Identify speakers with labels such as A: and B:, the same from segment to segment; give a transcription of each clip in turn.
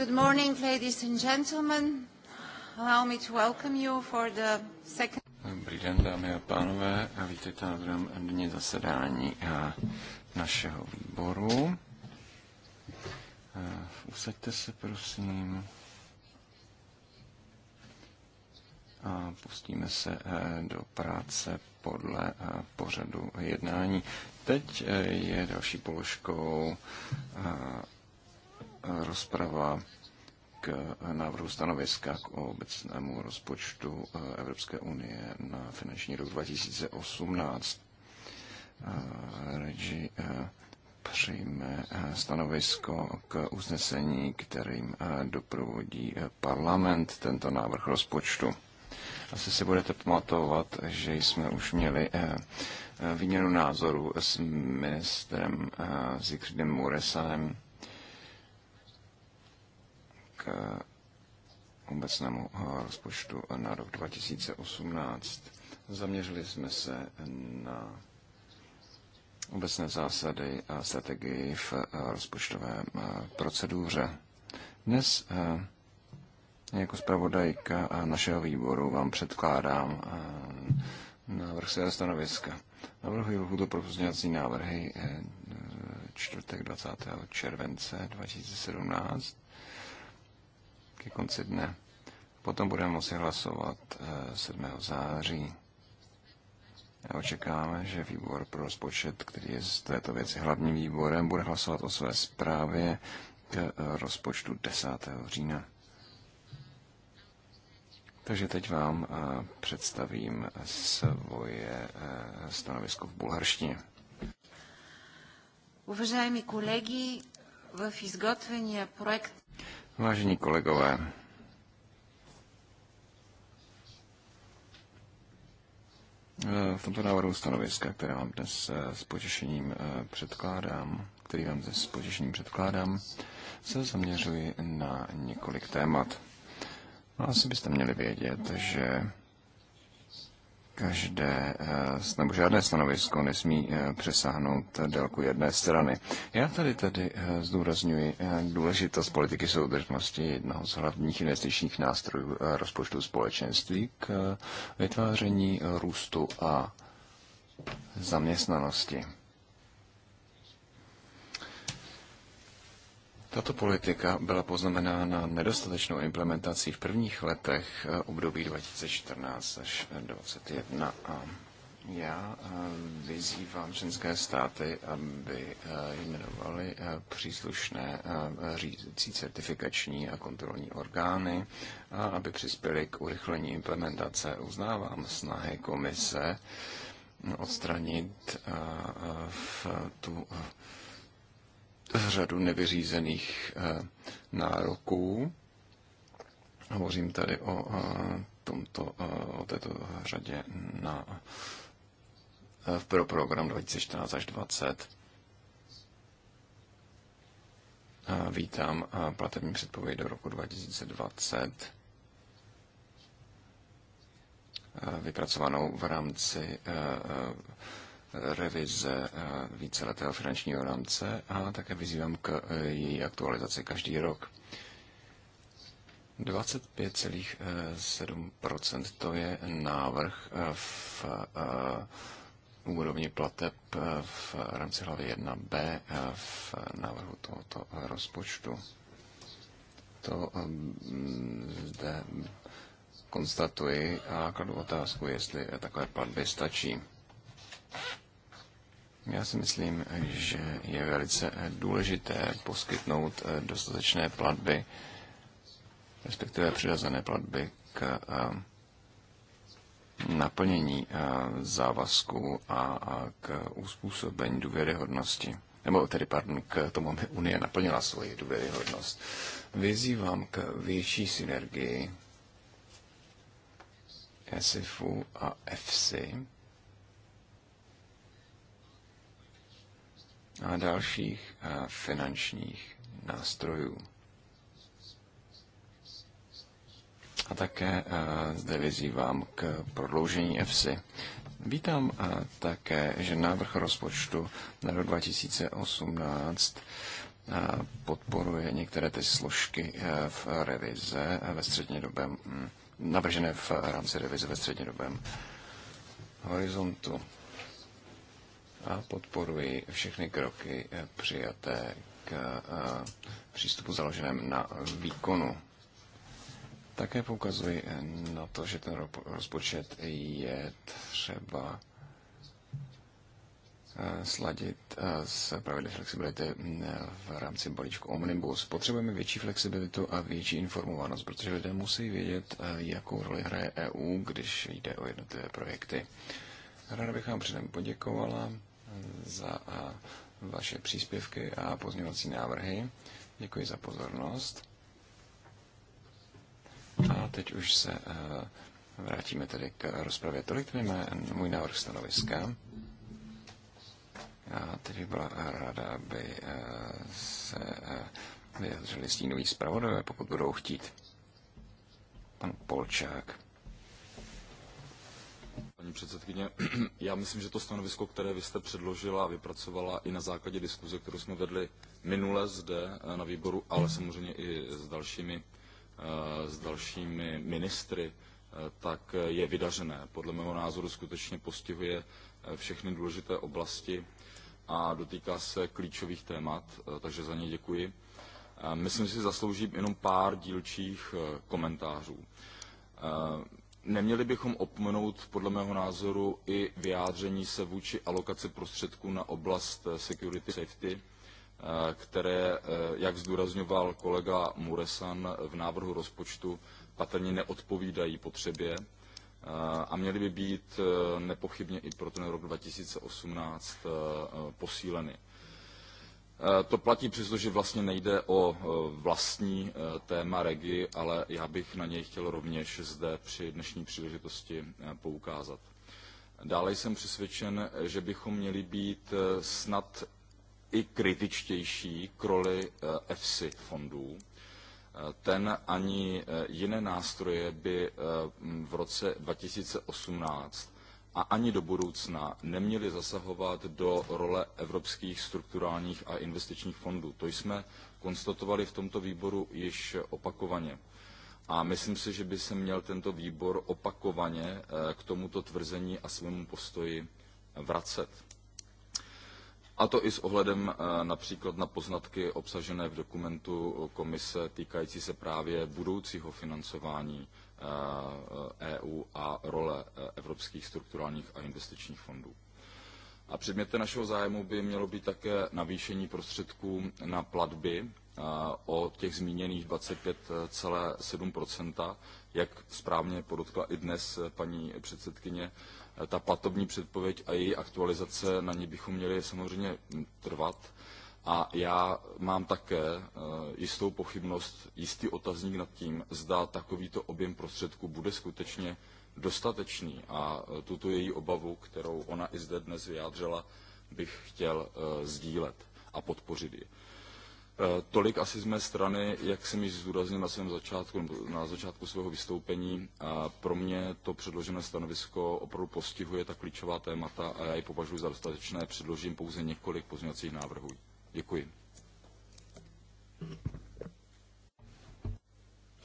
A: Good morning, ladies and gentlemen. Allow me to welcome you for the second...
B: Dobrý den, dámy a pánové, a vítejte na druhém dní zasedání eh, našeho výboru. Eh, usaďte se, prosím. A pustíme se eh, do práce podle pořadu jednání. Teď je další položkou rozprava k návrhu stanoviska k obecnému rozpočtu eh, Evropské unie na finanční rok 2018. Eh, Regi eh, přijme stanovisko k usnesení, kterým doprovodí parlament tento návrh rozpočtu. Asi si budete pamatovat, že jsme už měli výměnu názoru s ministrem Zikřidem Muresanem k eh, obecnému eh, rozpočtu na rok 2018. Zaměřili jsme se na obecné zásady a strategii v eh, rozpočtové proceduře. Dnes jako zpravodajka našeho výboru vám předkládám návrh své stanoviska. Navrhuji lhůtu pro pozměňovací návrhy čtvrtek 20. července 2017 ke konci dne. Potom budeme moci hlasovat 7. Eh, září. A očekáváme, že výbor pro rozpočet, který je z této věci hlavním výborem, bude hlasovat o své zprávě k eh, rozpočtu 10. října. Takže teď vám eh, představím svoje stanovisko v bulharštině.
A: Uvažajmi kolegy, v изготвения projekt
B: Vážení kolegové, v tomto návrhu stanoviska, které vám dnes eh, s potěšením eh, předkládám, který vám dnes s potěšením předkládám, se zaměřuji na několik témat. Asi byste měli vědět, že každé, eh, nebo žádné stanovisko nesmí eh, přesáhnout délku jedné strany. Já tady tedy eh, zdůrazňuji důležitost politiky soudržnosti jednoho z hlavních investičních nástrojů rozpočtu společenství k vytváření růstu a zaměstnanosti. Tato politika byla poznamenána nedostatečnou implementací v prvních letech eh, období 2014 až 2021 a já eh, vyzývám členské státy, aby eh, jmenovali příslušné řízící certifikační a kontrolní orgány a aby přispěli k urychlení implementace. Uznávám snahy komise odstranit v tu řadu nevyřízených eh, nároků. Hovořím tady o eh, tomto, eh, o této řadě na, pro program 2014 až 2020. Vítám platební předpověď do roku 2020 vypracovanou v rámci revize eh, víceletého finančního rámce a také vyzývám k eh, její aktualizaci každý rok. 25,7% to je návrh eh, v úrovni plateb v rámci hlavy 1b v návrhu tohoto rozpočtu. To zde konstatuji a kladu otázku, jestli takové platby stačí. Já si myslím, že je velice eh, důležité poskytnout eh, dostatečné platby, respektive přirozené platby k eh, naplnění závazků a k uspůsobení důvěryhodnosti. Nebo tedy, pardon, k tomu, aby Unie naplnila svoji důvěryhodnost. Vyzývám k větší synergii SIFU a EFSI a dalších finančních nástrojů. A také zde vyzývám k prodloužení EFSI. Vítám také, že návrh rozpočtu na rok 2018 podporuje některé ty složky e, v revize ve střednědobém, navržené v rámci revize ve střednědobém horizontu a podporuji všechny kroky eh, přijaté k eh, přístupu založeném na výkonu. Také poukazuji eh, na to, že ten rozpočet je třeba sladit s pravidly flexibility mm, v rámci balíčku Omnibus. Potřebujeme větší flexibilitu a větší informovanost, protože lidé musí vědět, jakou roli hraje EU, když jde o jednotlivé projekty. Ráda bych vám předem poděkovala za vaše příspěvky a pozměňovací návrhy. Děkuji za pozornost. A teď už se vrátíme tedy k rozpravě. Tolik tedy můj návrh stanoviska. A teď bych byla ráda, aby se vyjadřili stínoví zpravodajové, pokud budou chtít. Pan Polčák.
C: Paní předsedkyně, já myslím, že to stanovisko, které vy jste předložila a vypracovala i na základě diskuze, kterou jsme vedli minule zde eh, na výboru, ale samozřejmě i s dalšími, eh, s dalšími ministry, eh, tak je vydařené. Podle mého názoru skutečně postihuje všechny důležité oblasti a dotýká se klíčových témat, takže za ně děkuji. Myslím, že si zaslouží jenom pár dílčích komentářů. Neměli bychom opomenout podle mého názoru i vyjádření se vůči alokaci prostředků na oblast eh, security safety, eh, které, eh, jak zdůrazňoval kolega Muresan v návrhu rozpočtu, patrně neodpovídají potřebě a měly by být nepochybně i pro ten rok 2018 posíleny. Eh, to platí přesto, že vlastně nejde o eh, vlastní eh, téma regi, ale já bych na něj chtěl rovněž zde při dnešní příležitosti poukázat. Dále jsem přesvědčen, že bychom měli být snad i kritičtější k roli EFSI fondů. Ten ani jiné nástroje by v roce 2018 a ani do budoucna neměli zasahovat do role evropských strukturálních a investičních fondů. To jsme konstatovali v tomto výboru již opakovaně. A myslím si, že by se měl tento výbor opakovaně eh, k tomuto tvrzení a svému postoji vracet. A to i s ohledem eh, například na poznatky obsažené v dokumentu komise týkající se právě budoucího financování EU eh, eh, e a role eh, evropských strukturálních a investičních fondů. A předmětem našeho zájmu by mělo být také navýšení prostředků na platby o těch zmíněných 25,7 jak správně podotkla i dnes paní předsedkyně, ta platobní předpověď a její aktualizace, na ní bychom měli samozřejmě trvat a já mám také eh, jistou pochybnost, jistý otazník nad tím, zda takovýto objem prostředků bude skutečně dostatečný. A eh, tuto její obavu, kterou ona i zde dnes vyjádřila, bych chtěl eh, sdílet a podpořit ji. Tolik asi z mé strany, jak jsem již zdůraznil na svém začátku, na začátku svého vystoupení. A pro mě to předložené stanovisko opravdu postihuje ta klíčová témata a já ji považuji za dostatečné. Předložím pouze několik pozměňovacích návrhů. Děkuji.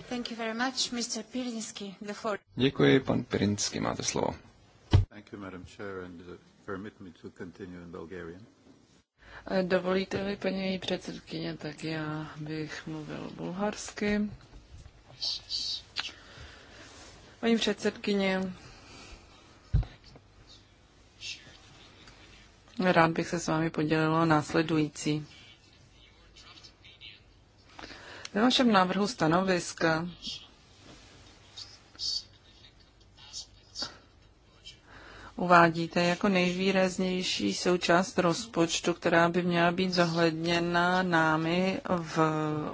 A: Thank you very much, Mr. Pirinsky, the floor.
C: Děkuji,
B: pan Pirinsky, máte slovo.
D: Thank you, Madam Chair, and uh, permit me to continue in
C: Bulgarian.
E: Eh, dovolíte-li, paní předsedkyně, tak já bych mluvil bulharsky. Paní předsedkyně, Rád bych se s vámi podělila následující. Ve vašem návrhu stanoviska uvádíte jako nejvýraznější součást rozpočtu, která by měla být zohledněna námi v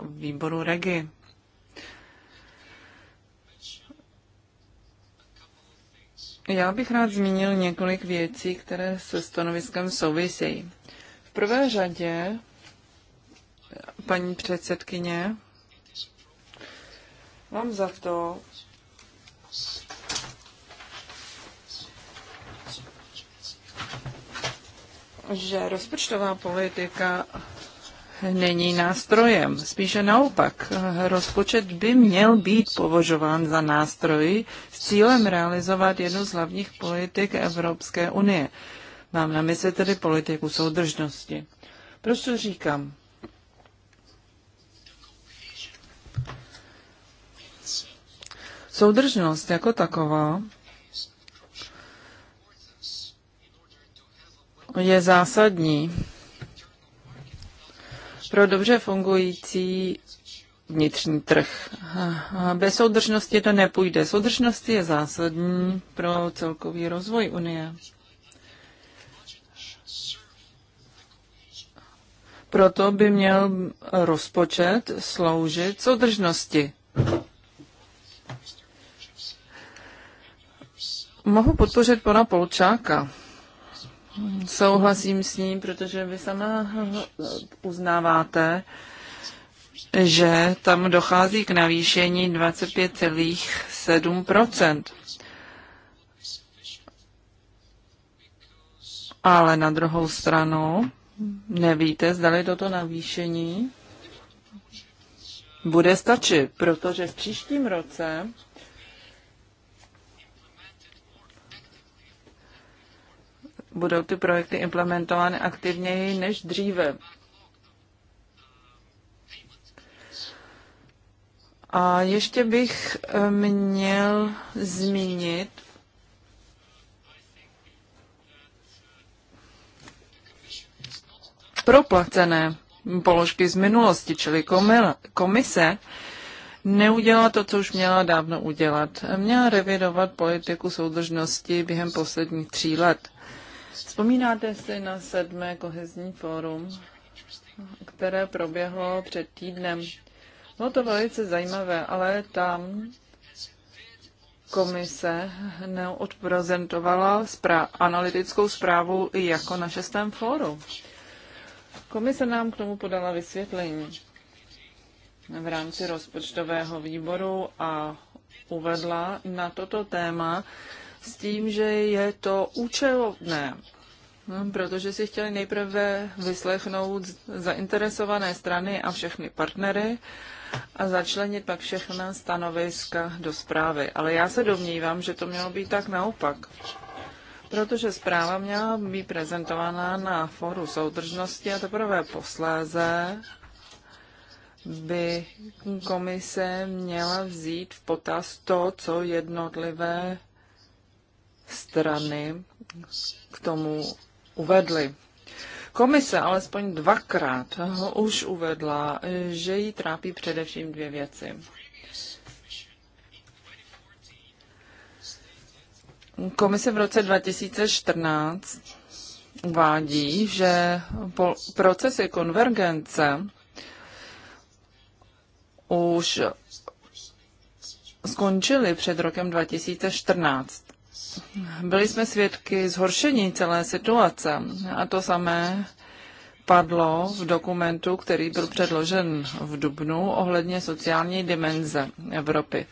E: výboru REGI. Já bych rád zmínil několik věcí, které se stanoviskem souvisejí. V prvé řadě, paní předsedkyně, mám za to, že rozpočtová politika není nástrojem. Spíše naopak, rozpočet by měl být považován za nástroj s cílem realizovat jednu z hlavních politik Evropské unie. Mám na mysli tedy politiku soudržnosti. Proč to říkám? Soudržnost jako taková je zásadní pro dobře fungující vnitřní trh. Bez soudržnosti to nepůjde. Soudržnost je zásadní pro celkový rozvoj Unie. Proto by měl rozpočet sloužit soudržnosti. Mohu podpořit pana Polčáka. Souhlasím s ním, protože vy sama uznáváte, že tam dochází k navýšení 25,7 Ale na druhou stranu nevíte, zdali toto navýšení bude stačit, protože v příštím roce budou ty projekty implementovány aktivněji než dříve. A ještě bych eh, měl zmínit proplacené položky z minulosti, čili komise neudělala to, co už měla dávno udělat. Měla revidovat politiku soudržnosti během posledních tří let. Vzpomínáte si na sedmé kohezní fórum, které proběhlo před týdnem. Bylo to velice zajímavé, ale tam komise neodprezentovala zpráv, analytickou zprávu jako na šestém fóru. Komise nám k tomu podala vysvětlení v rámci rozpočtového výboru a uvedla na toto téma, s tím, že je to účelovné, hm, protože si chtěli nejprve vyslechnout zainteresované strany a všechny partnery a začlenit pak všechna stanoviska do zprávy. Ale já se domnívám, že to mělo být tak naopak protože zpráva měla být prezentovaná na fóru soudržnosti a teprve posléze by komise měla vzít v potaz to, co jednotlivé strany k tomu uvedly. Komise alespoň dvakrát ho už uvedla, že ji trápí především dvě věci. Komise v roce 2014 uvádí, že procesy konvergence už skončily před rokem 2014. Byli jsme svědky zhoršení celé situace a to samé padlo v dokumentu, který byl předložen v Dubnu ohledně sociální dimenze Evropy.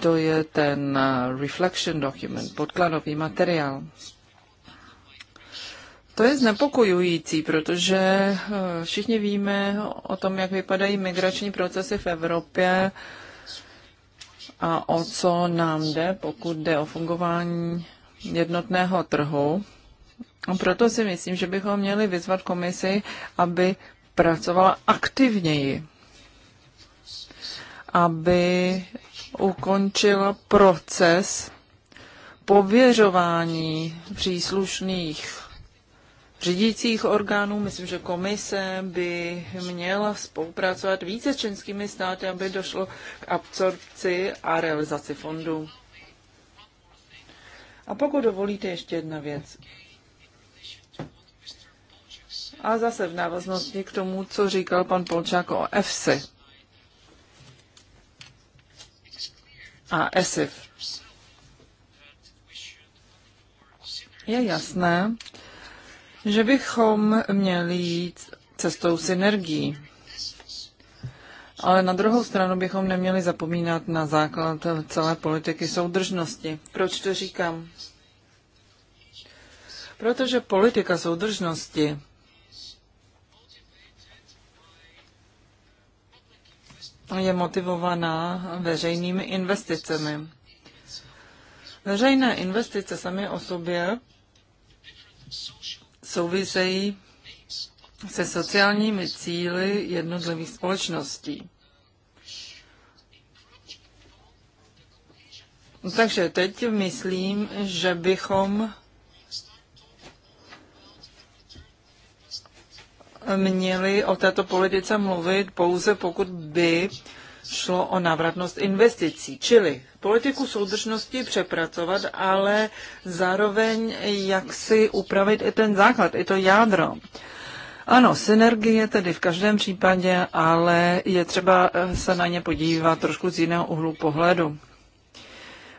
E: To je ten reflection document, podkladový materiál. To je znepokojující, protože eh, všichni víme o tom, jak vypadají migrační procesy v Evropě a o co nám jde, pokud jde o fungování jednotného trhu. A proto si myslím, že bychom měli vyzvat komisi, aby pracovala aktivněji, aby ukončila proces pověřování příslušných řídících orgánů. Myslím, že komise by měla spolupracovat více s členskými státy, aby došlo k absorpci a realizaci fondů. A pokud dovolíte ještě jedna věc. A zase v návaznosti k tomu, co říkal pan Polčák o EFSI a ESIF. Je jasné, že bychom měli jít cestou synergií. Ale na druhou stranu bychom neměli zapomínat na základ celé politiky soudržnosti. Proč to říkám? Protože politika soudržnosti je motivovaná veřejnými investicemi. Veřejné investice sami o sobě souvisejí se sociálními cíly jednotlivých společností. Takže teď myslím, že bychom měli o této politice mluvit pouze pokud by šlo o návratnost investicí, čili politiku soudržnosti přepracovat, ale zároveň jak si upravit i ten základ, i to jádro. Ano, synergie tedy v každém případě, ale je třeba eh, se na ně podívat trošku z jiného úhlu pohledu.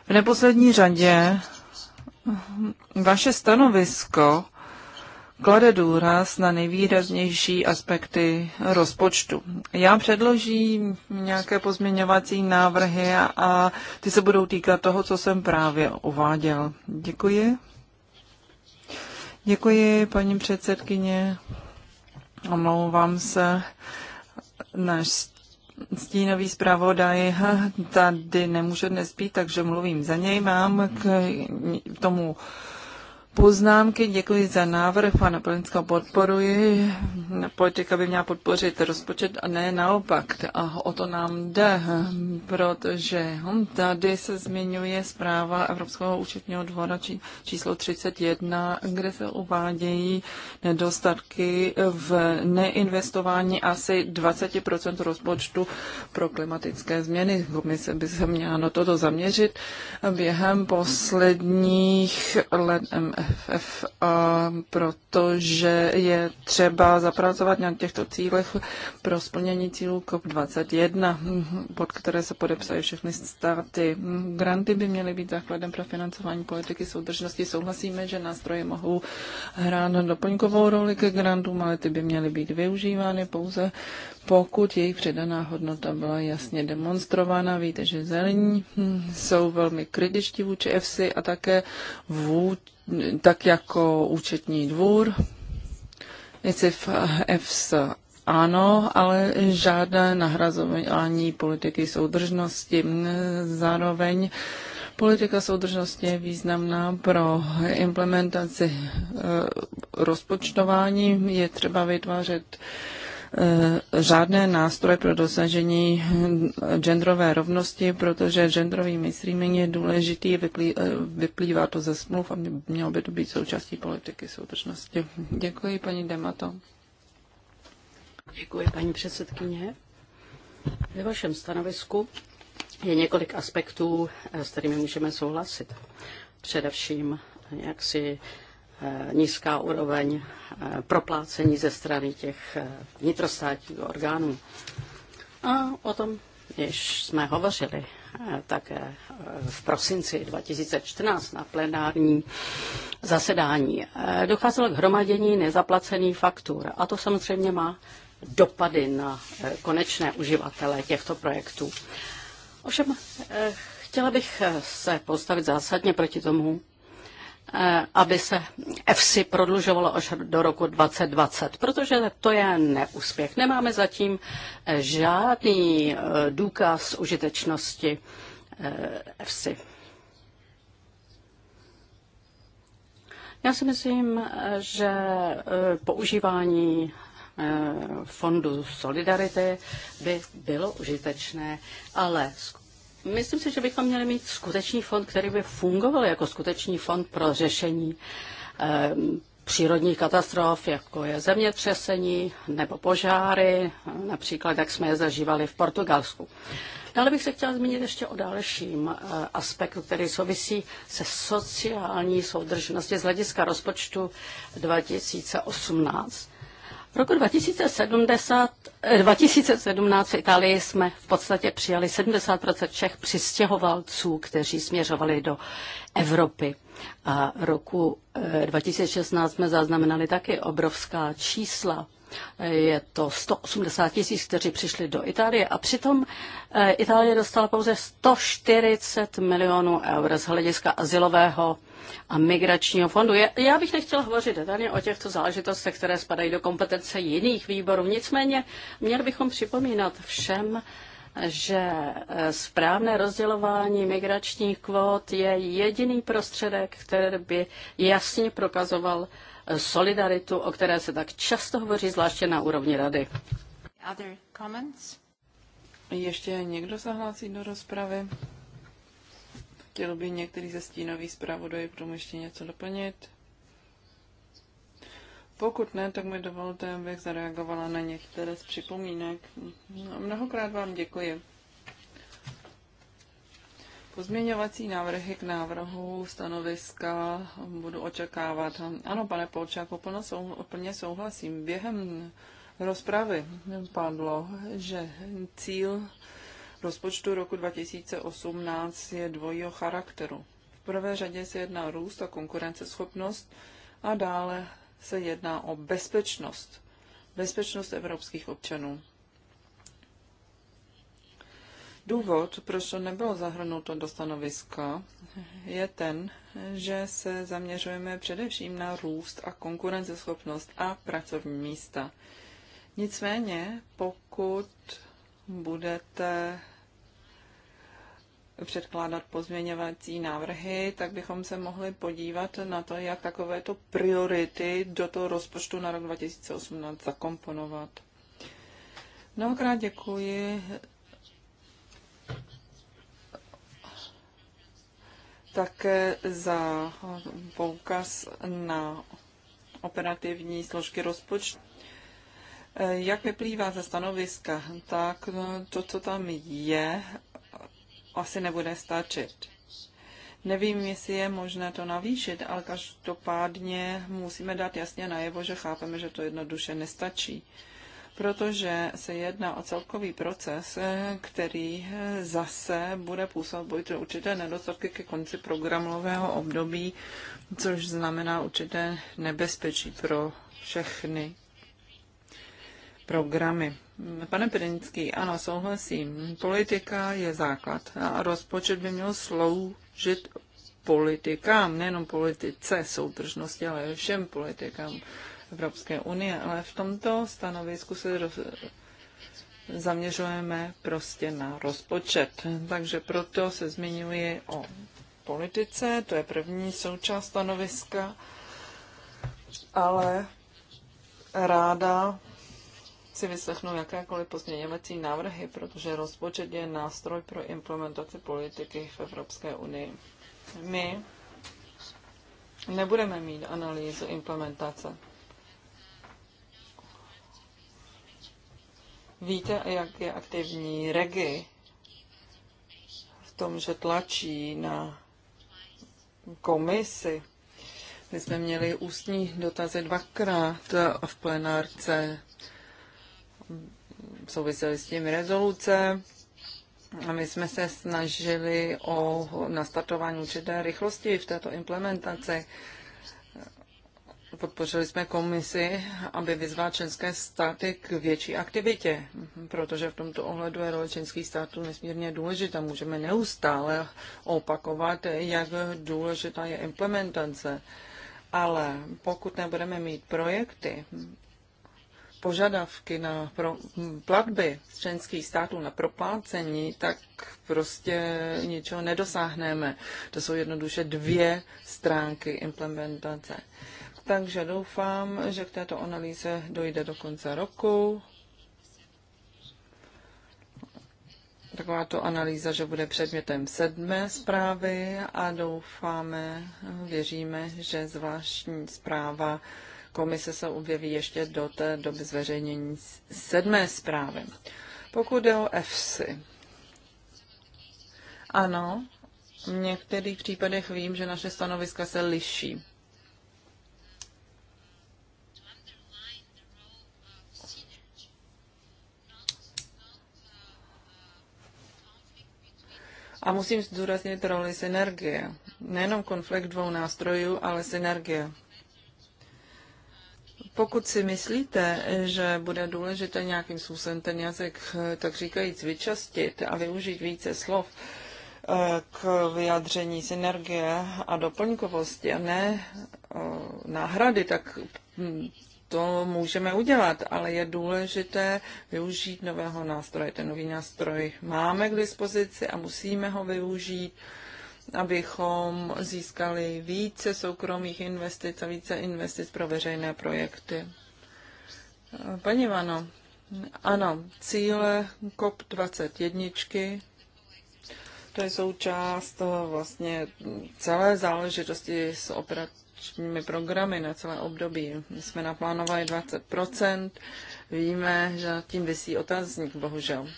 E: V neposlední řadě hm, vaše stanovisko klade důraz na nejvýraznější aspekty rozpočtu. Já předložím nějaké pozměňovací návrhy a ty se budou týkat toho, co jsem právě uváděl. Děkuji. Děkuji, paní předsedkyně. Omlouvám se. Náš stínový zpravodaj tady nemůže dnes být, takže mluvím za něj. Mám k tomu poznámky. Děkuji za návrh. Pana Polinského podporuji. Politika by měla podpořit rozpočet a ne naopak. A o to nám jde, protože tady se zmiňuje zpráva Evropského účetního dvora či, číslo 31, kde se uvádějí nedostatky v neinvestování asi 20% rozpočtu pro klimatické změny. Komise by se měla na toto zaměřit. Během posledních let FFA, protože je třeba zapracovat na těchto cílech pro splnění cílů COP21, pod které se podepsají všechny státy. Granty by měly být základem pro financování politiky soudržnosti. Souhlasíme, že nástroje mohou hrát doplňkovou roli ke grantům, ale ty by měly být využívány pouze pokud jejich předaná hodnota byla jasně demonstrována. Víte, že zelení jsou velmi kritičtí vůči EFSI a také vůči tak jako účetní dvůr. ICIF EFS ano, ale žádné nahrazování politiky soudržnosti. Zároveň politika soudržnosti je významná pro implementaci eh, rozpočtování. Je třeba vytvářet Eh, žádné nástroje pro dosažení genderové rovnosti, protože genderový mainstreaming je důležitý, eh, vyplývá to ze smluv a mělo by to být součástí politiky soudržnosti.
F: Děkuji, paní Demato. Děkuji, paní předsedkyně. Ve vašem stanovisku je několik aspektů, eh, s kterými můžeme souhlasit. Především jak si Eh, nízká úroveň eh, proplácení ze strany těch eh, vnitrostátních orgánů. A o tom již jsme hovořili také v prosinci 2014 na plenární zasedání. Docházelo k hromadění nezaplacených faktur a to samozřejmě má dopady na konečné uživatele těchto projektů. Ovšem, chtěla bych se postavit zásadně proti tomu, Eh, aby se EFSI prodlužovalo až do roku 2020, protože to je neúspěch. Nemáme zatím eh, žádný eh, důkaz užitečnosti EFSI. Já si myslím, že používání fondu Solidarity by bylo užitečné, ale Myslím si, že bychom měli mít skutečný fond, který by fungoval jako skutečný fond pro řešení eh, přírodních katastrof, jako je zemětřesení nebo požáry, například jak jsme je zažívali v Portugalsku. Dále bych se chtěla zmínit ještě o dalším eh, aspektu, který souvisí se sociální soudržností z hlediska rozpočtu 2018. V roku 2070, 2017 eh, v Itálii jsme v podstatě přijali 70 všech přistěhovalců, kteří směřovali do Evropy. A roku 2016 eh, jsme zaznamenali taky obrovská čísla. Je to 180 tisíc, kteří přišli do Itálie a přitom eh, Itálie dostala pouze 140 milionů eur z hlediska asilového a migračního fondu. Já bych nechtěla hovořit detailně o těchto záležitostech, které spadají do kompetence jiných výborů. Nicméně měli bychom připomínat všem, že eh, správné rozdělování migračních kvót je jediný prostředek, který by jasně prokazoval solidaritu, o které se tak často hovoří, zvláště na úrovni rady.
A: Other comments?
F: Ještě někdo se hlásí do rozpravy? Chtěl by
E: některý ze stínových zpravodajů k tomu ještě něco doplnit? Pokud ne, tak mi dovolte, abych zareagovala na některé z připomínek. No, mnohokrát vám děkuji. Pozměňovací návrhy k návrhu stanoviska budu očekávat. Ano, pane Polčáku, plno sou, plně souhlasím. Během rozpravy padlo, že cíl rozpočtu roku 2018 je dvojího charakteru. V prvé řadě se jedná o růst a konkurenceschopnost a dále se jedná o bezpečnost. Bezpečnost evropských občanů. Důvod, proč to nebylo zahrnuto do stanoviska, je ten, že se zaměřujeme především na růst a konkurenceschopnost a pracovní místa. Nicméně, pokud budete předkládat pozměňovací návrhy, tak bychom se mohli podívat na to, jak takovéto priority do toho rozpočtu na rok 2018 zakomponovat. Mnohokrát děkuji také za poukaz na operativní složky rozpočtu. Jak vyplývá ze stanoviska, tak no, to, co tam je, asi nebude stačit. Nevím, jestli je možné to navýšit, ale každopádně musíme dát jasně najevo, že chápeme, že to jednoduše nestačí protože se jedná o celkový proces, eh, který eh, zase bude působit určité nedostatky ke konci programového období, což znamená určité nebezpečí pro všechny programy. Pane Pirinský, ano, souhlasím. Politika je základ a rozpočet by měl sloužit politikám, nejenom politice soudržnosti, ale všem politikám. Evropské unie, ale v tomto stanovisku se roz... zaměřujeme prostě na rozpočet. Takže proto se zmiňuji o politice, to je první součást stanoviska, ale ráda si vyslechnu jakékoliv pozměňovací návrhy, protože rozpočet je nástroj pro implementaci politiky v Evropské unii. My nebudeme mít analýzu implementace. Víte, jak je aktivní regi v tom, že tlačí na komisy. My jsme měli ústní dotazy dvakrát v plenárce. Souvisely s tím rezoluce. A my jsme se snažili o nastartování určité rychlosti v této implementaci. Podpořili jsme komisi, aby vyzvala členské státy k větší aktivitě, protože v tomto ohledu je role členských států nesmírně důležitá. Můžeme neustále opakovat, jak důležitá je implementace. Ale pokud nebudeme mít projekty, požadavky na pro, platby z členských států na proplácení, tak prostě ničeho nedosáhneme. To jsou jednoduše dvě stránky implementace takže doufám, že k této analýze dojde do konce roku. Takováto analýza, že bude předmětem sedmé zprávy a doufáme, věříme, že zvláštní zpráva komise se objeví ještě do té doby zveřejnění sedmé zprávy. Pokud jde o EFSI, ano, v některých případech vím, že naše stanoviska se liší. A musím zdůraznit roli synergie. Nejenom konflikt dvou nástrojů, ale synergie. Pokud si myslíte, že bude důležité nějakým způsobem ten jazyk, tak říkajíc, vyčastit a využít více slov eh, k vyjádření synergie a doplňkovosti a ne eh, náhrady, tak hm, to můžeme udělat, ale je důležité využít nového nástroje. Ten nový nástroj máme k dispozici a musíme ho využít, abychom získali více soukromých investic a více investic pro veřejné projekty. Paní Vano, ano, cíle COP21 to je součást eh, vlastně celé záležitosti s operací operačními programy na celé období. my Jsme naplánovali 20%, víme, že nad tím vysí otazník, bohužel.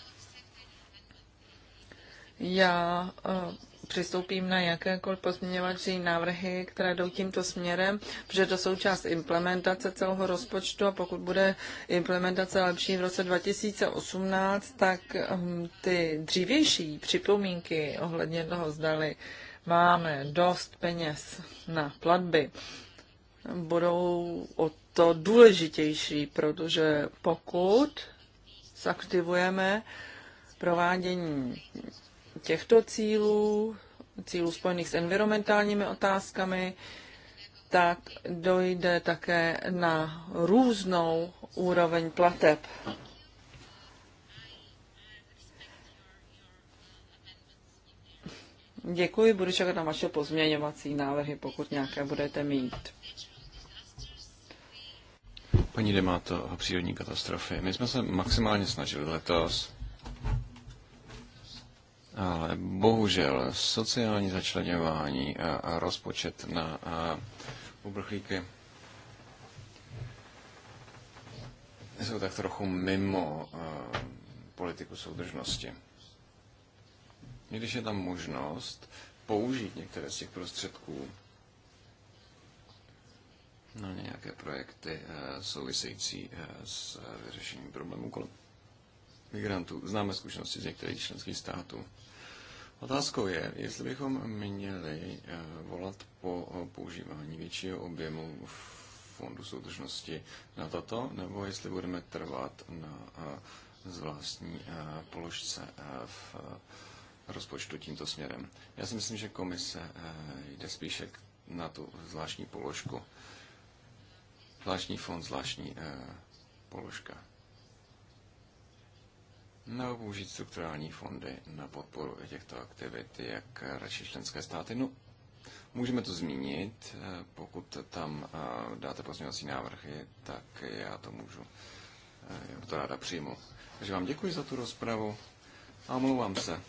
E: Já eh, přistoupím na jakékoliv pozměňovací návrhy, které jdou tímto směrem, protože to součást implementace celého rozpočtu a pokud bude implementace lepší v roce 2018, tak hm, ty dřívější připomínky ohledně toho zdali máme dost peněz na platby, budou o to důležitější, protože pokud zaktivujeme provádění těchto cílů, cílů spojených s environmentálními otázkami, tak dojde také na různou úroveň plateb Děkuji, budu čekat na vaše pozměňovací návrhy, pokud nějaké budete mít.
B: Paní Demáto, přírodní katastrofy. My jsme se maximálně snažili letos, ale bohužel sociální začlenování a, a rozpočet na a uprchlíky jsou tak trochu mimo a, politiku soudržnosti. I když je tam možnost použít některé z těch prostředků na nějaké projekty eh, související eh, s eh, vyřešením problémů kolem migrantů. Známe zkušenosti z některých členských států. Otázkou je, jestli bychom měli volat po používání většího objemu fondu soudržnosti na toto, nebo jestli budeme trvat na zvláštní položce v rozpočtu tímto směrem. Já si myslím, že komise eh, jde spíše na tu zvláštní položku. Zvláštní fond, zvláštní eh, položka. Nebo použít strukturální fondy na podporu těchto aktivit, jak radši členské státy. No, můžeme to zmínit, eh, pokud tam dáte pozměňovací návrhy, tak já to můžu, já to ráda přijmu. Takže vám děkuji za tu rozpravu a omlouvám se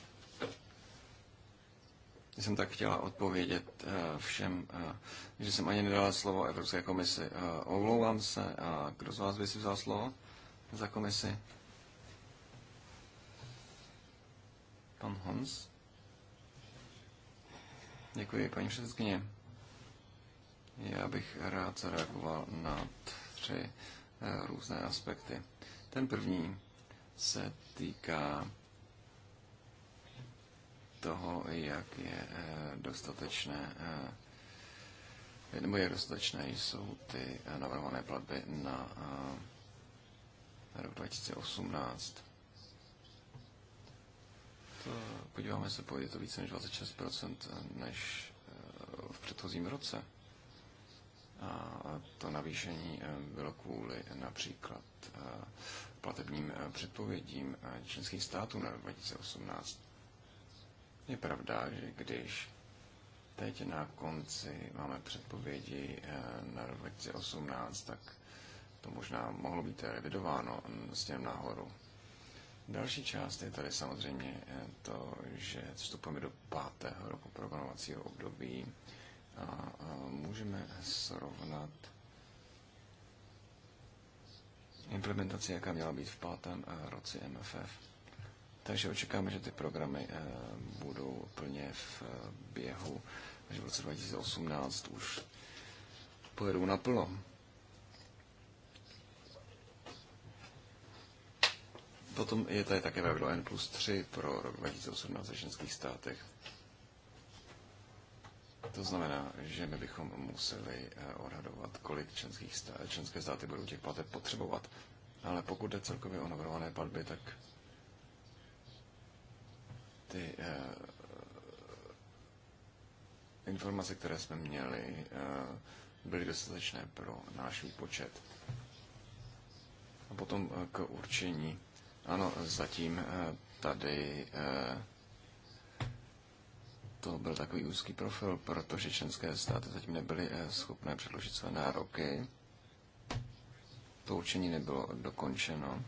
B: jsem tak chtěla odpovědět eh, všem, eh, že jsem ani nedala slovo Evropské komisi. Eh, omlouvám se. A kdo z vás by si vzal slovo za komisi? Pan Hans? Děkuji, paní předsedkyně. Já bych rád zareagoval na tři různé aspekty. Ten první se týká toho, jak je eh, dostatečné eh, nebo jak dostatečné jsou ty eh, navrhované platby na rok 2018. To, podíváme se, je to více než 26% než v předchozím roce. A to navýšení bylo kvůli například platebním předpovědím členských států na 2018. Je pravda, že když teď na konci máme předpovědi eh, na rok 2018, tak to možná mohlo být revidováno mm, s těm nahoru. Další část je tady samozřejmě eh, to, že vstupujeme do pátého roku programovacího období a můžeme srovnat implementaci, jaká měla být v pátém eh, roce MFF takže očekáváme, že ty programy eh, budou plně v eh, běhu, že v roce 2018 už pojedou naplno. Potom je tady také Webro N plus 3 pro rok 2018 ve ženských státech. To znamená, že my bychom museli eh, odhadovat, kolik členských stá- členské státy budou těch plateb potřebovat. Ale pokud jde celkově o navrhované platby, tak ty eh, informace, které jsme měli, eh, byly dostatečné pro náš výpočet. A potom eh, k určení. Ano, zatím tady to byl takový úzký profil, protože členské státy zatím nebyly schopné předložit své nároky. To určení nebylo dokončeno.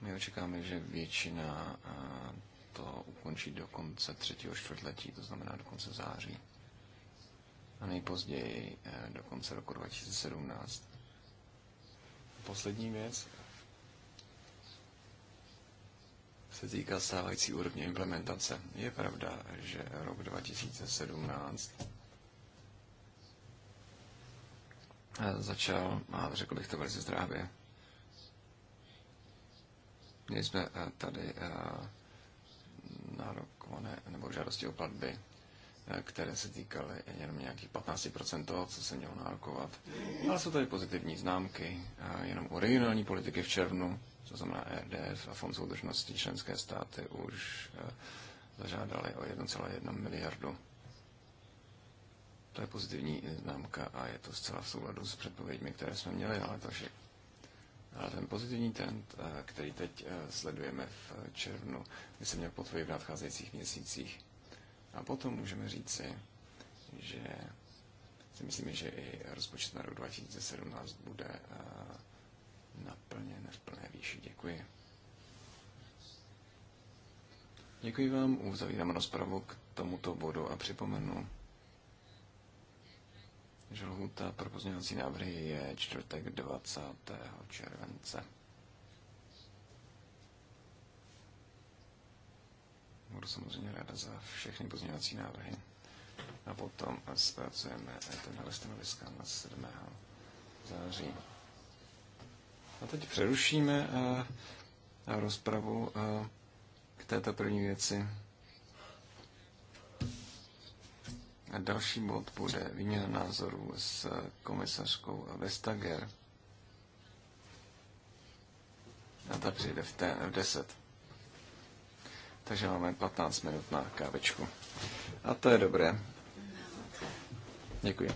B: My očekáváme, že většina to ukončit do konce třetího čtvrtletí, to znamená do konce září. A nejpozději eh, do konce roku 2017. Poslední věc se týká stávající úrovně implementace. Je pravda, že rok 2017 eh, začal, a řekl bych to velice zdrávě. Měli jsme eh, tady nárokované nebo žádosti o platby, eh, které se týkaly jenom nějakých 15% toho, co se mělo nárokovat. Ale jsou tady pozitivní známky, eh, jenom u regionální politiky v červnu, to znamená RDF a Fond soudržnosti členské státy už eh, zažádali o 1,1 miliardu. To je pozitivní známka a je to zcela v souladu s předpověďmi, které jsme měli ale to, že ten pozitivní trend, eh, který teď eh, sledujeme v eh, červnu, by se měl potvrdit v nadcházejících měsících. A potom můžeme říci, že si myslíme, že i rozpočet na rok 2017 bude naplněn v plné výši. Děkuji. Děkuji vám, uzavírám rozpravu k tomuto bodu a připomenu, že lhůta pro pozměňovací návrhy je čtvrtek 20. července. Budu samozřejmě ráda za všechny pozměňovací návrhy. A potom zpracujeme tenhle stanoviska na 7. září. A teď přerušíme a, eh, a rozpravu a, eh, k této první věci. Další bod bude výměna názorů s komisařkou Vestager. A ta přijde v, ten, v 10. Takže máme 15 minut na kávečku. A to je dobré. Děkuji.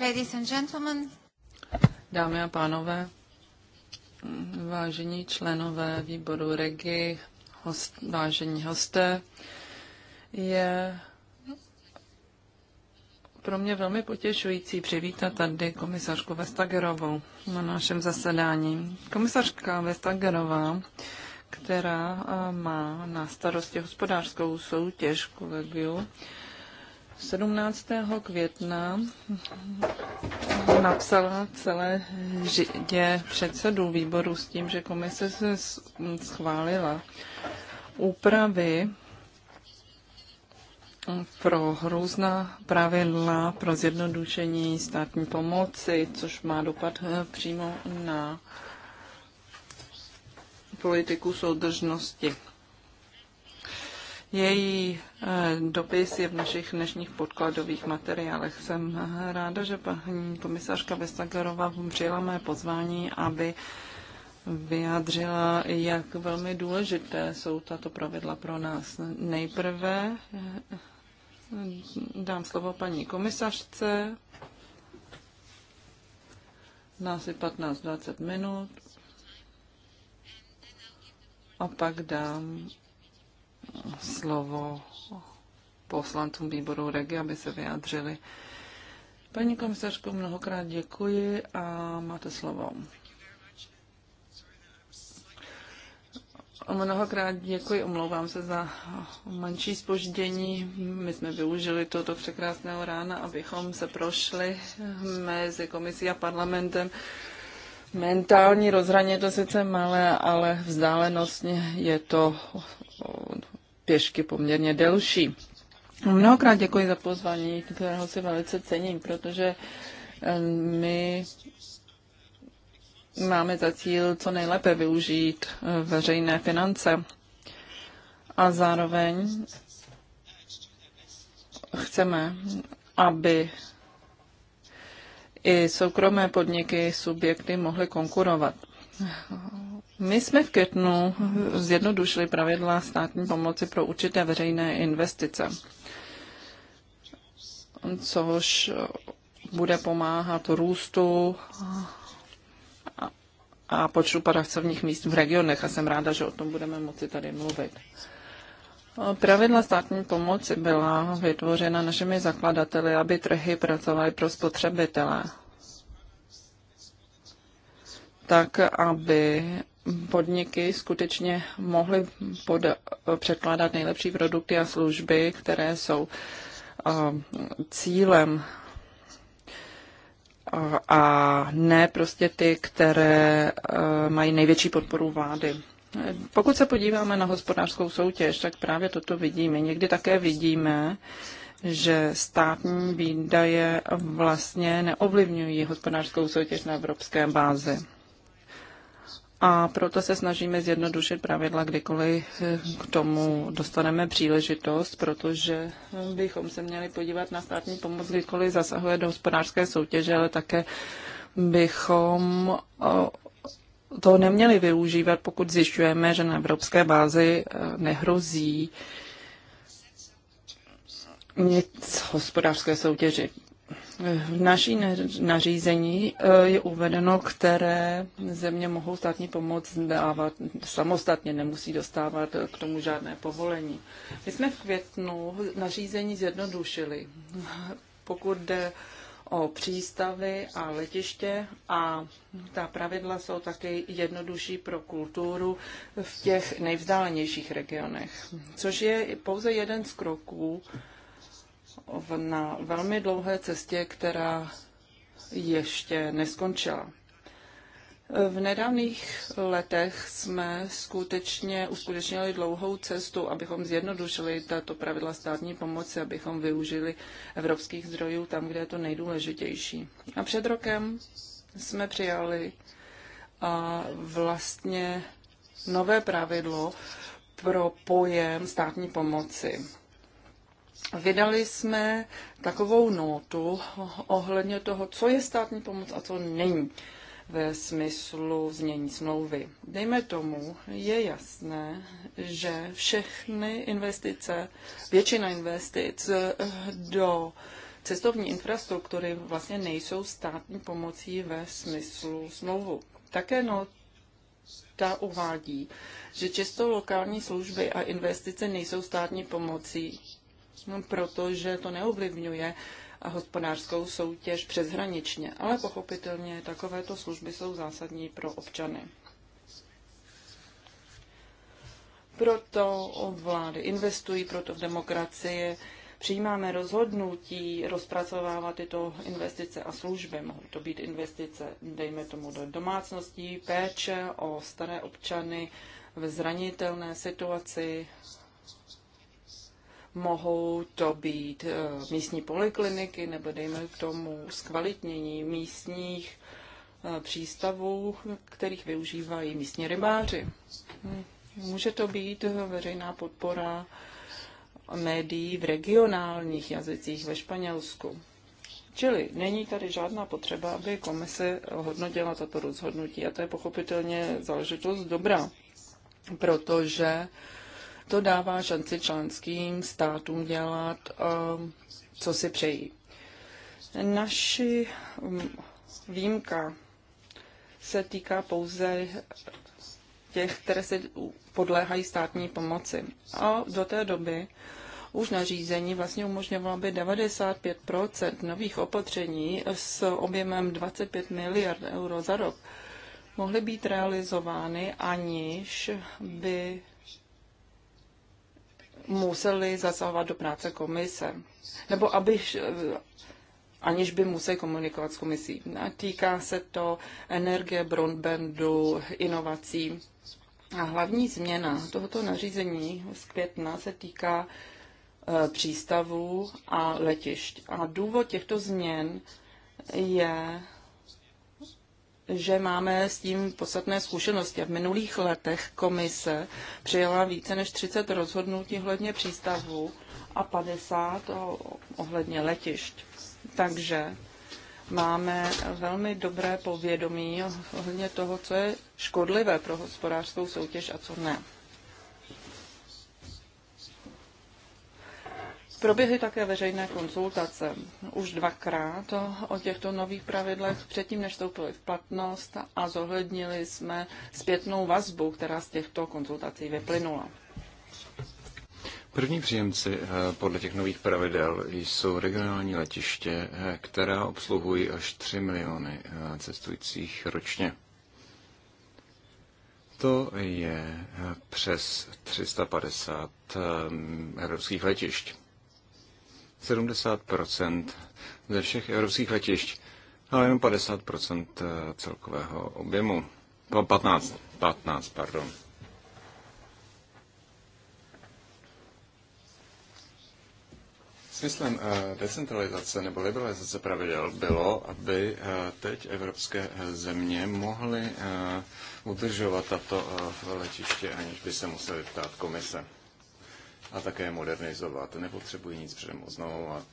A: Ladies and gentlemen. Dámy
E: a pánové, vážení členové výboru REGI, host, vážení hosté, je pro mě velmi potěšující přivítat tady komisařku Vestagerovou na našem zasedání. Komisařka Vestagerová, která eh, má na starosti hospodářskou soutěž kolegiu, 17. května napsala celé řadě předsedů výboru s tím, že komise se schválila úpravy pro hrůzná pravidla pro zjednodušení státní pomoci, což má dopad eh, přímo na politiku soudržnosti. Její eh, dopis je v našich dnešních podkladových materiálech. Jsem eh, ráda, že paní komisařka Vestagerová přijela mé pozvání, aby vyjádřila, jak velmi důležité jsou tato pravidla pro nás. Nejprve eh, dám slovo paní komisařce. Nás je 15-20 minut. A pak dám slovo poslancům výboru Regi, aby se vyjádřili. Paní komisařko, mnohokrát děkuji a máte slovo. Mnohokrát děkuji, omlouvám se za menší spoždění. My jsme využili toto překrásného rána, abychom se prošli mezi komisí a parlamentem. Mentální rozhraně to sice malé, ale vzdálenostně je to pěšky poměrně delší. Mnohokrát děkuji za pozvání, kterého si velice cením, protože my máme za cíl co nejlépe využít eh, veřejné finance a zároveň chceme, aby i soukromé podniky, subjekty mohly konkurovat. My jsme v květnu zjednodušili pravidla státní pomoci pro určité veřejné investice, což bude pomáhat růstu a počtu pracovních míst v regionech a jsem ráda, že o tom budeme moci tady mluvit. Pravidla státní pomoci byla vytvořena našimi zakladateli, aby trhy pracovaly pro spotřebitele. Tak, aby podniky skutečně mohly pod, předkládat nejlepší produkty a služby, které jsou cílem a ne prostě ty, které mají největší podporu vlády. Pokud se podíváme na hospodářskou soutěž, tak právě toto vidíme. Někdy také vidíme, že státní výdaje vlastně neovlivňují hospodářskou soutěž na evropské bázi a proto se snažíme zjednodušit pravidla, kdykoliv eh, k tomu dostaneme příležitost, protože eh, bychom se měli podívat na státní pomoc, kdykoliv zasahuje do hospodářské soutěže, ale také bychom eh, to neměli využívat, pokud zjišťujeme, že na evropské bázi nehrozí nic hospodářské soutěži. V naší nařízení eh, je uvedeno, které země mohou státní pomoc dávat samostatně, nemusí dostávat k tomu žádné povolení. My jsme v květnu nařízení zjednodušili. Pokud jde o přístavy a letiště a ta pravidla jsou také jednodušší pro kulturu v těch nejvzdálenějších regionech, což je pouze jeden z kroků, na velmi dlouhé cestě, která ještě neskončila. V nedávných letech jsme skutečně uskutečnili dlouhou cestu, abychom zjednodušili tato pravidla státní pomoci, abychom využili evropských zdrojů tam, kde je to nejdůležitější. A před rokem jsme přijali a vlastně nové pravidlo pro pojem státní pomoci. Vydali jsme takovou notu ohledně toho, co je státní pomoc a co není ve smyslu změní smlouvy. Dejme tomu, je jasné, že všechny investice, většina investic do cestovní infrastruktury vlastně nejsou státní pomocí ve smyslu smlouvu. Také no, ta uvádí, že často lokální služby a investice nejsou státní pomocí protože to neovlivňuje hospodářskou soutěž přeshraničně, ale pochopitelně takovéto služby jsou zásadní pro občany. Proto vlády investují, proto v demokracii přijímáme rozhodnutí rozpracovávat tyto investice a služby. Mohou to být investice, dejme tomu, do domácností, péče o staré občany v zranitelné situaci, mohou to být eh, místní polikliniky nebo dejme k tomu zkvalitnění místních eh, přístavů, kterých využívají místní rybáři. Hm. Může to být eh, veřejná podpora médií v regionálních jazycích ve Španělsku. Čili není tady žádná potřeba, aby komise hodnotila tato rozhodnutí a to je pochopitelně záležitost dobrá, protože to dává šanci členským státům dělat, um, co si přejí. Naši um, výjimka se týká pouze těch, které se podléhají státní pomoci. A do té doby už nařízení vlastně umožňovalo, by 95 nových opatření s objemem 25 miliard euro za rok mohly být realizovány, aniž by museli zasahovat do práce komise, nebo aby, aniž by museli komunikovat s komisí. Týká se to energie, broadbandu, inovací. A hlavní změna tohoto nařízení z května se týká eh, přístavů a letišť. A důvod těchto změn je že máme s tím podstatné zkušenosti. V minulých letech komise přijala více než 30 rozhodnutí hledně přístavů a 50 ohledně letišť. Takže máme velmi dobré povědomí ohledně toho, co je škodlivé pro hospodářskou soutěž a co ne. Proběhly také veřejné konzultace už dvakrát o těchto nových pravidlech předtím, než vstoupily v platnost a zohlednili jsme zpětnou vazbu, která z těchto konzultací vyplynula.
B: První příjemci eh, podle těch nových pravidel jsou regionální letiště, eh, která obsluhují až 3 miliony eh, cestujících ročně. To je přes 350 evropských letišť. 70 ze všech evropských letišť, ale jenom 50 eh, celkového objemu. 15, no, 15, pardon. Smyslem eh, decentralizace nebo liberalizace pravidel bylo, aby eh, teď evropské země mohly udržovat tato letiště, aniž by se museli ptát komise a také modernizovat. Nepotřebují nic předem oznamovat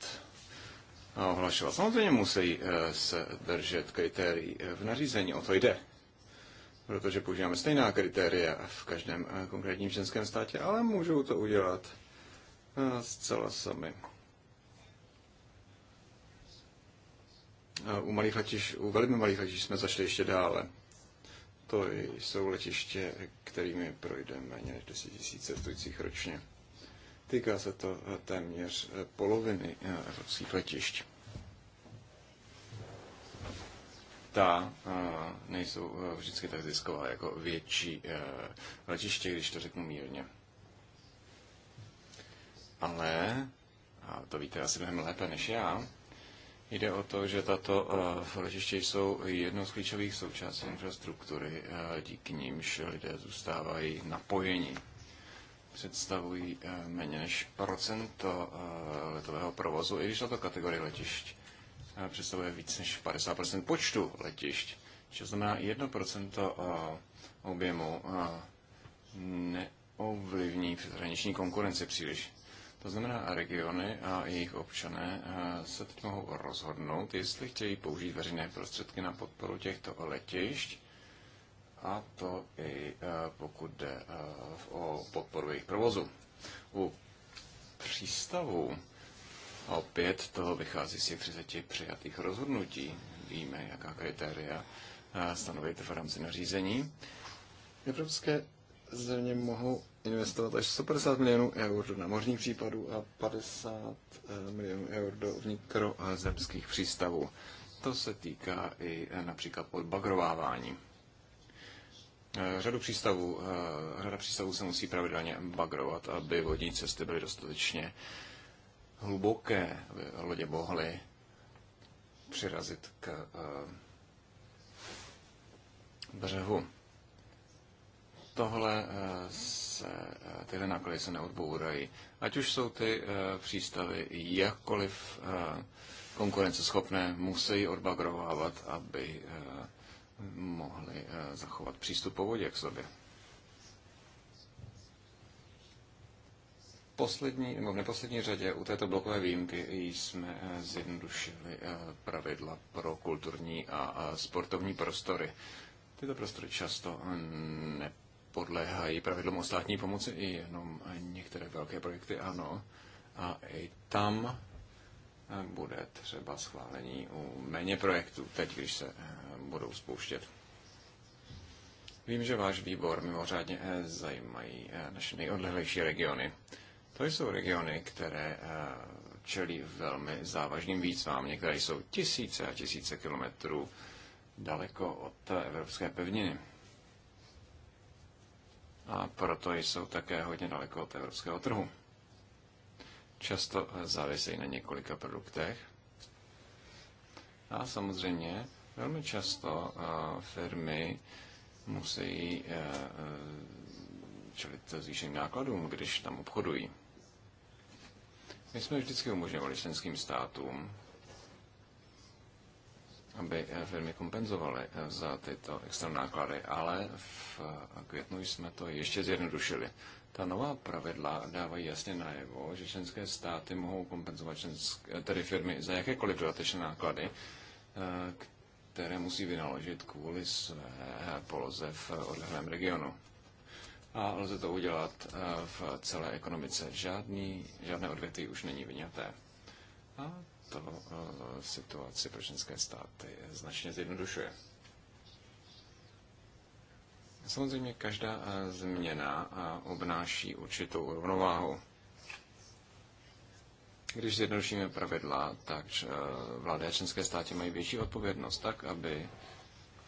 B: a ohlašovat. Samozřejmě musí eh, se držet kritérií. Eh, v nařízení o to jde, protože používáme stejná kritéria v každém eh, konkrétním ženském státě, ale můžou to udělat zcela sami. U, malých letiš, u velmi malých letišť jsme zašli ještě dále. To jsou letiště, kterými projdeme méně než 10 000 cestujících ročně. Týká se to eh, téměř eh, poloviny eh, evropských letišť. Ta nejsou vždycky tak zisková jako větší letiště, když to řeknu mírně. Ale, a to víte asi mnohem lépe než já, Jde o to, že tato letiště jsou jednou z klíčových součástí infrastruktury, díky nímž lidé zůstávají napojeni představují eh, méně než procento eh, letového provozu, i když tato kategorie letišť eh, představuje víc než 50% počtu letišť, což znamená 1% objemu neovlivní přeshraniční konkurenci příliš. To znamená, regiony a jejich občané se teď mohou rozhodnout, jestli chtějí použít veřejné prostředky na podporu těchto letišť, a to i e, pokud jde e, o podporu jejich provozu. U přístavu opět toho vychází z těch 30 přijatých rozhodnutí. Víme, jaká kritéria e, stanovit v rámci nařízení. Evropské země mohou investovat až 150 milionů eur do námořních případů a 50 milionů eur do vnitrozemských přístavů. To se týká i například odbagrovávání. Eh, řadu přístavů, eh, řada přístavů se musí pravidelně bagrovat, aby vodní cesty byly dostatečně hluboké, aby lodě mohly přirazit k eh, břehu. Tohle se, tyhle náklady se neodbourají. Ať už jsou ty přístavy jakkoliv konkurenceschopné, musí odbagrovávat, aby mohli eh, zachovat přístup po vodě k sobě. Poslední, nebo v neposlední řadě u této blokové výjimky jsme eh, zjednodušili eh, pravidla pro kulturní a sportovní prostory. Tyto prostory často nepodléhají pravidlům ostatní státní pomoci, i jenom některé velké projekty ano. A i tam bude třeba schválení u méně projektů, teď, když se eh, budou spouštět. Vím, že váš výbor mimořádně eh, zajímají eh, naše nejodlehlejší regiony. To jsou regiony, které čelí velmi závažným výzvám. Některé jsou tisíce a tisíce kilometrů daleko od evropské pevniny. A proto jsou také hodně daleko od evropského trhu často závisejí na několika produktech. A samozřejmě velmi často eh, firmy musí eh, eh, čelit zvýšeným nákladům, když tam obchodují. My jsme vždycky umožňovali členským státům, aby firmy kompenzovaly za tyto extra náklady, ale v květnu jsme to ještě zjednodušili. Ta nová pravidla dávají jasně najevo, že členské státy mohou kompenzovat členské, tedy firmy za jakékoliv dodatečné náklady, eh, které musí vynaložit kvůli své poloze v odlehlém regionu. A lze to udělat eh, v celé ekonomice. Žádný, žádné odvětví už není vyňaté. A to eh, situaci pro členské státy značně zjednodušuje. Samozřejmě každá eh, změna eh, obnáší určitou rovnováhu. Když zjednodušíme pravidla, tak eh, vlády a členské státy mají větší odpovědnost tak, aby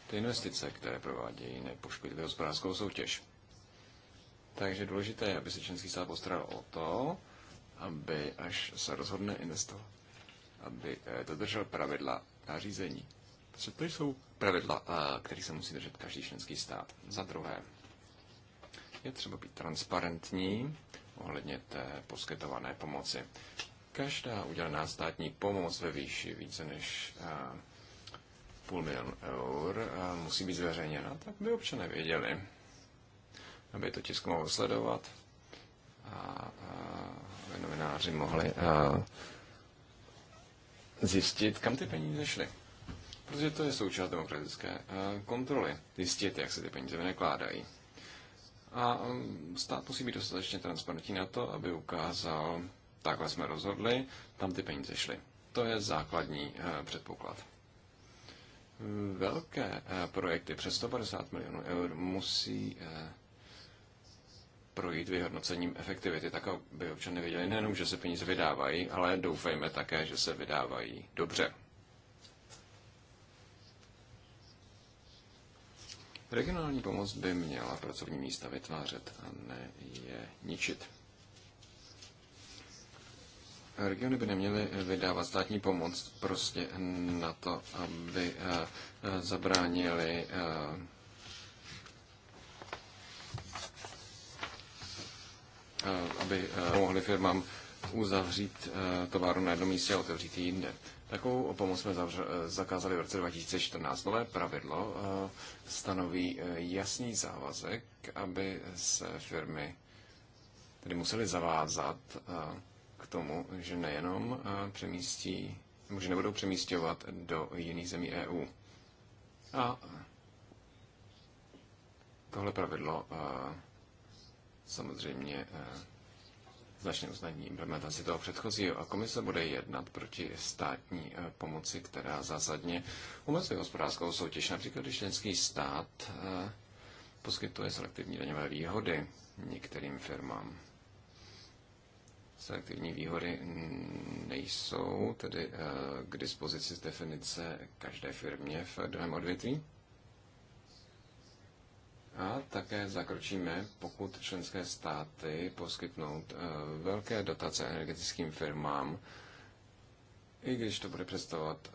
B: ty investice, které provádějí, nepoškodily hospodářskou soutěž. Takže důležité je, aby se členský stát postaral o to, aby až se rozhodne investovat, aby dodržel pravidla a řízení. Co To jsou pravidla, eh, které se musí držet každý členský stát. Za druhé, je třeba být transparentní ohledně té poskytované pomoci. Každá udělená státní pomoc ve výši více než eh, půl milionu eur eh, musí být zveřejněna, tak by občané věděli, aby to tisk mohl sledovat a, novináři mohli zjistit, kam ty peníze šly. Protože to je součást demokratické eh, kontroly. Zjistit, jak se ty peníze vynakládají. A mm, stát musí být dostatečně transparentní na to, aby ukázal, takhle jsme rozhodli, tam ty peníze šly. To je základní eh, předpoklad. Velké eh, projekty přes 150 milionů eur musí projít vyhodnocením efektivity, tak aby občany viděli nejenom, že se peníze vydávají, ale doufejme také, že se vydávají dobře. Regionální pomoc by měla pracovní místa vytvářet a ne je ničit. Regiony by neměly vydávat státní pomoc prostě na to, aby eh, zabránili eh, eh, aby mohli firmám uzavřít továrnu na jednom místě a otevřít ji jinde. Takovou pomoc jsme zavř, zakázali v roce 2014. Nové pravidlo eh, stanoví eh, jasný závazek, aby se firmy tedy museli zavázat eh, k tomu, že nejenom přemístí, nebo že nebudou přemístěvat do jiných zemí EU. A tohle pravidlo samozřejmě značně usnadní implementaci toho předchozího. A komise bude jednat proti státní eh, pomoci, která zásadně omezuje hospodářskou soutěž. Například, když členský stát eh, poskytuje selektivní daňové výhody některým firmám. Selektivní výhody nejsou tedy eh, k dispozici z definice každé firmě v daném odvětví. A také zakročíme, pokud členské státy poskytnou eh, velké dotace energetickým firmám, i když to bude představovat eh,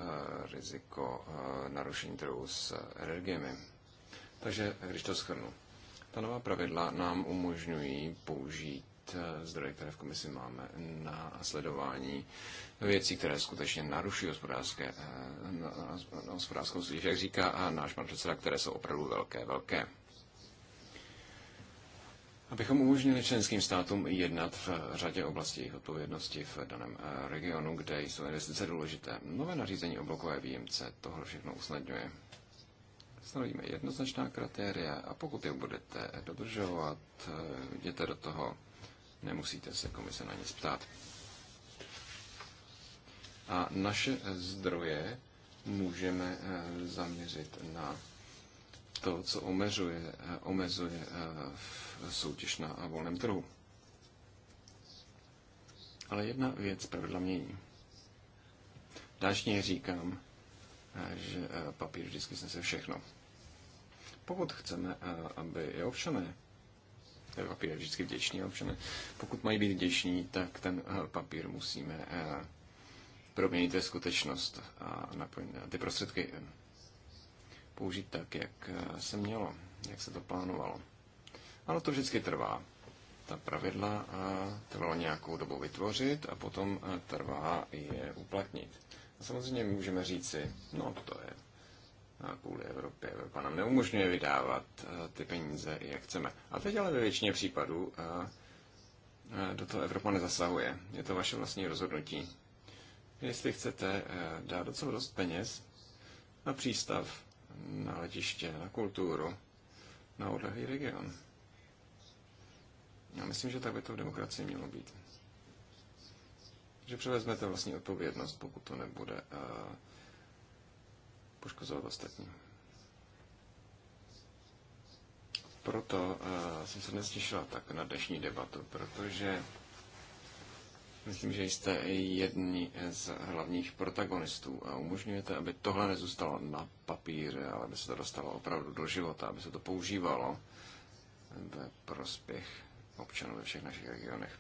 B: riziko eh, narušení trhu s energiemi. Takže, když to schrnu, ta nová pravidla nám umožňují použít zdroje, které v komisi máme, na sledování věcí, které skutečně naruší hospodářské, na, na, na hospodářskou služí, jak říká náš pan předseda, které jsou opravdu velké, velké abychom umožnili členským státům jednat v řadě oblastí jejich odpovědnosti v daném eh, regionu, kde jsou investice důležité. Nové nařízení o blokové výjimce tohle všechno usnadňuje. Stanovíme jednoznačná kritéria a pokud je budete dodržovat, eh, jděte do toho, nemusíte se komise na nic ptát. A naše zdroje můžeme eh, zaměřit na to, co omezuje, omezuje eh, soutěž na volném trhu. Ale jedna věc pravidla mění. Dážně říkám, eh, že eh, papír vždycky snese všechno. Pokud chceme, aby i občané, ten papír je vždycky vděčný občané, pokud mají být vděční, tak ten papír musíme proměnit ve skutečnost a naplnit ty prostředky použít tak, jak eh, se mělo, jak se to plánovalo. Ale to vždycky trvá. Ta pravidla a eh, trvalo nějakou dobu vytvořit a potom eh, trvá je uplatnit. A samozřejmě můžeme říci, no to je kvůli Evropě. Evropa nám neumožňuje vydávat ty peníze, jak chceme. A teď ale ve většině případů do toho Evropa nezasahuje. Je to vaše vlastní rozhodnutí. Jestli chcete dát docela dost peněz na přístav na letiště, na kulturu, na odlehlý region. Já myslím, že tak by to v demokracii mělo být. Že převezmete vlastní odpovědnost, pokud to nebude a eh, poškozovat ostatní. Proto uh, jsem se dnes těšila tak na dnešní debatu, protože Myslím, že jste jedni z hlavních protagonistů a umožňujete, aby tohle nezůstalo na papíře, ale aby se to dostalo opravdu do života, aby se to používalo ve prospěch občanů ve všech našich regionech.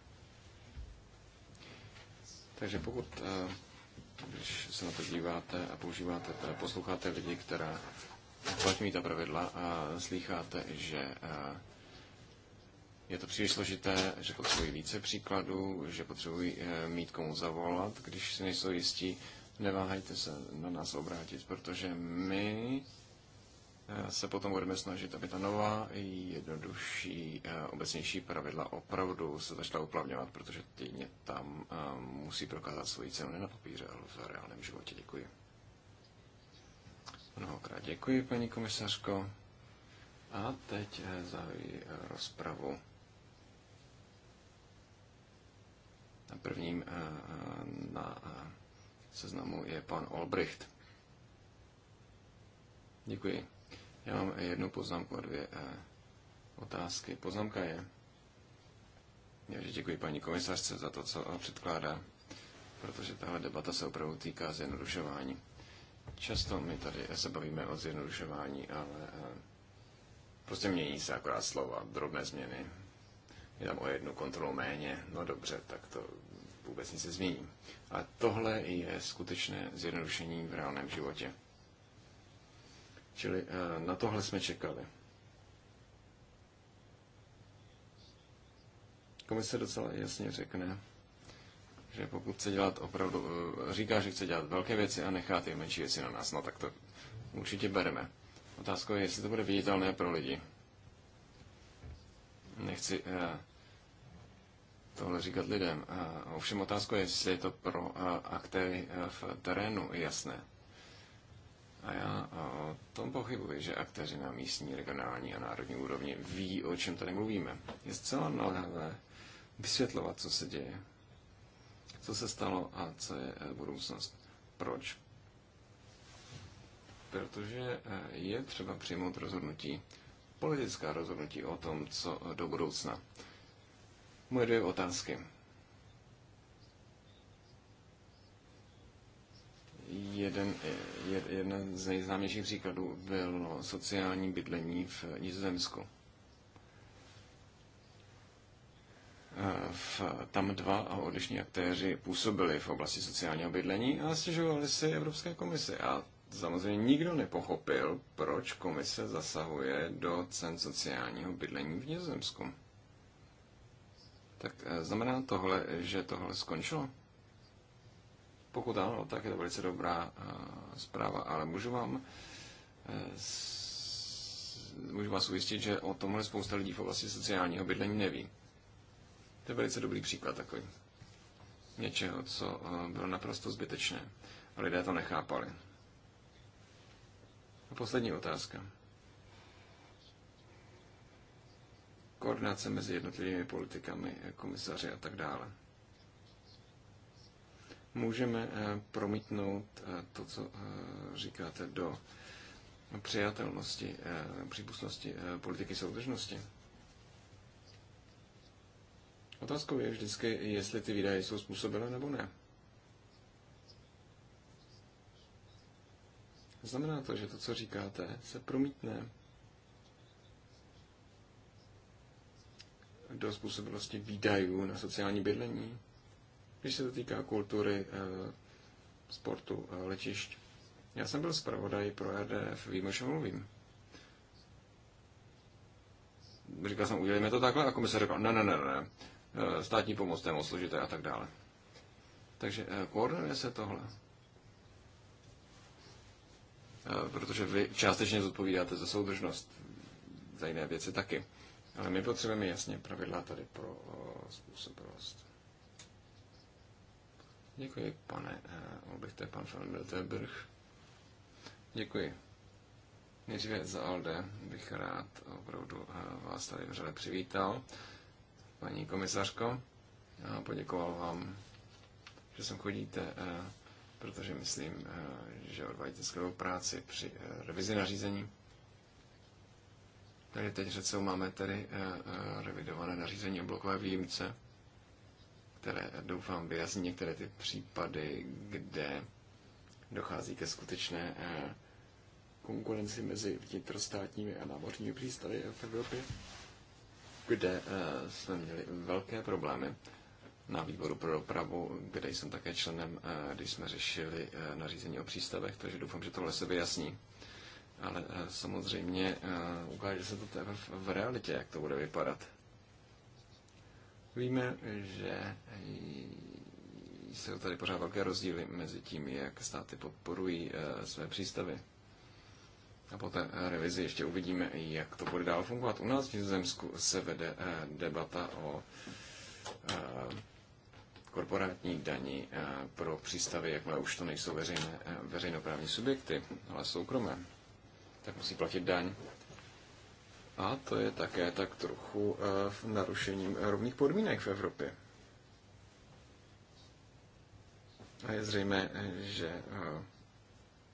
B: Takže pokud, eh, když se na to díváte a používáte, teda posloucháte lidi, která uplatňují ta pravidla a slycháte, že eh, je to příliš složité, že potřebují více příkladů, že potřebují eh, mít komu zavolat. Když si nejsou jistí, neváhejte se na nás obrátit, protože my eh, se potom budeme snažit, aby ta nová, jednodušší, eh, obecnější pravidla opravdu se začala uplavňovat, protože ty mě tam musí prokázat svoji cenu ne na papíře, ale v reálném životě. Děkuji. Mnohokrát děkuji, paní komisařko. A teď zahajuji rozpravu. Prvním eh, eh, na eh, seznamu je pan Olbricht. Děkuji. Já mám jednu poznámku a dvě otázky. Poznámka je, že děkuji paní komisařce za to, co předkládá, protože tahle debata se opravdu týká zjednodušování. Často my tady se bavíme o zjednodušování, ale prostě mění se akorát slova, drobné změny je tam o jednu kontrolu méně, no dobře, tak to vůbec nic změní. A tohle je skutečné zjednodušení v reálném životě. Čili eh, na tohle jsme čekali. Komise docela jasně řekne, že pokud chce dělat opravdu, eh, říká, že chce dělat velké věci a nechá ty menší věci na nás, no tak to určitě bereme. Otázka je, jestli to bude viditelné pro lidi nechci eh, tohle říkat lidem. Eh, ovšem otázka je, jestli je to pro eh, aktéry v terénu jasné. A já o tom pochybuji, že aktéři na místní, regionální a národní úrovni ví, o čem tady mluvíme. Je zcela naléhavé vysvětlovat, co se děje, co se stalo a co je budoucnost. Proč? Protože je třeba přijmout rozhodnutí, politická rozhodnutí o tom, co do budoucna. Moje dvě otázky. Jeden, jeden z nejznámějších příkladů byl sociální bydlení v Nizozemsku. v, tam dva a odlišní aktéři působili v oblasti sociálního bydlení a stěžovali si Evropské komisi. A samozřejmě nikdo nepochopil, proč komise zasahuje do cen sociálního bydlení v Nizozemsku. Tak eh, znamená tohle, že tohle skončilo? Pokud ano, tak je to velice dobrá eh, zpráva, ale můžu vám eh, můžu vás ujistit, že o tomhle spousta lidí v oblasti sociálního bydlení neví. To je velice dobrý příklad takový. Něčeho, co bylo naprosto zbytečné. Lidé to nechápali. A poslední otázka. Koordinace mezi jednotlivými politikami, eh, komisaři a tak dále. Můžeme eh, promítnout eh, to, co říkáte, do přijatelnosti, přípustnosti politiky soudržnosti. Otázkou je vždycky, jestli ty výdaje jsou způsobené nebo ne. Znamená to, že to, co říkáte, se promítne do způsobilosti výdajů na sociální bydlení, když se to týká kultury, eh, sportu, eh, letišť. Já jsem byl zpravodaj pro RDF, vím, o čem mluvím. Říkal jsem, udělejme to takhle, a komise řekla, ne, ne, ne, ne, eh, státní pomoc, to je moc složité a tak dále. Takže koordinuje se tohle. Eh, protože vy částečně zodpovídáte za soudržnost, za jiné věci taky. Ale my potřebujeme jasně pravidla tady pro eh, způsobilost. Děkuji, pane eh, to pan Felberg. Děkuji. Nejdříve za Alde bych rád opravdu vás tady vřele přivítal, paní komisařko, a poděkoval vám, že sem chodíte protože myslím, eh, že odvádíte skvělou práci při eh, revizi nařízení. Tady teď řecou máme tedy eh, revidované nařízení o blokové výjimce, které doufám vyjasní některé ty případy, kde dochází ke skutečné konkurenci mezi vnitrostátními a námořními přístavy v Evropě, kde jsme měli velké problémy na výboru pro dopravu, kde jsem také členem, eh, když jsme řešili eh, nařízení o přístavech, takže doufám, že tohle se vyjasní. Ale eh, samozřejmě ukáže se to v realitě, jak to bude vypadat. Víme, že jsou tady pořád velké rozdíly mezi tím, jak státy podporují své přístavy. A po té revizi ještě uvidíme, jak to bude dál fungovat. U nás v Zemsku se vede debata o korporátní daní eh, pro přístavy, jakmile už to nejsou veřejné, eh, veřejnoprávní subjekty, ale soukromé, tak musí platit daň. A to je také tak trochu eh, v narušením rovných podmínek v Evropě. A je zřejmé, že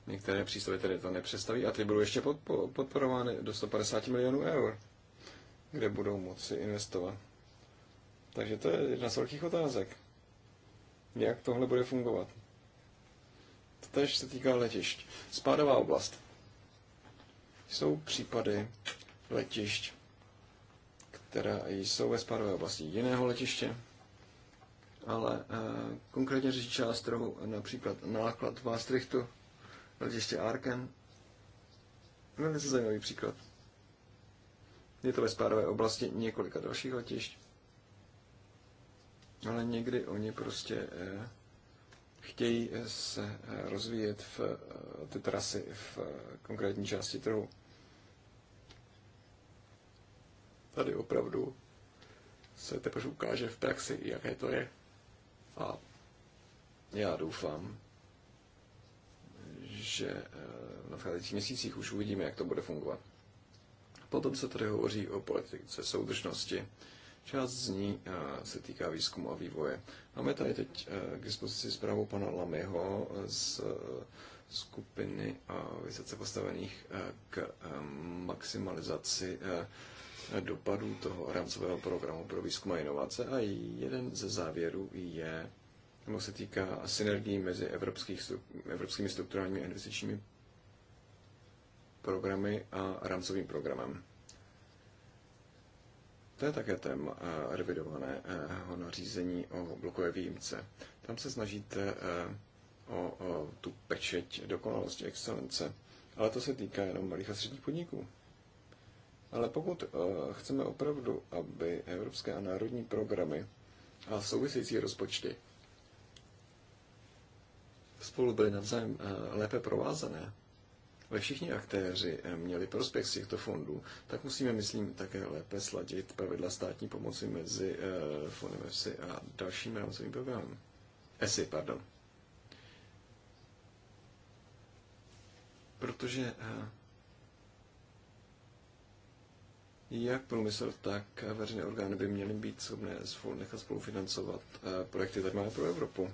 B: některé přístavy tedy to nepřestaví a ty budou ještě podporovány do 150 milionů eur, kde budou moci investovat. Takže to je jedna z velkých otázek jak tohle bude fungovat. To tež se týká letišť. Spádová oblast. Jsou případy letišť, která jsou ve spádové oblasti jiného letiště, ale e, konkrétně řeší část trhu, například náklad v Maastrichtu, letiště Arken. Velice zajímavý příklad. Je to ve spádové oblasti několika dalších letišť ale někdy oni prostě eh, chtějí eh, se eh, rozvíjet v ty trasy v konkrétní části trhu. Tady opravdu se teprve ukáže v praxi, jaké to je. A já doufám, že v nadcházejících měsících už uvidíme, jak to bude fungovat. Potom se tady hovoří o politice soudržnosti. Část z ní eh, se týká výzkumu a vývoje. Máme tady teď eh, k dispozici zprávu pana Lamyho z eh, skupiny vysoce postavených k maximalizaci dopadů toho rámcového programu pro výzkum a inovace. A jeden ze závěrů je, nebo se týká synergii mezi evropských, evropskými strukturálními a investičními programy a rámcovým programem. To je také téma eh, revidovaného eh, nařízení o blokové výjimce. Tam se snažíte eh, o, o tu pečeť dokonalosti, excelence, ale to se týká jenom malých a středních podniků. Ale pokud chceme opravdu, aby evropské a národní programy a související rozpočty spolu byly navzájem lépe provázané, aby všichni aktéři eh, měli prospěch z těchto fondů, tak musíme, myslím, také lépe sladit pravidla státní pomoci mezi eh, fondem EFSI a dalším rámcovým programem. ESI, pardon. Protože eh, jak průmysl, tak veřejné orgány by měly být schopné nechat spolufinancovat projekty zajímavé pro Evropu.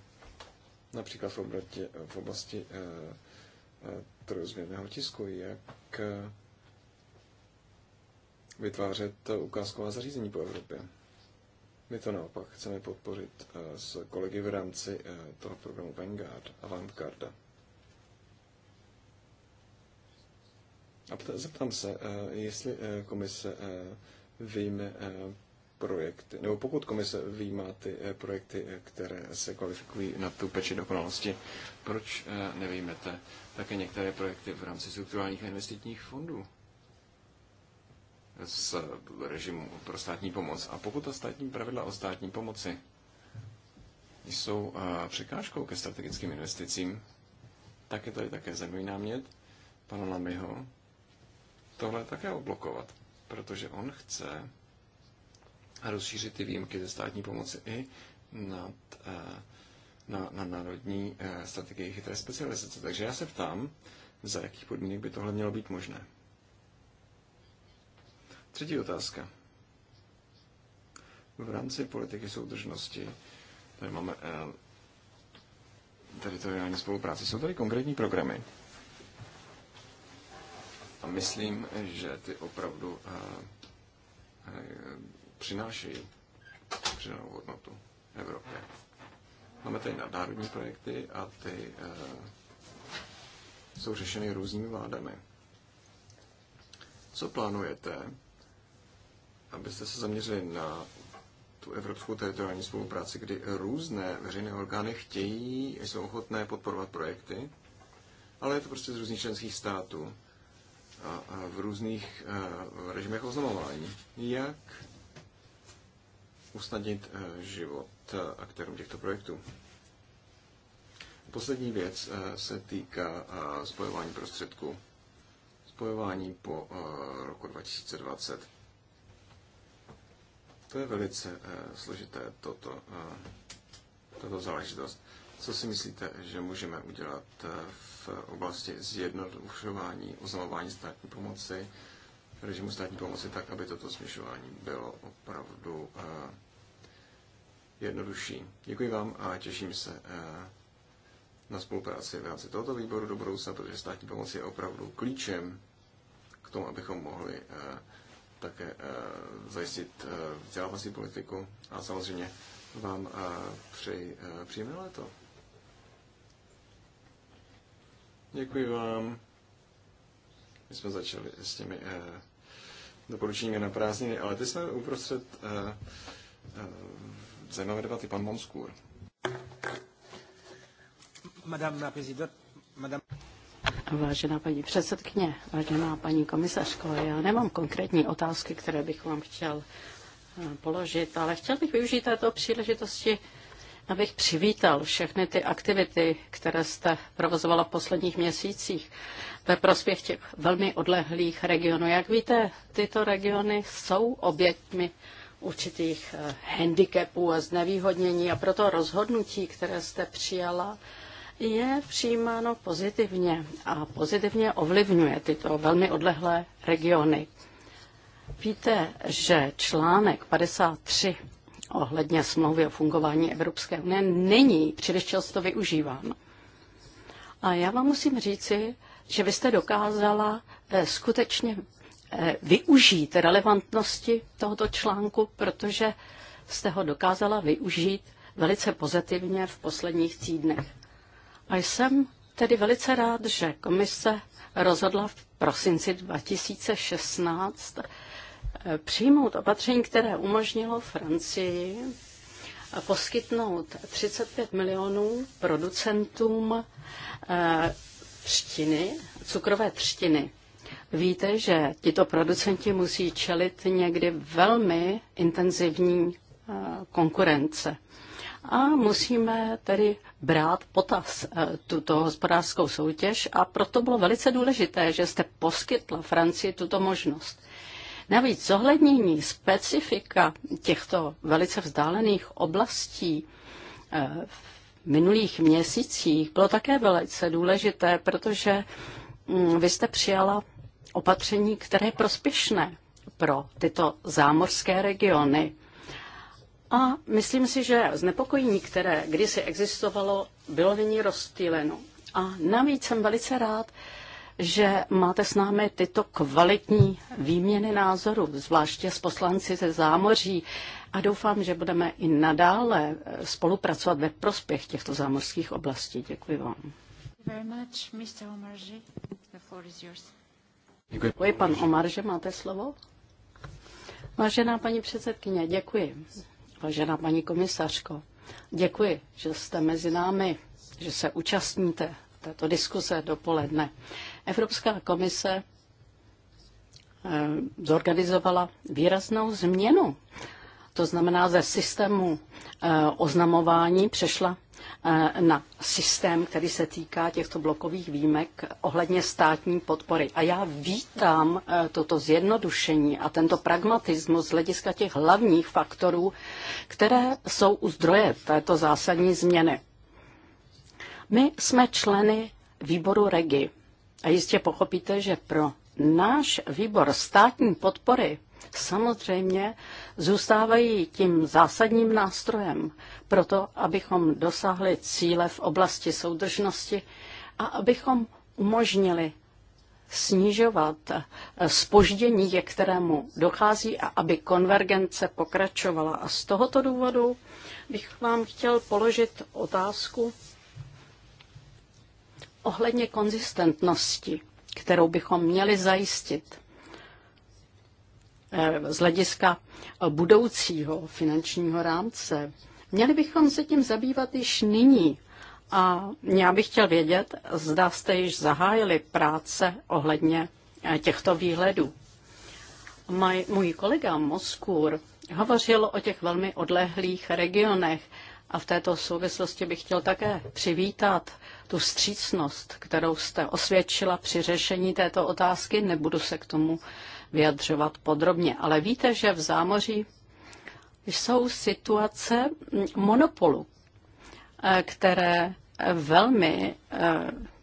B: Například v, v oblasti trojzměrného tisku, jak eh, vytvářet ukázková zařízení po Evropě. My to naopak chceme podpořit eh, s kolegy v rámci eh, toho programu Vanguard, Avantgarda. A zeptám se, jestli komise vyjme projekty, nebo pokud komise vyjímá ty projekty, které se kvalifikují na tu peči dokonalosti, proč nevyjmete také některé projekty v rámci strukturálních a investičních fondů z režimu pro státní pomoc. A pokud ta státní pravidla o státní pomoci jsou eh, překážkou ke strategickým investicím, tak je tady také zajímavý námět pana Lamyho tohle také oblokovat, protože on chce rozšířit ty výjimky ze státní pomoci i nad eh, na, na národní eh, strategii chytré specializace. Takže já se ptám, za jakých podmínek by tohle mělo být možné. Třetí otázka. V rámci politiky soudržnosti tady máme eh, teritoriální spolupráci. Jsou tady konkrétní programy. A myslím, že ty opravdu eh, přinášejí přidanou hodnotu Evropě. Máme tady nadnárodní projekty a ty eh, jsou řešeny různými vládami. Co plánujete, abyste se zaměřili na tu evropskou teritoriální spolupráci, kdy různé veřejné orgány chtějí, jsou ochotné podporovat projekty, ale je to prostě z různých členských států a v různých eh, režimech oznamování. Jak usnadnit eh, život Eh, aktérům těchto projektů. Poslední věc eh, se týká eh, spojování prostředků. Spojování po roku 2020. To je velice složité, toto, toto záležitost. Co si myslíte, že můžeme udělat v oblasti zjednodušování, oznamování státní pomoci, režimu státní pomoci, tak, aby toto směšování bylo opravdu jednodušší. Děkuji vám a těším se eh, na spolupráci v rámci tohoto výboru do budoucna, protože státní pomoc je opravdu klíčem k tomu, abychom mohli eh, také eh, zajistit vzdělávací politiku a samozřejmě vám přeji příjemné léto. Děkuji vám. My jsme začali s těmi doporučeními na prázdniny, ale ty jsme uprostřed zajímavé debaty. Pan Monskur.
G: Madame la présidente, madame...
F: Vážená paní předsedkyně, vážená paní komisařko, já nemám konkrétní otázky, které bych vám chtěl eh, položit, ale chtěl bych využít této příležitosti, abych přivítal všechny ty aktivity, které jste provozovala v posledních měsících ve prospěch těch velmi odlehlých regionů. Jak víte, tyto regiony jsou oběťmi určitých eh, handicapů a znevýhodnění a proto rozhodnutí, které jste přijala, je přijímáno pozitivně a pozitivně ovlivňuje tyto velmi odlehlé regiony. Víte, že článek 53 ohledně smlouvy o fungování Evropské unie není příliš často využíván. A já vám musím říci, že vy jste dokázala eh, skutečně Eh, využít relevantnosti tohoto článku, protože jste ho dokázala využít velice pozitivně v posledních týdnech. A jsem tedy velice rád, že komise rozhodla v prosinci 2016 eh, přijmout opatření, které umožnilo Francii eh, poskytnout 35 milionů producentům třtiny, cukrové třtiny. Víte, že tito producenti musí čelit někdy velmi intenzivní eh, konkurence. A musíme tedy brát potaz eh, tuto hospodářskou soutěž a proto bylo velice důležité, že jste poskytla Francii tuto možnost. Navíc zohlednění specifika těchto velice vzdálených oblastí eh, v minulých měsících bylo také velice důležité, protože mm, vy jste přijala opatření, které je prospěšné pro tyto zámořské regiony. A myslím si, že znepokojení, které kdysi existovalo, bylo nyní rozptýleno. A navíc jsem velice rád, že máte s námi tyto kvalitní výměny názorů, zvláště s poslanci ze zámoří. A doufám, že budeme i nadále eh, spolupracovat ve prospěch těchto zámořských oblastí. Děkuji vám. Děkuji. děkuji. Pan Omar, že máte slovo? Vážená paní předsedkyně, děkuji. Vážená paní komisařko, děkuji, že jste mezi námi, že se účastníte této diskuse dopoledne. Evropská komise eh, zorganizovala výraznou změnu. To znamená, ze systému eh, oznamování přešla Eh, na systém, který se týká těchto blokových výjimek ohledně státní podpory. A já vítám eh, toto zjednodušení a tento pragmatismus z hlediska těch hlavních faktorů, které jsou u zdroje této zásadní změny. My jsme členy výboru REGI a jistě pochopíte, že pro náš výbor státní podpory samozřejmě zůstávají tím zásadním nástrojem pro to, abychom dosáhli cíle v oblasti soudržnosti a abychom umožnili snižovat spoždění, ke kterému dochází a aby konvergence pokračovala. A z tohoto důvodu bych vám chtěl položit otázku ohledně konzistentnosti, kterou bychom měli zajistit Eh, z hlediska budoucího finančního rámce. Měli bychom se tím zabývat již nyní. A já bych chtěl vědět, zda jste již zahájili práce ohledně eh, těchto výhledů. Maj, můj kolega Moskur hovořil o těch velmi odlehlých regionech a v této souvislosti bych chtěl také přivítat tu střícnost, kterou jste osvědčila při řešení této otázky. Nebudu se k tomu uh, vyjadřovat podrobně, ale víte, že v zámoří jsou situace monopolu, eh, které velmi eh,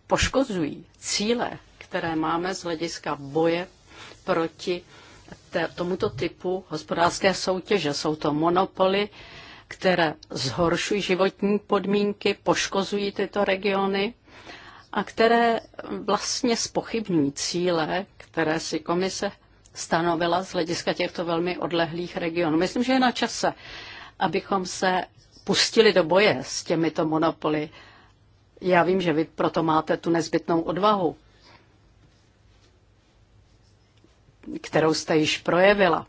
F: poškozují cíle, které máme z hlediska boje proti tomuto typu hospodářské soutěže. Jsou to monopoly, které zhoršují životní podmínky, poškozují tyto regiony a které vlastně spochybní cíle, které si komise stanovila z hlediska těchto velmi odlehlých regionů. Myslím, že je na čase, abychom se pustili do boje s těmito monopoly. Já vím, že vy proto máte tu nezbytnou odvahu, kterou jste již projevila.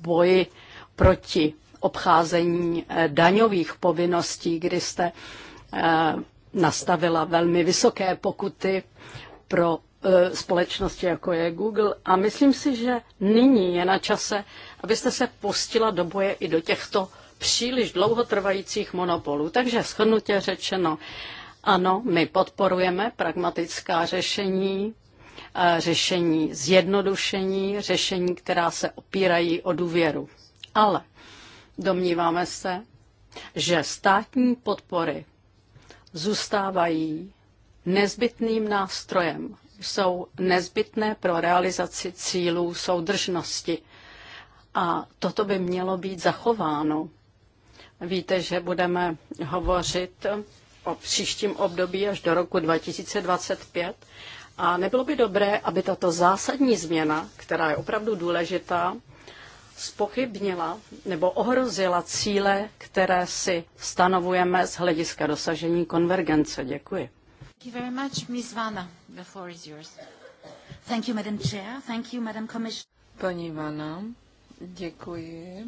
F: Boji proti obcházení eh, daňových povinností, kdy jste eh, nastavila velmi vysoké pokuty pro E, společnosti, jako je Google. A myslím si, že nyní je na čase, abyste se postila do boje i do těchto příliš dlouhotrvajících monopolů. Takže shodnutě řečeno, ano, my podporujeme pragmatická řešení, e, řešení zjednodušení, řešení, která se opírají o důvěru. Ale domníváme se, že státní podpory zůstávají nezbytným nástrojem jsou nezbytné pro realizaci cílů soudržnosti. A toto by mělo být zachováno. Víte, že budeme hovořit o příštím období až do roku 2025. A nebylo by dobré, aby tato zásadní změna, která je opravdu důležitá, spochybnila nebo ohrozila cíle, které si stanovujeme z hlediska dosažení konvergence. Děkuji.
A: Thank you very much, Ms. Vana. The floor is yours. Thank you, Madam Chair. Thank you, Madam Commissioner.
E: Pani Vana, děkuji.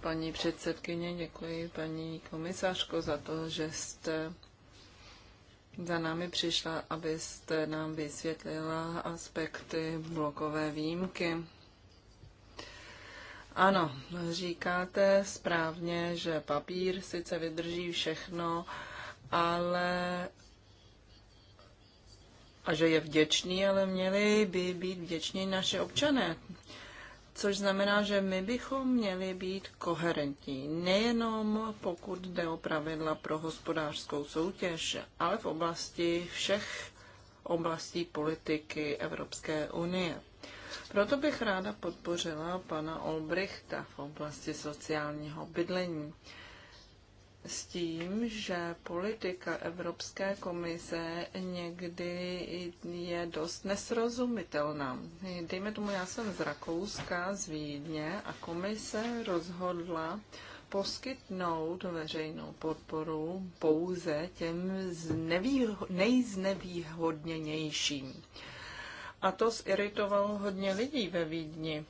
E: Paní předsedkyně, děkuji paní komisařko za to, že jste za námi přišla, abyste nám vysvětlila aspekty blokové výjimky. Ano, říkáte správně, že papír sice vydrží všechno, ale a že je vděčný, ale měli by být vděční naše občané. Což znamená, že my bychom měli být koherentní, nejenom pokud jde o pravidla pro hospodářskou soutěž, ale v oblasti všech oblastí politiky Evropské unie. Proto bych ráda podpořila pana Olbrichta v oblasti sociálního bydlení s tím, že politika Evropské komise někdy je dost nesrozumitelná. Dejme tomu, já jsem z Rakouska, z Vídně a komise rozhodla poskytnout veřejnou podporu pouze těm nejznevýhodněnějším. A to ziritovalo hodně lidí ve Vídni,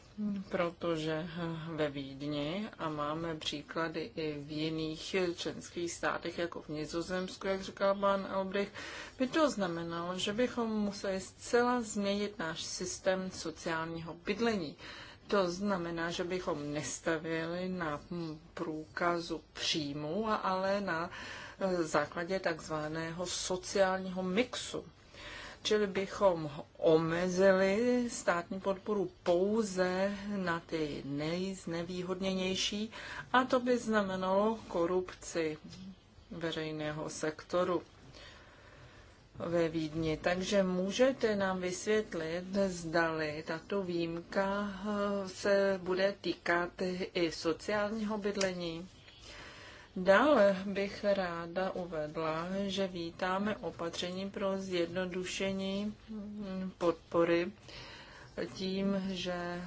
E: protože ve Vídni, a máme příklady i v jiných členských státech, jako v Nizozemsku, jak říkal pan Albrecht, by to znamenalo, že bychom museli zcela změnit náš systém sociálního bydlení. To znamená, že bychom nestavili na průkazu příjmu, ale na e, základě takzvaného sociálního mixu čili bychom omezili státní podporu pouze na ty nejznevýhodněnější a to by znamenalo korupci veřejného sektoru ve Vídni. Takže můžete nám vysvětlit, zdali tato výjimka se bude týkat i sociálního bydlení? Dále bych ráda uvedla, že vítáme opatření pro zjednodušení podpory tím, že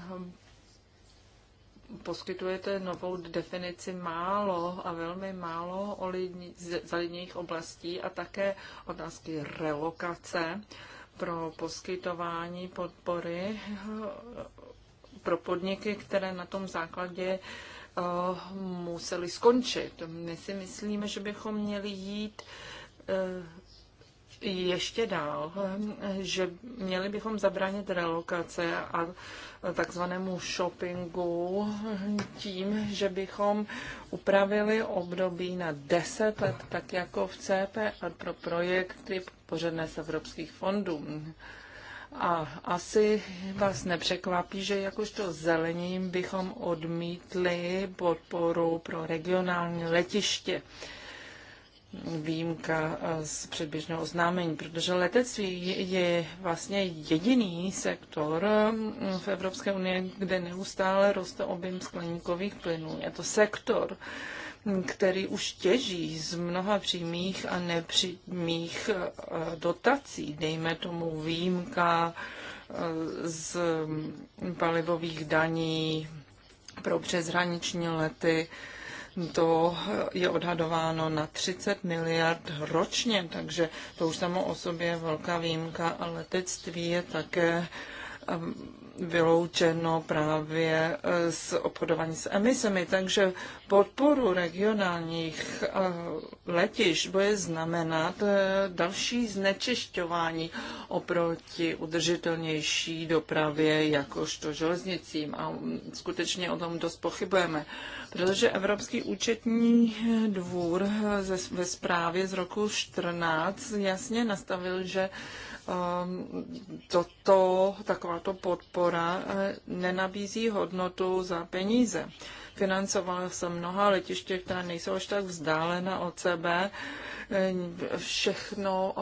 E: poskytujete novou definici málo a velmi málo o lidní, zalidněných oblastí a také otázky relokace pro poskytování podpory pro podniky, které na tom základě museli skončit. My si myslíme, že bychom měli jít eh, ještě dál, že měli bychom zabránit relokace a takzvanému shoppingu tím, že bychom upravili období na 10 let, tak jako v CP a pro projekty pořadné z evropských fondů. A asi vás nepřekvapí, že jakožto zelením bychom odmítli podporu pro regionální letiště výjimka z předběžného oznámení, protože letectví je vlastně jediný sektor v Evropské unii, kde neustále roste objem skleníkových plynů. Je to sektor, který už těží z mnoha přímých a nepřímých eh, dotací, dejme tomu výjimka eh, z palivových daní pro přeshraniční lety, to je odhadováno na 30 miliard ročně, takže to už samo o sobě je velká výjimka a letectví je také eh, vyloučeno právě e, z obchodování s emisemi. Takže podporu regionálních e, letišť bude znamenat e, další znečišťování oproti udržitelnější dopravě jakožto železnicím. A skutečně o tom dost pochybujeme, protože Evropský účetní dvůr ve zprávě z roku 14 jasně nastavil, že Ehm, toto, takováto podpora eh, nenabízí hodnotu za peníze. Financovala jsem mnoha letiště, která nejsou až tak vzdálena od sebe. Ehm, všechno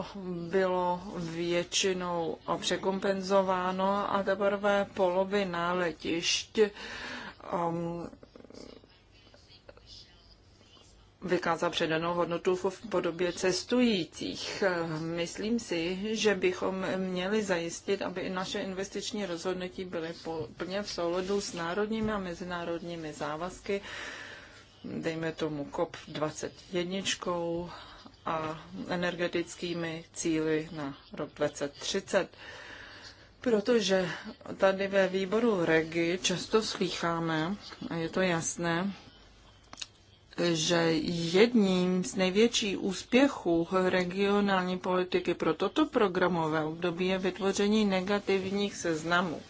E: bylo většinou překompenzováno a teprve polovina letišť um, vykázal předanou hodnotu v podobě cestujících. Myslím si, že bychom měli zajistit, aby i naše investiční rozhodnutí byly plně v souladu s národními a mezinárodními závazky, dejme tomu COP21 a energetickými cíly na rok 2030. Protože tady ve výboru REGI často slýcháme, a je to jasné, že jedním z největších úspěchů regionální politiky pro toto programové období je vytvoření negativních seznamů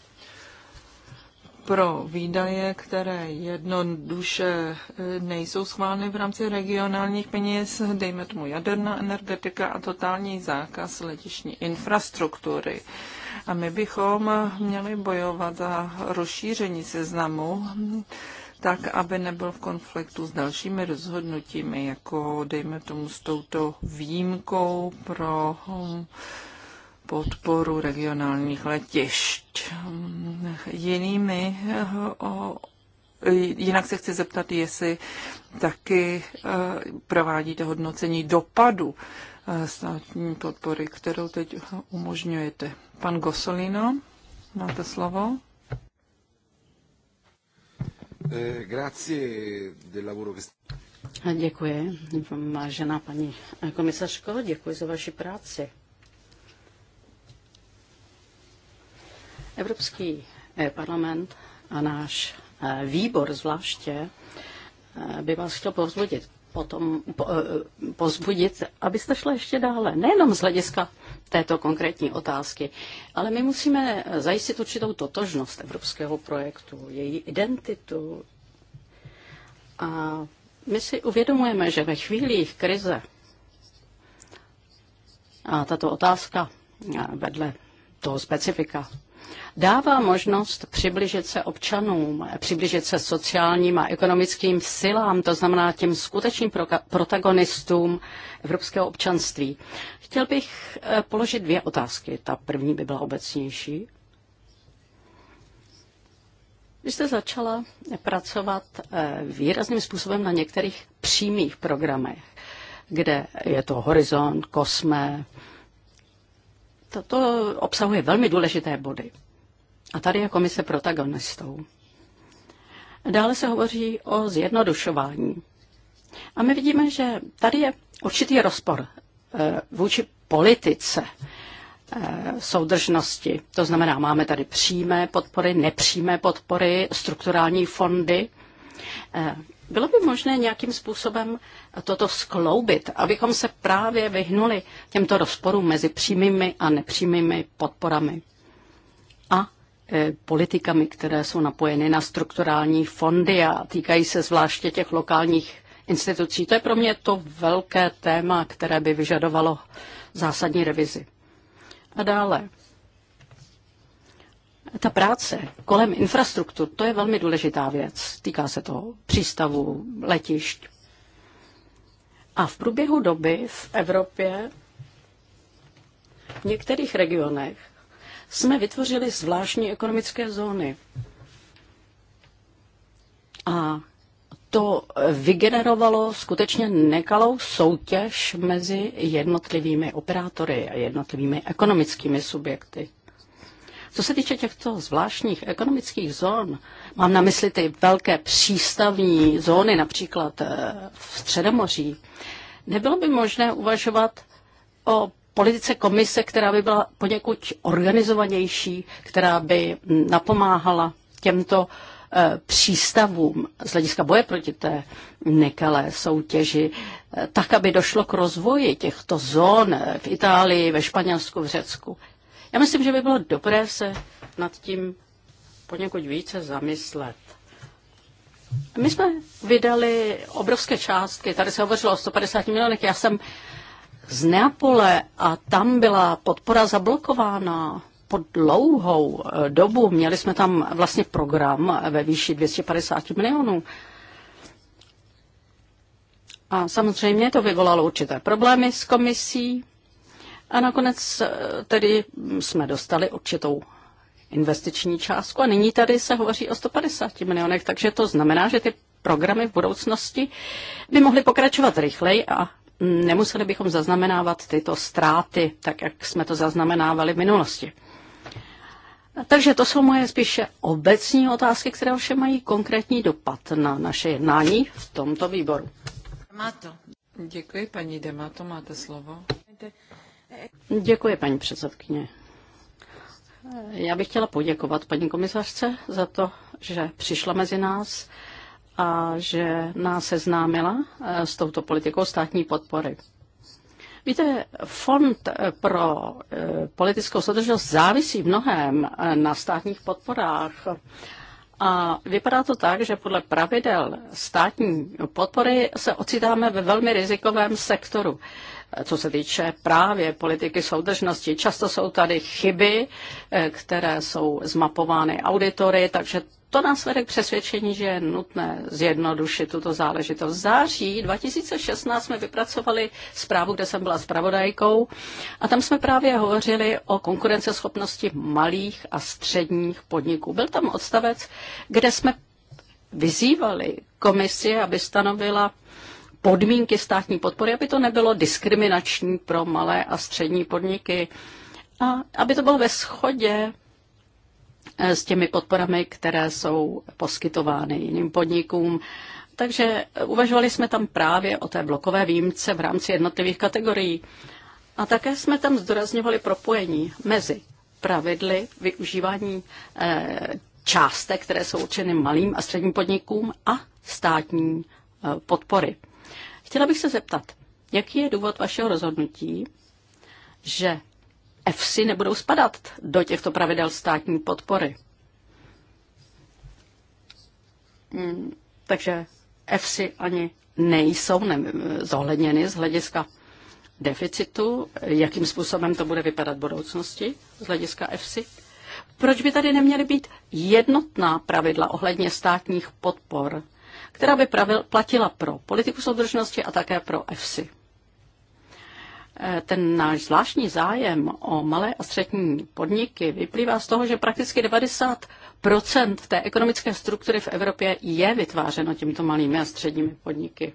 E: pro výdaje, které jednoduše eh, nejsou schváleny v rámci regionálních peněz, dejme tomu jaderná energetika a totální zákaz letišní infrastruktury. A my bychom měli bojovat za rozšíření seznamu tak aby nebyl v konfliktu s dalšími rozhodnutími, jako dejme tomu s touto výjimkou pro hm, podporu regionálních letišť. Jinými eh, Jinak se chci zeptat, jestli taky eh, provádíte hodnocení dopadu eh, státní podpory, kterou teď umožňujete. Pan Gosolino, máte slovo.
B: Eh,
F: děkuji, vážená paní komisařko, děkuji za vaši práci. Evropský eh, parlament a náš eh, výbor zvláště by vás chtěl povzbudit potom eh, pozbudit, abyste šla ještě dále. Nejenom z hlediska této konkrétní otázky, ale my musíme zajistit určitou totožnost evropského projektu, její identitu. A my si uvědomujeme, že ve chvílích krize a tato otázka eh, vedle toho specifika dává možnost přiblížit se občanům, přiblížit se sociálním a ekonomickým silám, to znamená těm skutečným protagonistům evropského občanství. Chtěl bych eh, položit dvě otázky. Ta první by byla obecnější. Vy jste začala pracovat eh, výrazným způsobem na některých přímých programech, kde je to Horizont, Kosme, Toto obsahuje velmi důležité body. A tady je komise protagonistou. Dále se hovoří o zjednodušování. A my vidíme, že tady je určitý rozpor eh, vůči politice eh, soudržnosti. To znamená, máme tady přímé podpory, nepřímé podpory, strukturální fondy, eh, bylo by možné nějakým způsobem toto skloubit, abychom se právě vyhnuli těmto rozporům mezi přímými a nepřímými podporami a e, politikami, které jsou napojeny na strukturální fondy a týkají se zvláště těch lokálních institucí. To je pro mě to velké téma, které by vyžadovalo zásadní revizi. A dále ta práce kolem infrastruktur, to je velmi důležitá věc. Týká se to přístavu, letišť. A v průběhu doby v Evropě, v některých regionech, jsme vytvořili zvláštní ekonomické zóny. A to vygenerovalo skutečně nekalou soutěž mezi jednotlivými operátory a jednotlivými ekonomickými subjekty. Co se týče těchto zvláštních ekonomických zón, mám na mysli ty velké přístavní zóny, například eh, v Středomoří, nebylo by možné uvažovat o politice komise, která by byla poněkud organizovanější, která by hm, napomáhala těmto eh, přístavům z hlediska boje proti té nekalé soutěži, eh, tak, aby došlo k rozvoji těchto zón v Itálii, ve Španělsku, v Řecku. Já myslím, že by bylo dobré se nad tím poněkud více zamyslet. My jsme vydali obrovské částky, tady se hovořilo o 150 milionech, já jsem z Neapole a tam byla podpora zablokována po dlouhou eh, dobu. Měli jsme tam vlastně program ve výši 250 milionů. A samozřejmě to vyvolalo určité problémy s komisí. A nakonec eh, tedy jsme dostali určitou investiční částku a nyní tady se hovoří o 150 milionech, takže to znamená, že ty programy v budoucnosti by mohly pokračovat rychleji a nemuseli bychom zaznamenávat tyto ztráty, tak jak jsme to zaznamenávali v minulosti. Takže to jsou moje spíše obecní otázky, které ovšem mají konkrétní dopad na naše jednání v tomto výboru.
E: Demato. Děkuji, paní Demato, máte slovo.
F: Děkuji, paní předsedkyně. Já bych chtěla poděkovat paní komisařce za to, že přišla mezi nás a že nás seznámila eh, s touto politikou státní podpory. Víte, fond eh, pro eh, politickou soudržnost závisí v mnohem na státních podporách. A vypadá to tak, že podle pravidel státní podpory se ocitáme ve velmi rizikovém sektoru co se týče právě politiky soudržnosti. Často jsou tady chyby, eh, které jsou zmapovány auditory, takže to nás vede k přesvědčení, že je nutné zjednodušit tuto záležitost. V září 2016 jsme vypracovali zprávu, kde jsem byla zpravodajkou a tam jsme právě hovořili o konkurenceschopnosti malých a středních podniků. Byl tam odstavec, kde jsme vyzývali komisi, aby stanovila podmínky státní podpory, aby to nebylo diskriminační pro malé a střední podniky a aby to bylo ve shodě eh, s těmi podporami, které jsou poskytovány jiným podnikům. Takže uvažovali jsme tam právě o té blokové výjimce v rámci jednotlivých kategorií. A také jsme tam zdůrazňovali propojení mezi pravidly využívání eh, částek, které jsou určeny malým a středním podnikům a státní eh, podpory. Chtěla bych se zeptat, jaký je důvod vašeho rozhodnutí, že EFSI nebudou spadat do těchto pravidel státní podpory? Hmm, takže EFSI ani nejsou ne- zohledněny z hlediska deficitu, jakým způsobem to bude vypadat v budoucnosti z hlediska EFSI. Proč by tady neměly být jednotná pravidla ohledně státních podpor? která by pravil, platila pro politiku soudržnosti a také pro EFSI. E, ten náš zvláštní zájem o malé a střední podniky vyplývá z toho, že prakticky 90 té ekonomické struktury v Evropě je vytvářeno těmito malými a středními podniky.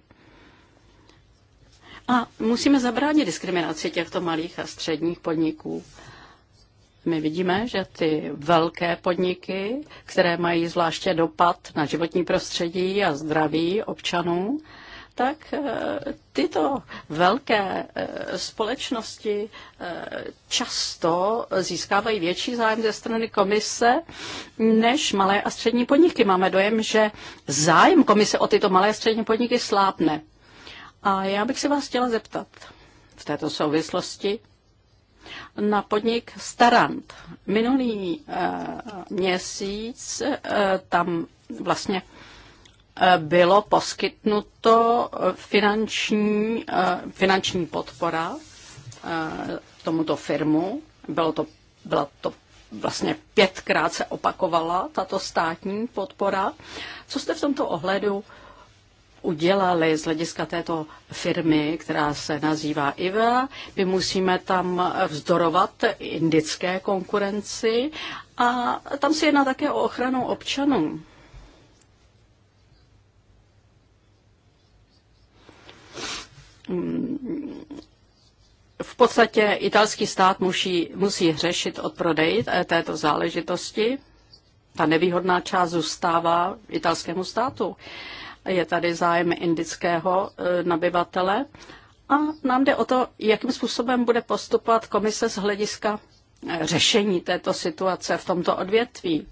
F: A musíme zabránit diskriminaci těchto malých a středních podniků. My vidíme, že ty velké podniky, které mají zvláště dopad na životní prostředí a zdraví občanů, tak eh, tyto velké eh, společnosti eh, často získávají větší zájem ze strany komise než malé a střední podniky. Máme dojem, že zájem komise o tyto malé a střední podniky slápne. A já bych se vás chtěla zeptat v této souvislosti, na podnik Starant. Minulý eh, měsíc eh, tam vlastně eh, bylo poskytnuto finanční, finanční podpora tomuto firmu. Bylo to, byla to vlastně pětkrát se opakovala tato státní podpora. Co jste v tomto ohledu udělali z hlediska této firmy, která se nazývá IVA. My musíme tam vzdorovat indické konkurenci a tam se jedná také o ochranu občanů. V podstatě italský stát musí, musí řešit odprodej této záležitosti. Ta nevýhodná část zůstává italskému státu je tady zájem indického eh, nabyvatele a nám jde o to, jakým způsobem bude postupovat komise z hlediska eh, řešení této situace v tomto odvětví.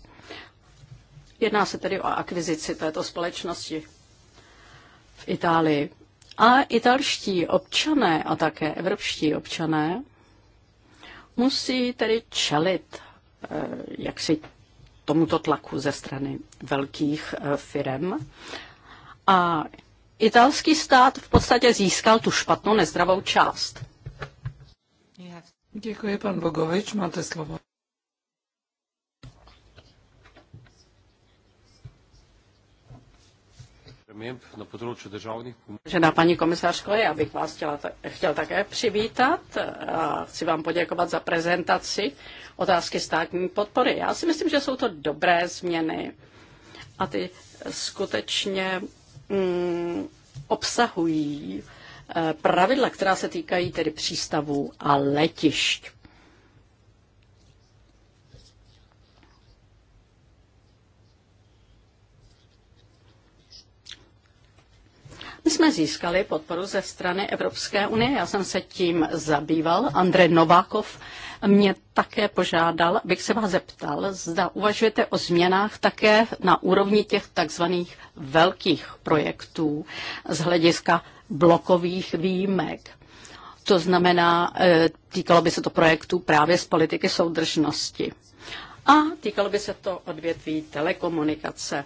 F: Jedná se tedy o akvizici této společnosti v Itálii. A italští občané a také evropští občané musí tedy čelit eh, jaksi tomuto tlaku ze strany velkých firm a italský stát v podstatě získal tu špatnou nezdravou část. Děkuji, pan Bogovič, máte slovo. na paní komisařko, já bych vás chtěla, chtěl také přivítat a chci vám poděkovat za prezentaci otázky státní podpory. Já si myslím, že jsou to dobré změny a ty skutečně Mm, obsahují eh, pravidla, která se týkají tedy přístavů a letišť. My jsme získali podporu ze strany Evropské unie. Já jsem se tím zabýval. Andrej Novákov mě také požádal, abych se vás zeptal, zda uvažujete o změnách také na úrovni těch takzvaných velkých projektů z hlediska blokových výjimek. To znamená, e, týkalo by se to projektů právě z politiky soudržnosti. A týkalo by se to odvětví telekomunikace.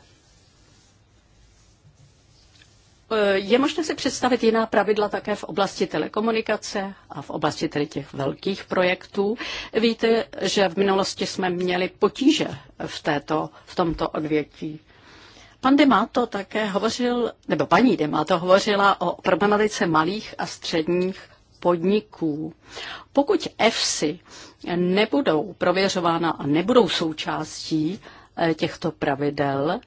F: Eh, je možné si představit jiná pravidla také v oblasti telekomunikace a v oblasti tedy těch velkých projektů. Víte, že v minulosti jsme měli potíže v, této, v tomto odvětví. Pan Demato také hovořil, nebo paní Demato hovořila o problematice malých a středních podniků. Pokud EFSI nebudou prověřována a nebudou součástí eh, těchto pravidel,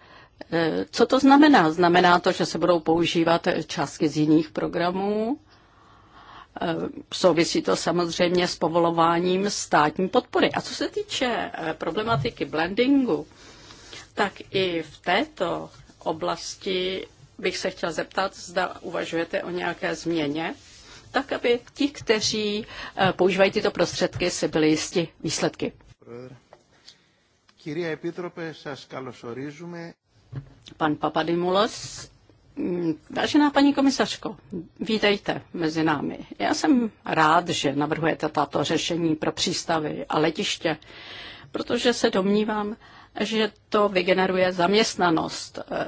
F: Eh, co to znamená? Znamená to, že se budou používat částky z jiných programů? Eh, souvisí to samozřejmě s povolováním státní podpory. A co se týče eh, problematiky blendingu, tak i v této oblasti bych se chtěla zeptat, zda uvažujete o nějaké změně, tak aby ti, kteří používají tyto prostředky, si byli jisti výsledky. Pan Papadimulos. Mm, vážená paní komisařko, vítejte mezi námi. Já jsem rád, že navrhujete tato řešení pro přístavy a letiště, protože se domnívám, že to vygeneruje zaměstnanost, eh,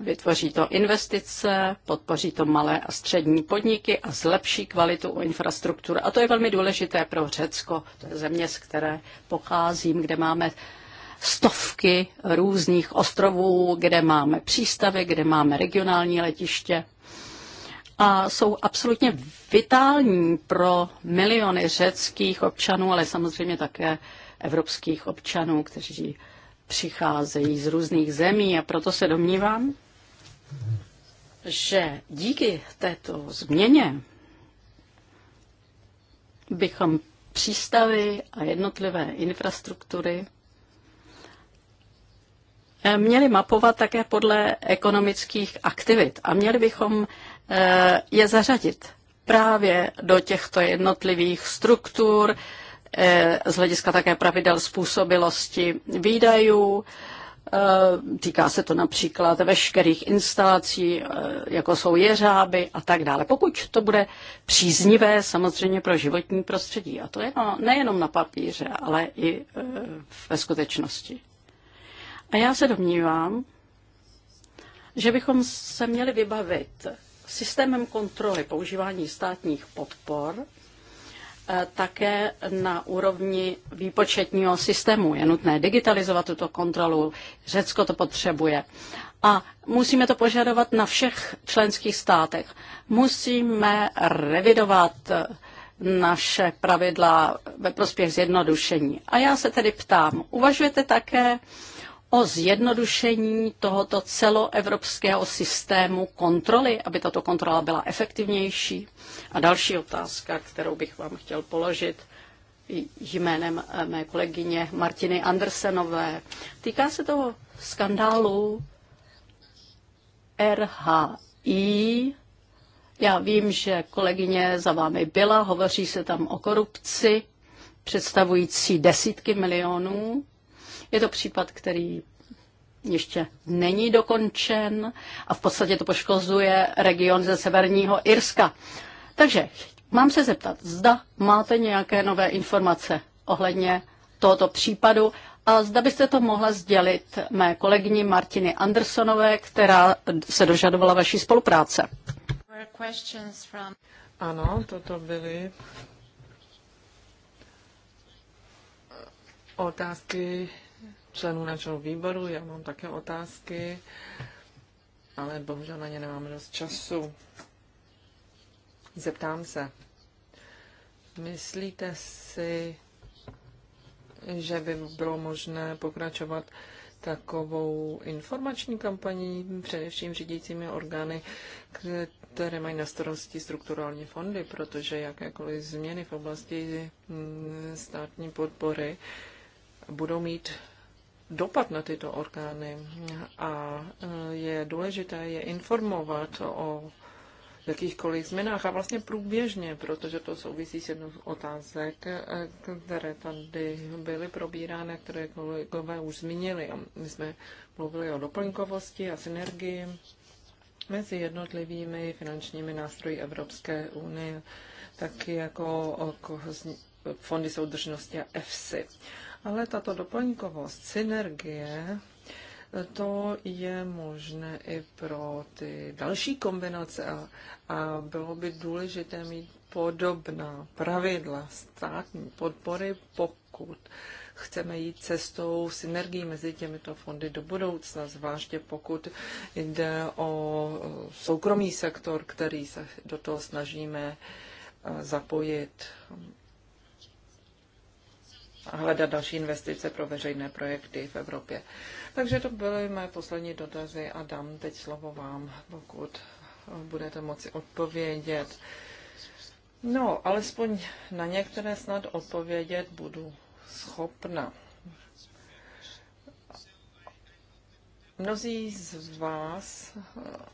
F: vytvoří to investice, podpoří to malé a střední podniky a zlepší kvalitu infrastruktury. A to je velmi důležité pro Řecko, to je země, z které pocházím, kde máme stovky různých ostrovů, kde máme přístavy, kde máme regionální letiště a jsou absolutně vitální pro miliony řeckých občanů, ale samozřejmě také evropských občanů, kteří přicházejí z různých zemí a proto se domnívám, že díky této změně bychom přístavy a jednotlivé infrastruktury měli mapovat také podle ekonomických aktivit a měli bychom eh, je zařadit právě do těchto jednotlivých struktur, eh, z hlediska také pravidel způsobilosti výdajů. Eh, týká se to například veškerých instalací, jako jsou jeřáby a tak dále. Pokud to bude příznivé samozřejmě pro životní prostředí, a to je no, nejenom na papíře, ale i ve skutečnosti. A já se domnívám, že bychom se měli vybavit systémem kontroly používání státních podpor eh, také na úrovni výpočetního systému. Je nutné digitalizovat tuto kontrolu, Řecko to potřebuje. A musíme to požadovat na všech členských státech. Musíme revidovat eh, naše pravidla ve prospěch zjednodušení. A já se tedy ptám, uvažujete také o zjednodušení tohoto celoevropského systému kontroly, aby tato kontrola byla efektivnější. A další otázka, kterou bych vám chtěl položit jménem eh, mé kolegyně Martiny Andersenové, týká se toho skandálu RHI. Já vím, že kolegyně za vámi byla, hovoří se tam o korupci představující desítky milionů je to případ, který ještě není dokončen a v podstatě to poškozuje region ze severního Irska. Takže mám se zeptat, zda máte nějaké nové informace ohledně tohoto případu a zda byste to mohla sdělit mé kolegyni Martiny Andersonové, která se dožadovala vaší spolupráce.
E: Ano, toto byly otázky členů našeho výboru. Já mám také otázky, ale bohužel na ně nemáme dost času. Zeptám se. Myslíte si, že by bylo možné pokračovat takovou informační kampaní, především řídícími orgány, které mají na starosti strukturální fondy, protože jakékoliv změny v oblasti mm, státní podpory budou mít dopad na tyto orgány a e, je důležité je informovat o jakýchkoliv změnách a vlastně průběžně, protože to souvisí s jednou z otázek, e, které tady byly probírány, které kolegové už zmínili. My jsme mluvili o doplňkovosti a synergii mezi jednotlivými finančními nástroji Evropské unie, tak jako fondy soudržnosti a EFSI ale tato doplňkovost, synergie, to je možné i pro ty další kombinace a, a bylo by důležité mít podobná pravidla státní podpory, pokud chceme jít cestou synergii mezi těmito fondy do budoucna, zvláště pokud jde o soukromý sektor, který se do toho snažíme eh, zapojit hledat další investice pro veřejné projekty v Evropě. Takže to byly mé poslední dotazy a dám teď slovo vám, pokud budete moci odpovědět. No, alespoň na některé snad odpovědět budu schopna. Mnozí z vás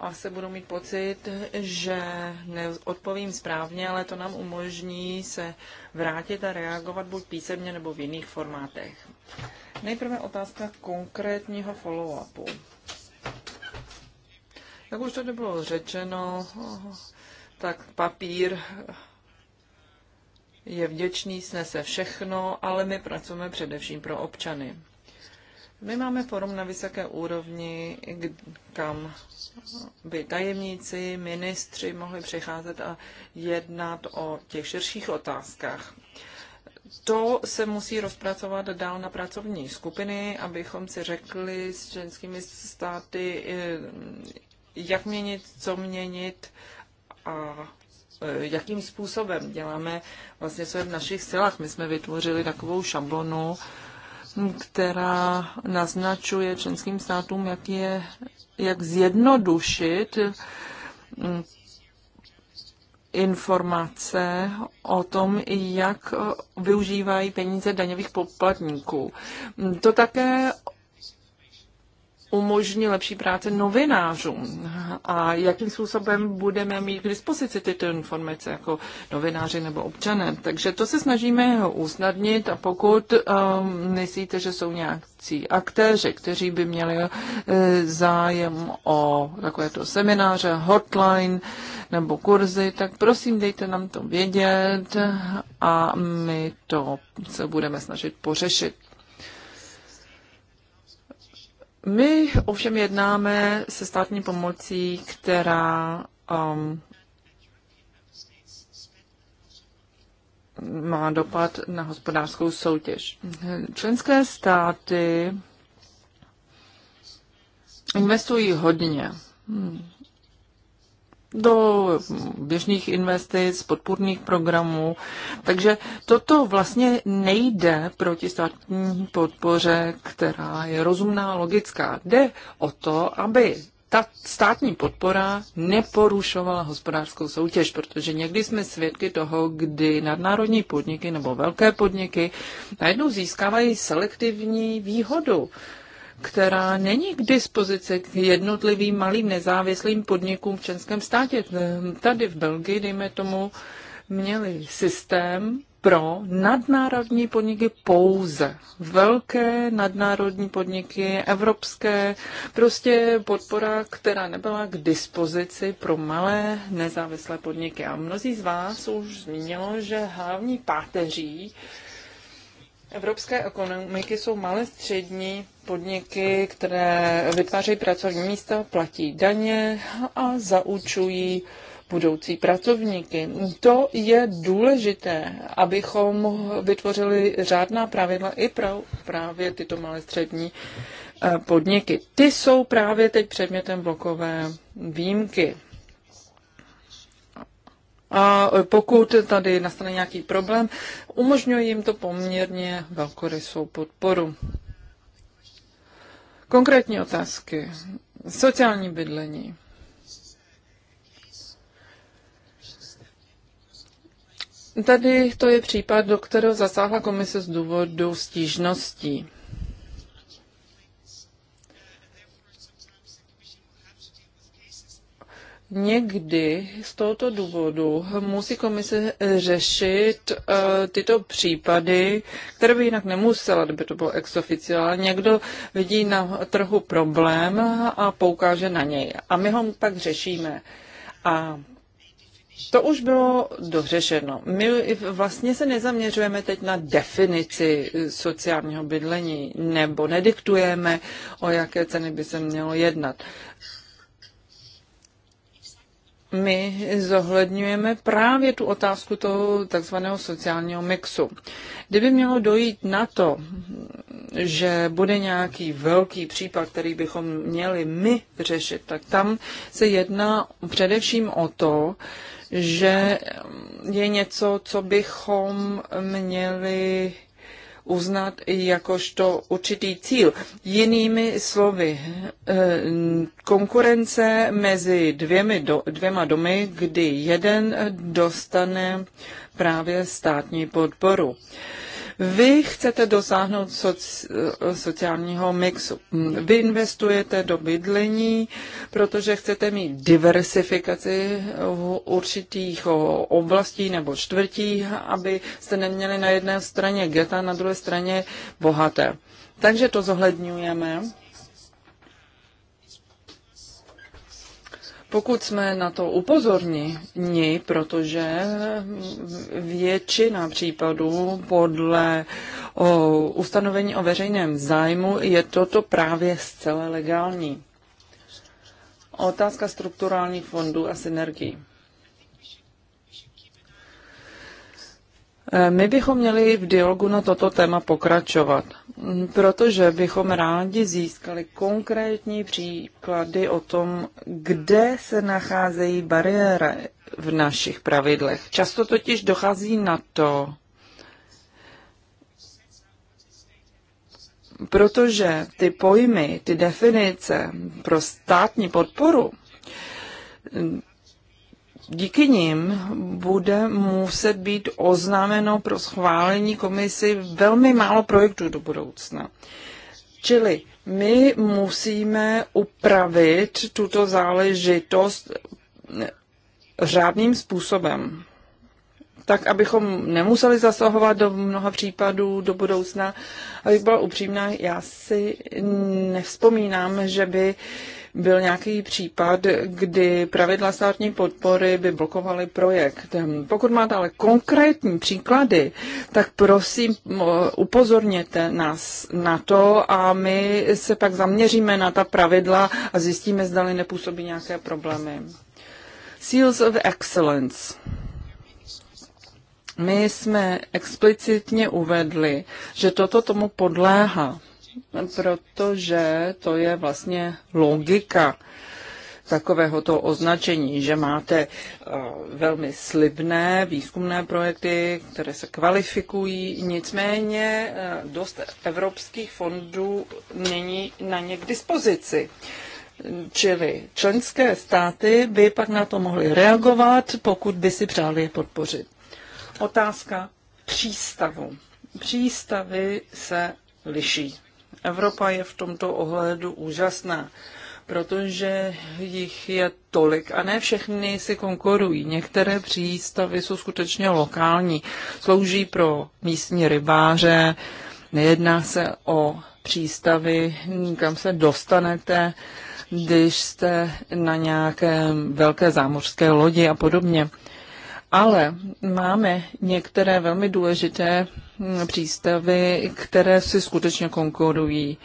E: asi budou mít pocit, že neodpovím správně, ale to nám umožní se vrátit a reagovat buď písemně nebo v jiných formátech. Nejprve otázka konkrétního follow-upu. Jak už tady bylo řečeno, tak papír je vděčný, snese všechno, ale my pracujeme především pro občany. My máme forum na vysoké úrovni, kam by tajemníci, ministři mohli přicházet a jednat o těch širších otázkách. To se musí rozpracovat dál na pracovní skupiny, abychom si řekli s členskými státy, eh, jak měnit, co měnit a eh, jakým způsobem děláme vlastně, co je v našich silách. My jsme vytvořili takovou šablonu, která naznačuje členským státům, jak, je, jak zjednodušit mm, informace o tom, jak využívají peníze daňových poplatníků. To také umožní lepší práci novinářům a jakým způsobem budeme mít k dispozici tyto informace jako novináři nebo občané. Takže to se snažíme usnadnit a pokud um, myslíte, že jsou nějakí aktéři, kteří by měli uh, zájem o takovéto semináře, hotline nebo kurzy, tak prosím dejte nám to vědět a my to se budeme snažit pořešit. My ovšem jednáme se státní pomocí, která um, má dopad na hospodářskou soutěž. Členské státy investují hodně. Hmm do běžných investic, podpůrných programů. Takže toto vlastně nejde proti státní podpoře, která je rozumná, logická. Jde o to, aby ta státní podpora neporušovala hospodářskou soutěž, protože někdy jsme svědky toho, kdy nadnárodní podniky nebo velké podniky najednou získávají selektivní výhodu která není k dispozici k jednotlivým malým nezávislým podnikům v českém státě. Tady v Belgii, dejme tomu, měli systém pro nadnárodní podniky pouze. Velké nadnárodní podniky, evropské, prostě podpora, která nebyla k dispozici pro malé nezávislé podniky. A mnozí z vás už zmínilo, že hlavní páteří Evropské ekonomiky jsou malé střední podniky, které vytvářejí pracovní místa, platí daně a zaučují budoucí pracovníky. To je důležité, abychom vytvořili řádná pravidla i pro právě tyto malé střední eh, podniky. Ty jsou právě teď předmětem blokové výjimky a pokud tady nastane nějaký problém, umožňuje jim to poměrně velkorysou podporu. Konkrétní otázky. Sociální bydlení. Tady to je případ, do kterého zasáhla komise z důvodu stížností. Někdy z tohoto důvodu musí komise řešit uh, tyto případy, které by jinak nemusela, kdyby to bylo ex Někdo vidí na trhu problém a poukáže na něj. A my ho pak řešíme. A to už bylo dořešeno. My vlastně se nezaměřujeme teď na definici sociálního bydlení nebo nediktujeme, o jaké ceny by se mělo jednat my zohledňujeme právě tu otázku toho takzvaného sociálního mixu. Kdyby mělo dojít na to, že bude nějaký velký případ, který bychom měli my řešit, tak tam se jedná především o to, že je něco, co bychom měli uznat jakožto určitý cíl. Jinými slovy, eh, konkurence mezi dvěmi do, dvěma domy, kdy jeden dostane právě státní podporu. Vy chcete dosáhnout soci, sociálního mixu. Vy investujete do bydlení, protože chcete mít diversifikaci v určitých oblastí nebo čtvrtí, aby jste neměli na jedné straně geta, na druhé straně bohaté. Takže to zohledňujeme Pokud jsme na to upozorněni, protože většina případů podle o, ustanovení o veřejném zájmu je toto právě zcela legální. Otázka strukturálních fondů a synergií. Eh, my bychom měli v dialogu na toto téma pokračovat, mm, protože bychom rádi získali konkrétní příklady o tom, kde se nacházejí bariéry v našich pravidlech. Často totiž dochází na to, protože ty pojmy, ty definice pro státní podporu mm, díky nim bude muset být oznámeno pro schválení komisi velmi málo projektů do budoucna. Čili my musíme upravit tuto záležitost řádným způsobem. Tak, abychom nemuseli zasahovat do mnoha případů do budoucna. Abych byla upřímná, já si nevzpomínám, že by uh, byl nějaký případ, kdy pravidla státní podpory by blokovaly projekt. Pokud máte ale konkrétní příklady, tak prosím eh, upozorněte nás na to a my se pak zaměříme na ta pravidla a zjistíme, zdali nepůsobí nějaké problémy. Seals of Excellence. My jsme explicitně uvedli, že toto tomu podléhá protože to je vlastně logika takovéhoto označení, že máte eh, velmi slibné výzkumné projekty, které se kvalifikují, nicméně eh, dost evropských fondů není na ně k dispozici. Čili členské státy by pak na to mohly reagovat, pokud by si přáli je podpořit. Otázka přístavu. Přístavy se liší. Evropa je v tomto ohledu úžasná, protože jich je tolik a ne všechny si konkurují. Některé přístavy jsou skutečně lokální, slouží pro místní rybáře, nejedná se o přístavy, kam se dostanete, když jste na nějaké velké zámořské lodi a podobně. Ale máme některé velmi důležité hm, přístavy, které si skutečně konkurují,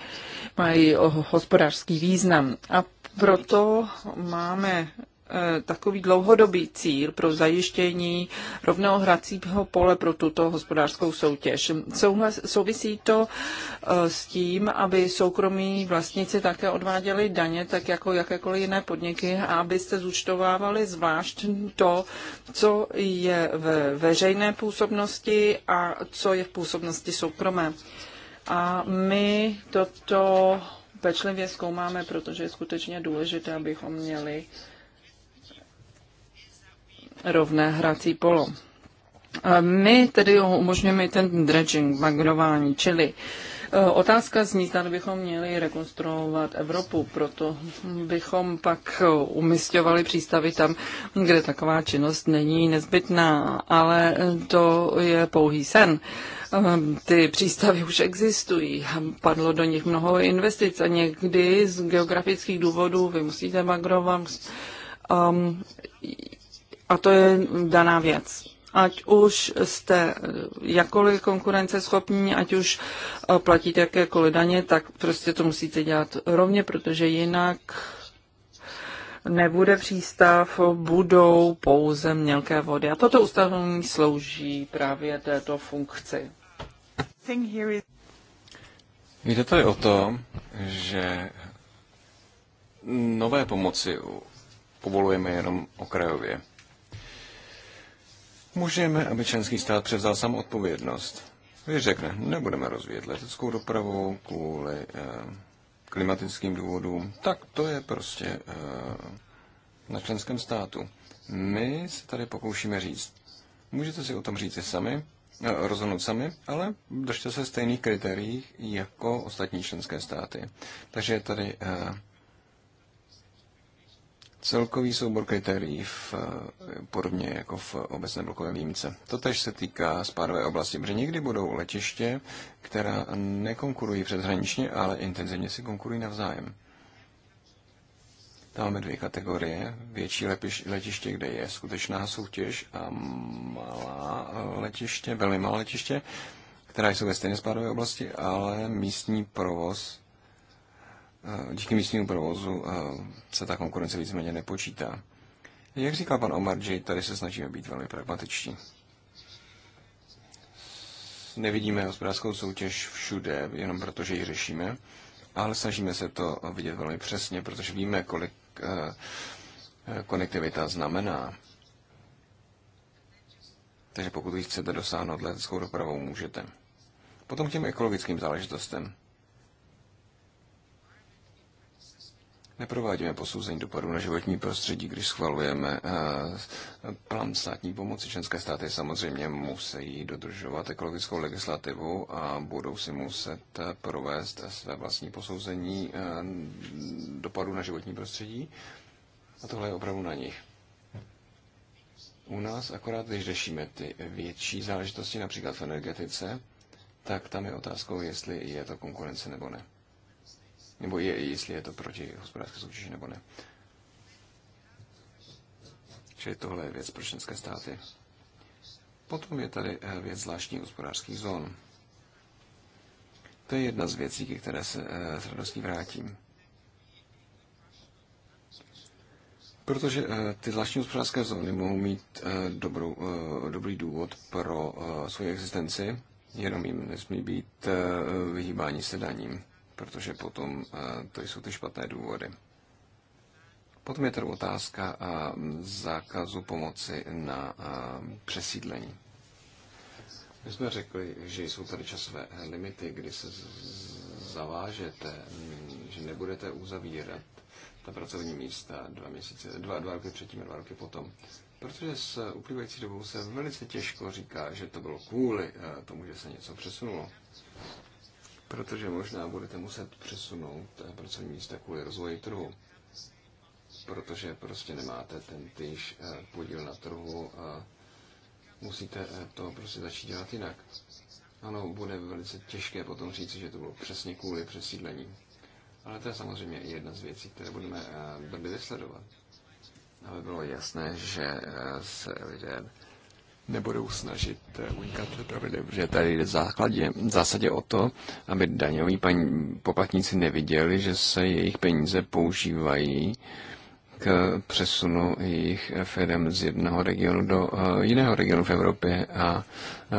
E: mají hospodářský význam. A proto máme Eh, takový dlouhodobý cíl pro zajištění rovného hracího pole pro tuto hospodářskou soutěž. Souhlas, souvisí to eh, s tím, aby soukromí vlastníci také odváděli daně, tak jako jakékoliv jiné podniky, a abyste zúčtovávali zvlášť to, co je ve veřejné působnosti a co je v působnosti soukromé. A my toto pečlivě zkoumáme, protože je skutečně důležité, abychom měli uh, rovné hrací polo. My tedy umožňujeme ten dredging, magnování, čili e, Otázka zní, zda bychom měli rekonstruovat Evropu, proto bychom pak umistovali přístavy tam, kde taková činnost není nezbytná, ale to je pouhý sen. E, ty přístavy už existují, padlo do nich mnoho investic a někdy z geografických důvodů vy musíte magrovat. Um, a to je daná věc ať už jste jakkoliv konkurenceschopní, ať už eh, platíte jakékoliv daně, tak prostě to musíte dělat rovně, protože jinak nebude přístav, budou pouze mělké vody. A toto ustanovení slouží právě této funkci.
B: Jde tady o to, že nové pomoci povolujeme jenom okrajově. Můžeme, aby členský stát převzal sam odpovědnost. Vy řekne, nebudeme rozvíjet leteckou dopravu kvůli eh, klimatickým důvodům, tak to je prostě eh, na členském státu. My se tady pokoušíme říct, můžete si o tom říct i sami, eh, rozhodnout sami, ale držte se stejných kritérií jako ostatní členské státy. Takže je tady eh, celkový soubor kritérií v, eh, podobně jako v obecné blokové výjimce. To tež se týká spádové oblasti, protože někdy budou letiště, která nekonkurují předhraničně, ale intenzivně si konkurují navzájem. Tam máme dvě kategorie. Větší letiště, kde je skutečná soutěž a malá eh, letiště, velmi malá letiště, která jsou ve stejné spádové oblasti, ale místní provoz Eh, díky místnímu provozu eh, se ta konkurence víceméně nepočítá. Jak říká pan že tady se snažíme být velmi pragmatičtí. Nevidíme hospodářskou soutěž všude, jenom protože ji řešíme, ale snažíme se to vidět velmi přesně, protože víme, kolik eh, konektivita znamená. Takže pokud ji chcete dosáhnout leteckou dopravou, můžete. Potom k těm ekologickým záležitostem. Neprovádíme posouzení dopadu na životní prostředí, když schvalujeme eh, plán státní pomoci. Členské státy samozřejmě musí dodržovat ekologickou legislativu a budou si muset eh, provést své vlastní posouzení eh, dopadu na životní prostředí. A tohle je opravdu na nich. U nás akorát, když řešíme ty větší záležitosti, například v energetice, tak tam je otázkou, jestli je to konkurence nebo ne nebo je, jestli je to proti hospodářské soutěži nebo ne. Čili tohle je věc pro členské státy. Potom je tady eh, věc zvláštních hospodářských zón. To je jedna z věcí, ke které se eh, s radostí vrátím. Protože eh, ty zvláštní hospodářské zóny mohou mít dobrou, dobrý důvod pro svoji existenci, jenom jim nesmí být vyhýbání se daním protože potom eh, to jsou ty špatné důvody. Potom je tady otázka eh, zákazu pomoci na eh, přesídlení. My jsme řekli, že jsou tady časové limity, kdy se zavážete, mm, že nebudete uzavírat ta pracovní místa dva, měsíce, dva, dva roky předtím a dva roky potom. Protože s uplývající dobou se velice těžko říká, že to bylo kvůli tomu, že se něco přesunulo protože možná budete muset přesunout eh, pracovní místa kvůli rozvoji trhu, protože prostě nemáte ten týž eh, podíl na trhu a musíte eh, to prostě začít dělat jinak. Ano, bude velice těžké potom říct, že to bylo přesně kvůli přesídlení. Ale to je samozřejmě jedna z věcí, které budeme bedlivě sledovat. Aby bylo jasné, že se lidé nebudou snažit eh, unikat pravidly, protože tady jde v, základě, v zásadě o to, aby daňoví paní, poplatníci neviděli, že se jejich peníze používají k přesunu jejich firm z jednoho regionu do eh, jiného regionu v Evropě a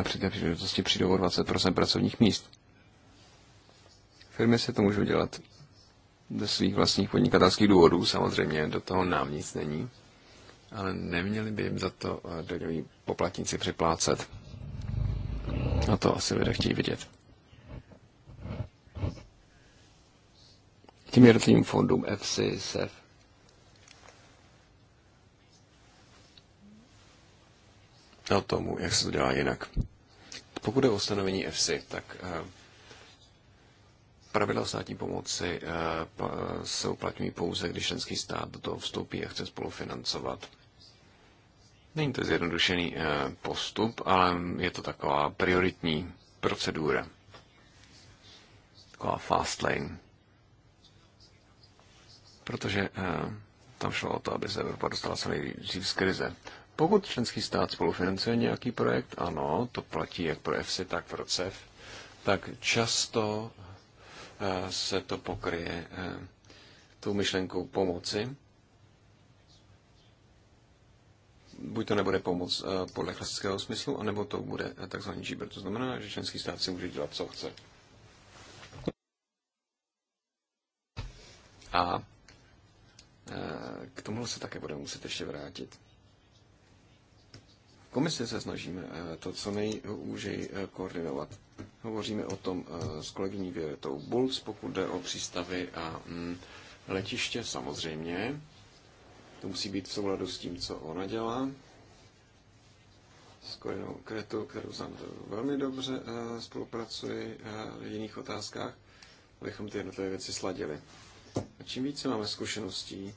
B: při té příležitosti přijdou o 20% pracovních míst. Firmy se to můžou dělat ze svých vlastních podnikatelských důvodů, samozřejmě do toho nám nic není ale neměli by jim za to eh, daňoví poplatníci připlácet. A to asi lidé chtějí vidět. Tím jednotlivým fondům EFSI, SEF. O tomu, jak se to dělá jinak. Pokud je o stanovení EFSI, tak eh, pravidla o státní pomoci eh, se uplatňují pouze, když členský stát do toho vstoupí a chce spolufinancovat. Není to zjednodušený eh, postup, ale je to taková prioritní procedura. Taková fast lane. Protože eh, tam šlo o to, aby se Evropa dostala se nejdřív z krize. Pokud členský stát spolufinancuje nějaký projekt, ano, to platí jak pro EFSI, tak pro CEF, tak často eh, se to pokryje tou myšlenkou pomoci buď to nebude pomoc eh, podle klasického smyslu, anebo to bude eh, tzv. žíber. To znamená, že členský stát si může dělat, co chce. A eh, k tomu se také budeme muset ještě vrátit. Komise se snažíme to co nejúžej koordinovat. Hovoříme o tom s kolegyní Věretou Bulc, pokud jde o přístavy a mm, letiště samozřejmě. To musí být v souladu s tím, co ona dělá. S Korinou Kretu, kterou znám velmi dobře, eh, spolupracuji eh, v jiných otázkách, abychom ty jednotlivé věci sladili. A čím více máme zkušeností,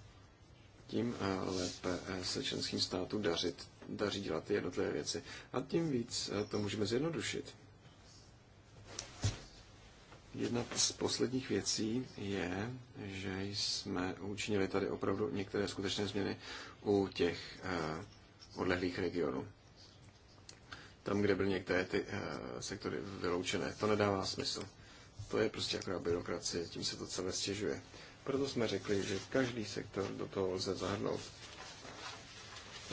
B: tím eh, lépe se členským státu dařit, daří dělat ty jednotlivé věci. A tím víc to můžeme zjednodušit. Jedna z posledních věcí je, že jsme učinili tady opravdu některé skutečné změny u těch eh, odlehlých regionů. Tam, kde byly některé ty eh, sektory vyloučené. To nedává smysl. To je prostě jako byrokracie, tím se to celé stěžuje. Proto jsme řekli, že každý sektor do toho lze zahrnout.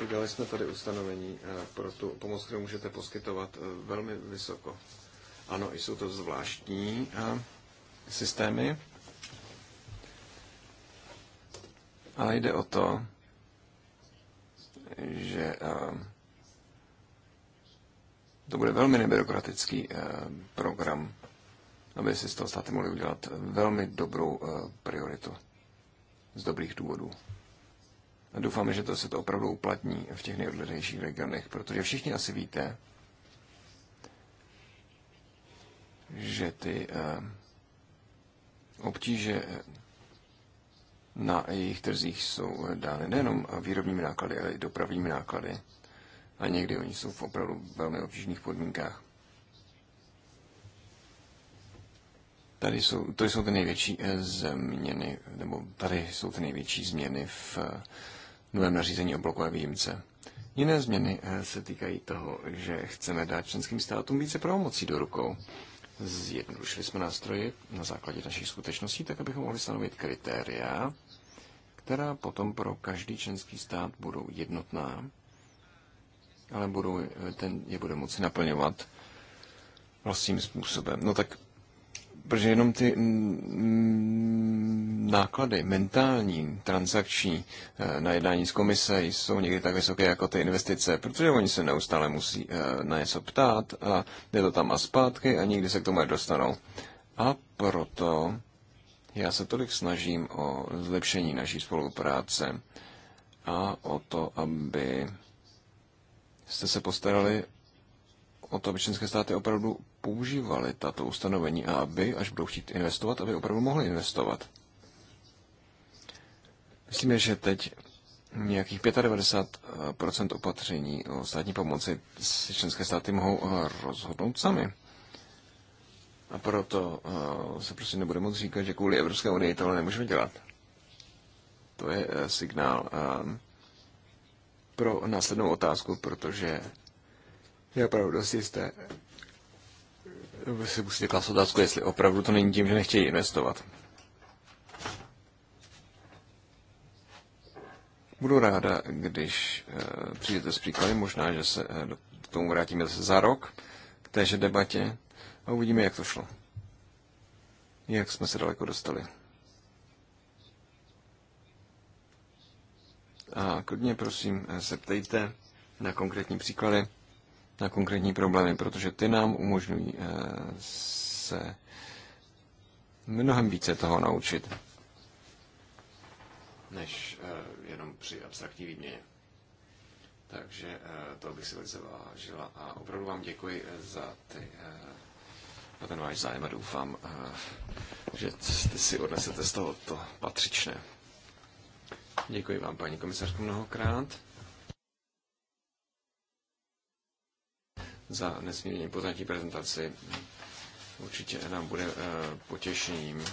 B: Udělali jsme tady ustanovení eh, pro tu pomoc, kterou můžete poskytovat velmi vysoko. Ano, jsou to zvláštní eh, systémy. Ale jde o to, že eh, to bude velmi nebyrokratický eh, program, aby si z toho státy mohli udělat velmi dobrou prioritu z dobrých důvodů. A doufáme, že to se to opravdu uplatní v těch nejodlehlejších regionech, protože všichni asi víte, že ty eh, obtíže eh, na jejich trzích jsou eh, dány nejenom výrobními náklady, ale i dopravními náklady. A někdy oni jsou v opravdu velmi obtížných podmínkách. Tady jsou, to jsou ty největší změny, nebo tady jsou ty největší změny v novém nařízení o blokové výjimce. Jiné změny se týkají toho, že chceme dát členským státům více pravomocí do rukou Zjednodušili jsme nástroje na základě našich skutečností, tak abychom mohli stanovit kritéria, která potom pro každý členský stát budou jednotná, ale budou, ten je bude moci naplňovat vlastním způsobem. No tak protože jenom ty mm, náklady mentální, transakční eh, na jednání s komise jsou někdy tak vysoké jako ty investice, protože oni se neustále musí eh, na něco ptát a jde to tam a zpátky a nikdy se k tomu nedostanou. A proto já se tolik snažím o zlepšení naší spolupráce a o to, aby jste se postarali o to, aby členské státy opravdu používali tato ustanovení a aby, až budou chtít investovat, aby opravdu mohli investovat. Myslím, že teď nějakých 95% opatření o státní pomoci si členské státy mohou eh, rozhodnout sami. A proto eh, se prostě nebude moc říkat, že kvůli Evropské unii tohle nemůžeme dělat. To je eh, signál ehm, pro následnou otázku, protože je opravdu dost jisté, vy si musíte klást otázku, jestli opravdu to není tím, že nechtějí investovat. Budu ráda, když e, přijdete s příklady, možná, že se e, k tomu vrátíme zase za rok, k téže debatě a uvidíme, jak to šlo. Jak jsme se daleko dostali. A klidně prosím, eh, se ptejte na konkrétní příklady na konkrétní problémy, protože ty nám umožňují eh, se mnohem více toho naučit. Než eh, jenom při abstraktní výměně. Takže eh, to bych si velice vážila a opravdu vám děkuji za, ty, za ten váš zájem a doufám, že jste si odnesete z toho to patřičné. Děkuji vám, paní komisařko, mnohokrát. za nesmírně poznatí prezentaci. Určitě nám bude eh, potěšením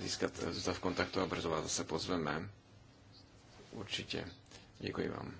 B: získat, eh, zůstat v kontaktu a brzo vás zase pozveme. Určitě. Děkuji vám.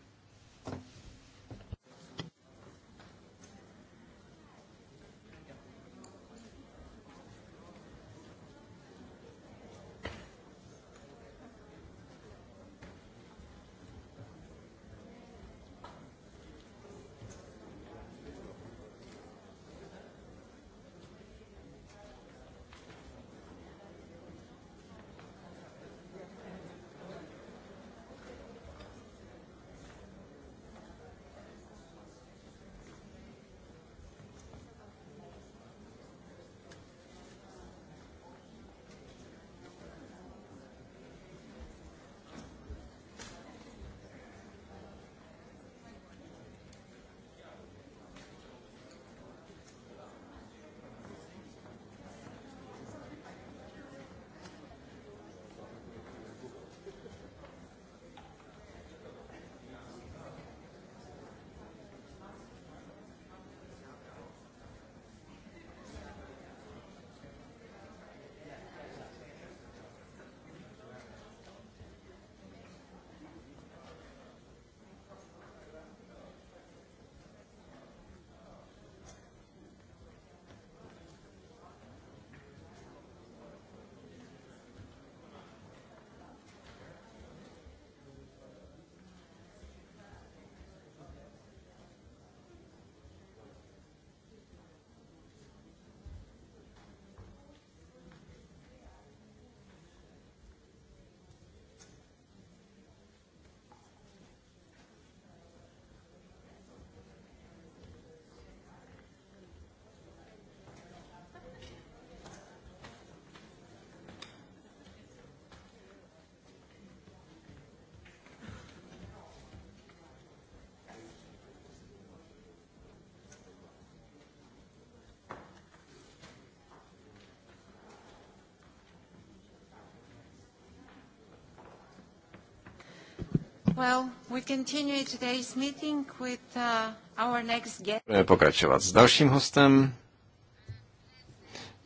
B: Budeme pokračovat s dalším hostem.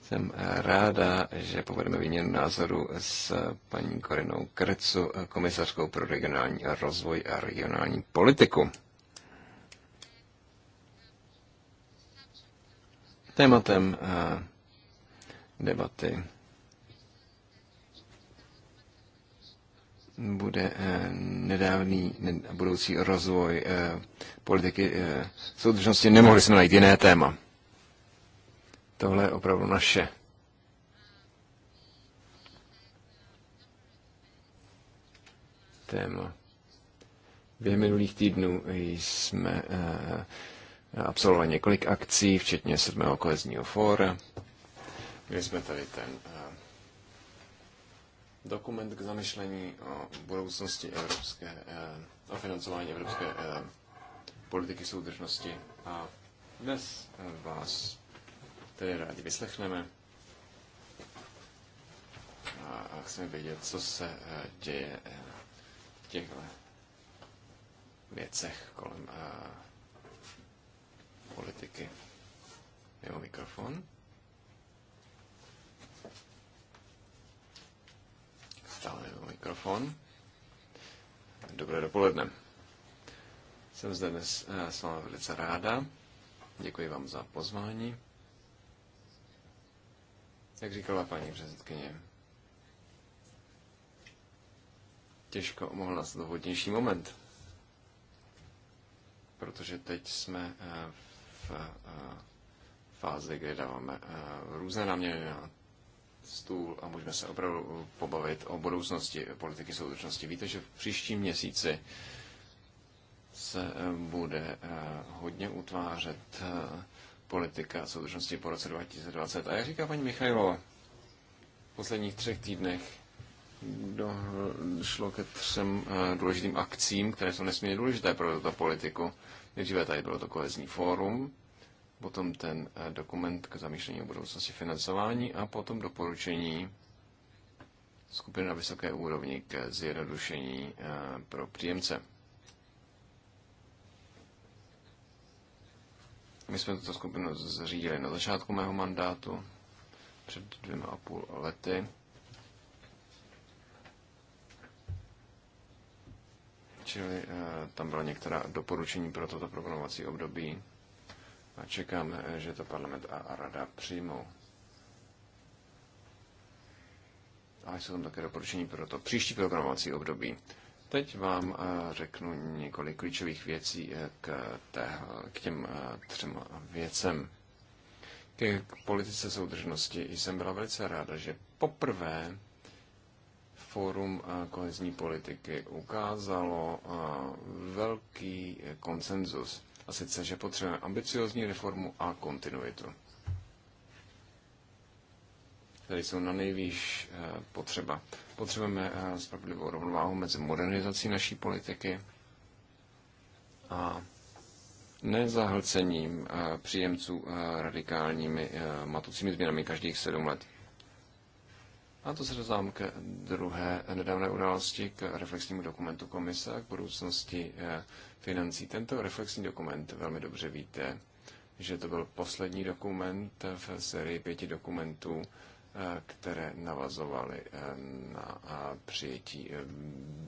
B: Jsem eh, ráda, že povedeme výměnu názoru s eh, paní Korinou Krecu, eh, komisařkou pro regionální rozvoj a regionální politiku. Tématem debaty bude eh, nedávný budoucí rozvoj eh, politiky eh, soudržnosti. Nemohli jsme najít jiné téma. Tohle je opravdu naše. Téma. Během minulých týdnů jsme absolvovali několik akcí, včetně 7. kolezního fóra. Měli jsme tady ten dokument k zamyšlení o budoucnosti evropské, eh, o financování evropské eh, politiky soudržnosti. A dnes eh, vás tedy rádi vyslechneme a chceme vědět, co se děje v těchto věcech kolem politiky. Jeho mikrofon. stále jeho mikrofon. Dobré dopoledne. Jsem zde dnes eh, s vámi velice ráda. Děkuji vám za pozvání. Jak říkala paní předsedkyně, těžko mohl nastat vhodnější moment, protože teď jsme eh, v eh, fázi, kdy dáváme různé náměry na stůl a můžeme se opravdu uh, pobavit o budoucnosti politiky soudržnosti. Víte, že v příštím měsíci se uh, bude uh, hodně utvářet politika soudržnosti po roce 2020. A jak říká paní Michajlova, v posledních třech týdnech došlo ke třem důležitým akcím, které jsou nesmírně důležité pro tuto politiku. Nejdříve tady bylo to kohezní fórum, potom ten eh, dokument k zamýšlení o budoucnosti financování a potom doporučení skupiny na vysoké úrovni k zjednodušení eh, pro příjemce. My jsme tuto skupinu zřídili na začátku mého mandátu, před dvěma a půl lety. Čili eh, tam byla některá doporučení pro toto programovací období a čekáme, že to parlament a rada přijmou. A jsou tam také doporučení pro to příští programovací období. Teď vám eh, řeknu několik klíčových věcí eh, k, té, k těm eh, třem věcem. K politice soudržnosti jsem byla velice ráda, že poprvé Fórum kohezní politiky ukázalo velký konsenzus a sice, že potřebujeme ambiciozní reformu a kontinuitu. Tady jsou na nejvýš eh, potřeba. Potřebujeme eh, spravedlivou rovnováhu mezi modernizací naší politiky a nezahlcením eh, příjemců radikálními matucími změnami každých sedm let. A to se dostávám k druhé nedávné události, k reflexnímu dokumentu komise a k budoucnosti eh, financí. Tento reflexní dokument velmi dobře víte, že to byl poslední dokument v sérii pěti dokumentů, eh, které navazovaly eh, na přijetí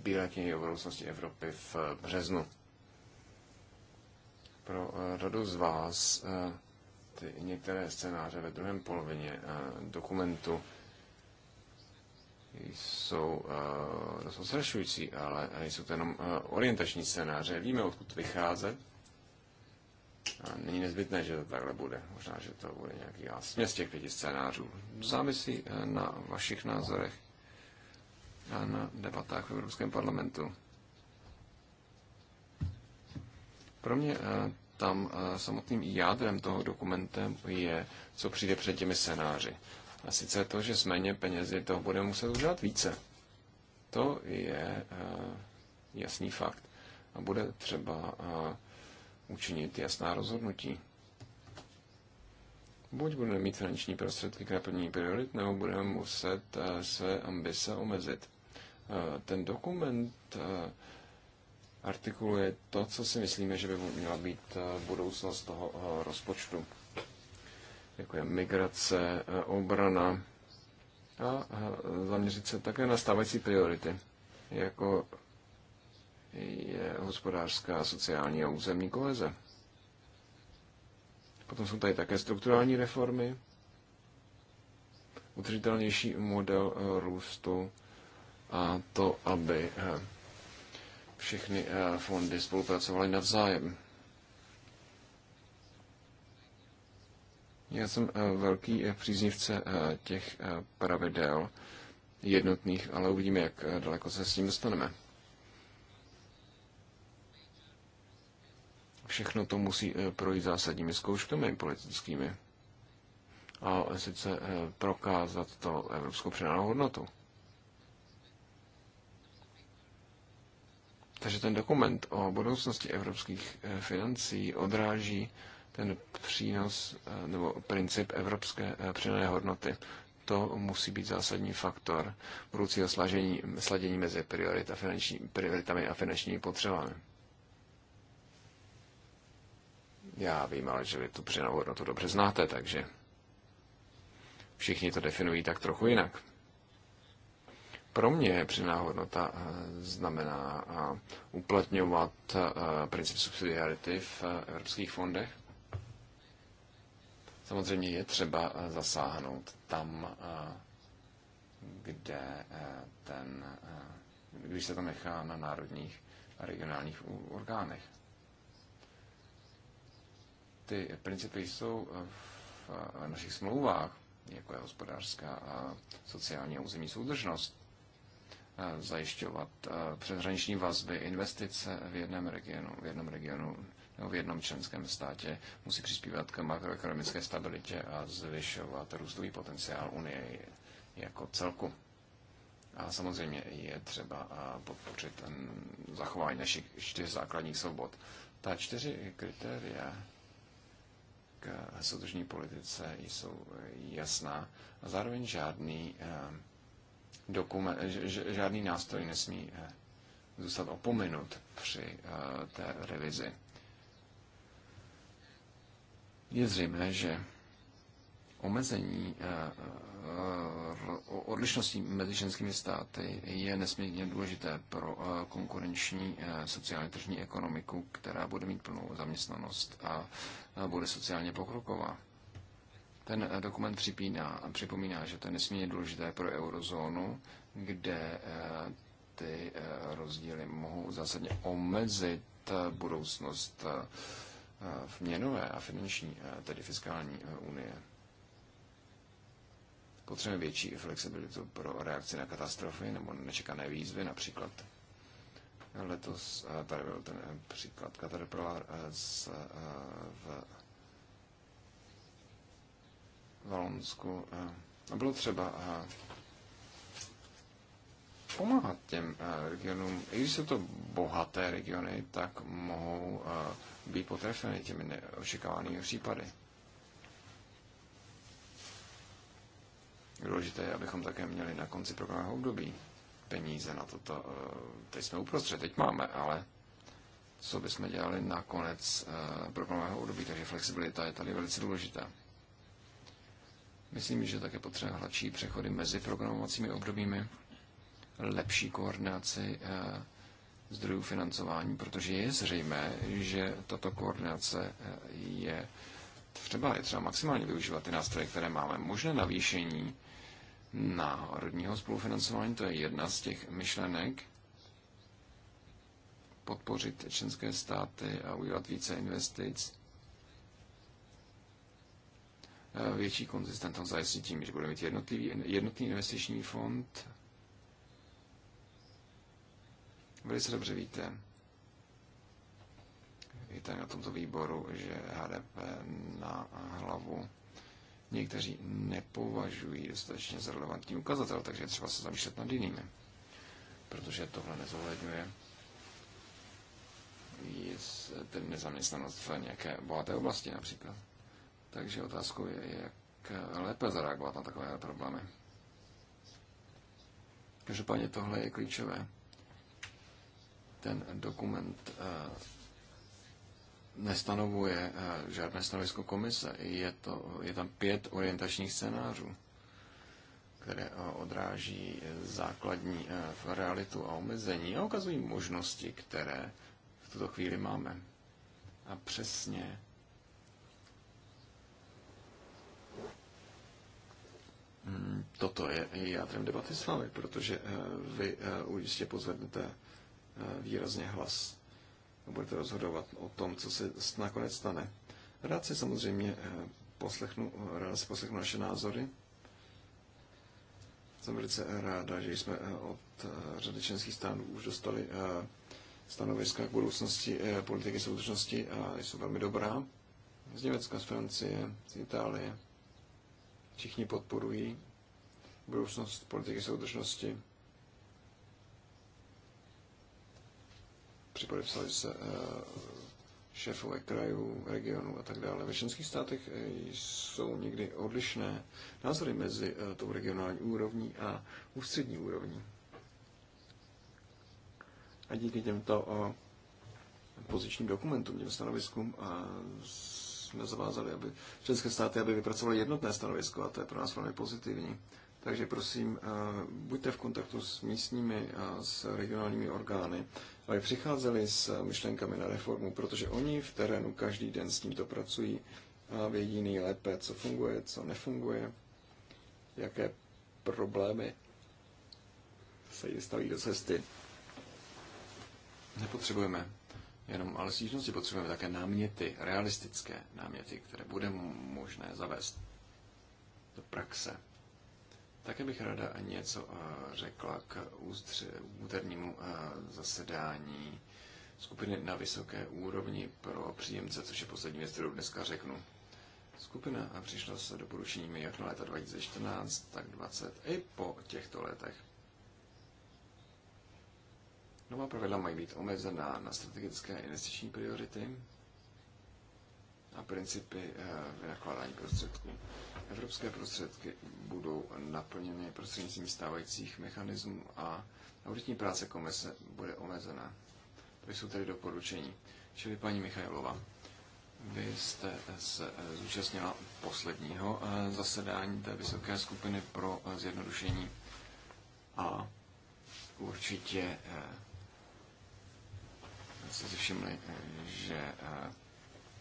B: Bílé knihy o budoucnosti Evropy v březnu. Pro radu z vás ty některé scénáře ve druhém polovině dokumentu jsou, uh, jsou ale jsou to jenom uh, orientační scénáře. Víme, odkud vycházet. A není nezbytné, že to takhle bude. Možná, že to bude nějaký směs těch pěti scénářů. Závisí uh, na vašich názorech a na debatách v Evropském parlamentu. Pro mě uh, tam samotným jádrem toho dokumentem je, co přijde před těmi scénáři. A sice to, že s méně penězi to bude muset udělat více. To je eh, jasný fakt. A bude třeba eh, učinit jasná rozhodnutí. Buď budeme mít finanční prostředky k naplnění priorit, nebo budeme muset eh, své ambice omezit. Ten dokument artikuluje to, co si myslíme, že by měla být budoucnost toho rozpočtu jako je migrace, eh, obrana, a eh, zaměřit se také na stávající priority, jako je hospodářská, sociální a územní koheze. Potom jsou tady také strukturální reformy, udržitelnější model eh, růstu a to, aby všechny fondy spolupracovaly navzájem. Já jsem eh, velký eh, příznivce eh, těch pravidel jednotných, ale uvidíme, jak daleko se s tím dostaneme. Všechno to musí projít zásadními zkouškami politickými a sice prokázat to evropskou přidanou hodnotu. Takže ten dokument o budoucnosti evropských financí odráží ten přínos eh, nebo princip evropské eh, přidané hodnoty. To musí být zásadní faktor budoucího slažení, sladění mezi priorita finanční, prioritami a finančními potřebami. Já vím, ale že vy tu přidanou hodnotu dobře znáte, takže všichni to definují tak trochu jinak. Pro mě přidaná hodnota eh, znamená uplatňovat princip subsidiarity v evropských fondech, Samozřejmě je třeba eh, zasáhnout tam, eh, kde eh, ten, když se to nechá na národních a regionálních orgánech. Ty principy jsou v našich smlouvách, jako je hospodářská a sociální a územní soudržnost, zajišťovat přeshraniční vazby, investice v jednom regionu, v jednom regionu nebo v jednom členském státě musí přispívat k makroekonomické stabilitě a zvyšovat růstový potenciál Unie jako celku. A samozřejmě je třeba podpořit zachování našich čtyř základních svobod. Ta čtyři kritéria k soudržní politice jsou jasná a zároveň žádný e, dokument, žádný nástroj nesmí e, zůstat opomenut při e, té revizi je zřejmé, že omezení eh, eh, odlišností mezi ženskými státy je nesmírně důležité pro eh, konkurenční sociálně tržní ekonomiku, která bude mít plnou zaměstnanost a bude sociálně pokroková. Ten dokument připíná, a připomíná, že to je nesmírně důležité pro eurozónu, kde ty rozdíly mohou zásadně omezit budoucnost Eh, v měnové a finanční, eh, tedy fiskální eh, unie. Potřebujeme větší flexibilitu pro reakci na katastrofy nebo nečekané výzvy, například letos tady byl ten příklad Caterpillar z, v Valonsku. A bylo třeba pomáhat těm regionům. I když jsou to bohaté regiony, tak mohou být potrefeny těmi neočekávanými případy. Důležité je, abychom také měli na konci programového období peníze na toto. Eh, teď jsme uprostřed, teď máme, ale co bychom dělali na konec eh, programového období, takže flexibilita je tady velice důležitá. Myslím, že také potřeba hladší přechody mezi programovacími obdobími, lepší koordinaci eh, zdrojů financování, protože je zřejmé, že tato koordinace eh, je třeba, je třeba maximálně využívat ty nástroje, které máme. Možné navýšení národního spolufinancování, to je jedna z těch myšlenek, podpořit členské státy a udělat více investic. Eh, větší konzistentnost zajistit tím, že budeme mít jednotlivý, jednotný investiční fond, velice dobře víte, víte na tomto výboru, že HDP na hlavu někteří nepovažují dostatečně za relevantní ukazatel, takže je třeba se zamýšlet nad jinými, protože tohle nezohledňuje ten nezaměstnanost v nějaké bohaté oblasti například. Takže otázkou je, jak lépe zareagovat na takové problémy. Každopádně tohle je klíčové ten dokument eh, nestanovuje eh, žádné stanovisko komise. Je, to, je tam pět orientačních scénářů, které eh, odráží základní realitu a omezení a ukazují možnosti, které v tuto chvíli máme. A přesně mm, toto je jádrem debaty s vámi, protože vy jistě pozvednete výrazně hlas. Budete rozhodovat o tom, co se nakonec stane. Rád si samozřejmě eh, poslechnu, rád si poslechnu naše názory. Jsem velice ráda, že jsme eh, od eh, řady členských stánů už dostali stanoviska k budoucnosti politiky soudržnosti a jsou velmi dobrá. Z Německa, z Francie, z Itálie. Všichni podporují budoucnost politiky soudržnosti. připodepsali se eh, šéfové krajů, regionů a tak dále. Ve členských státech eh, jsou někdy odlišné názory mezi eh, tou regionální úrovní a ústřední úrovní. A díky těmto pozičním dokumentům, těm stanoviskům a jsme zavázali, aby české státy aby vypracovaly jednotné stanovisko a to je pro nás velmi pozitivní. Takže prosím, buďte v kontaktu s místními a s regionálními orgány aby přicházeli s myšlenkami na reformu, protože oni v terénu každý den s tímto pracují a vědí nejlépe, co funguje, co nefunguje, jaké problémy se jim staví do cesty. Nepotřebujeme jenom ale stížnosti, potřebujeme také náměty, realistické náměty, které bude možné zavést do praxe. Také bych ráda něco eh, řekla k úternímu eh, zasedání skupiny na vysoké úrovni pro příjemce, což je poslední věc, kterou dneska řeknu. Skupina eh, přišla s doporučeními jak na léta 2014, tak 20 i po těchto letech. Nová pravidla mají být omezená na strategické investiční priority a principy vynakládání prostředků. Evropské prostředky budou naplněny prostřednictvím stávajících mechanismů a auditní práce komise bude omezená. To jsou tedy doporučení. Čili paní Michajlova, vy jste se eh, zúčastnila posledního eh, zasedání té vysoké skupiny pro eh, zjednodušení a určitě jste si všimli, že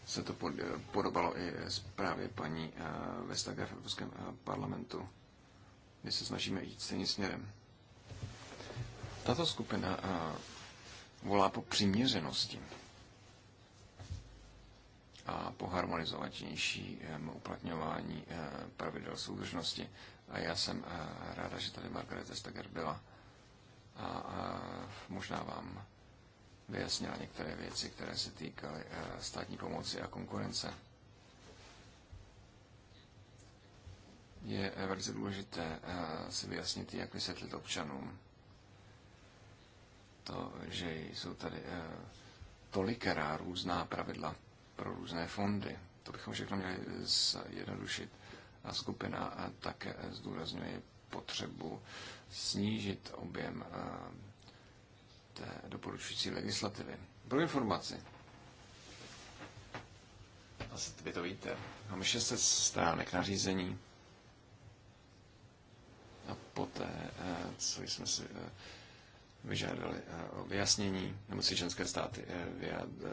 B: se to eh, podobalo i zprávě paní eh, Vestager v Evropském eh, parlamentu, my se snažíme jít stejným směrem. Tato skupina volá po přiměřenosti a po harmonizovanějším uplatňování pravidel soudržnosti. A já jsem ráda, že tady Margaret Vestager byla a možná vám vyjasnila některé věci, které se týkaly eh, státní pomoci a konkurence. Je eh, velice důležité eh, si vyjasnit, jak vysvětlit občanům to, že jsou tady tolikera různá pravidla pro různé fondy. To bychom všechno měli zjednodušit. A skupina také zdůrazňuje potřebu snížit objem té doporučující legislativy. Pro informaci, asi vy to víte, máme 600 stránek nařízení a poté, eh, co jsme si eh, vyžádali eh, vyjasnění, nebo si členské státy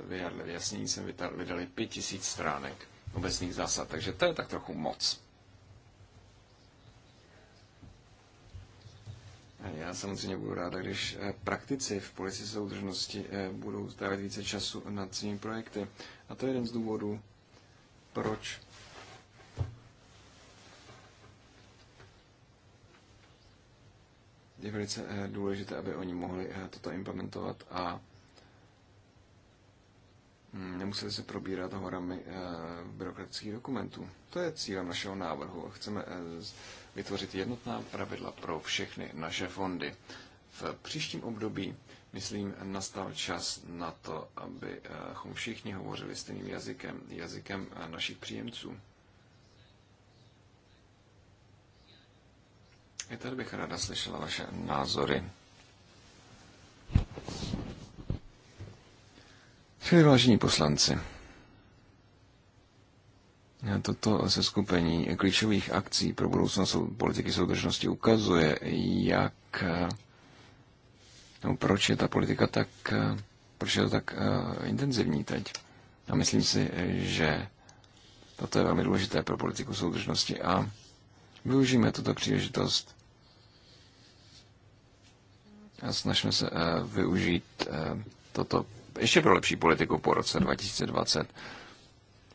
B: vyjádali vyjasnění, jsme vydali 5000 stránek obecných zásad, takže to je tak trochu moc. Já samozřejmě budu ráda, když eh, praktici v policii soudržnosti eh, budou strávit více času nad svými projekty. A to je jeden z důvodů, proč je velice eh, důležité, aby oni mohli toto implementovat a mm, nemuseli se probírat horami byrokratických dokumentů. To je cílem našeho návrhu. Chceme vytvořit jednotná pravidla pro všechny naše fondy. V příštím období, myslím, nastal čas na to, abychom všichni hovořili stejným jazykem, jazykem našich příjemců. I tady bych ráda slyšela vaše názory. Čili vážení poslanci, Toto se skupení klíčových akcí pro budoucnost politiky soudržnosti ukazuje, jak eh, no, proč je ta politika tak, eh, proč je to tak uh, intenzivní teď. A myslím si, že toto je velmi důležité pro politiku soudržnosti a využijeme tuto příležitost a snažíme se uh, využít uh, toto ještě pro lepší politiku po roce 2020.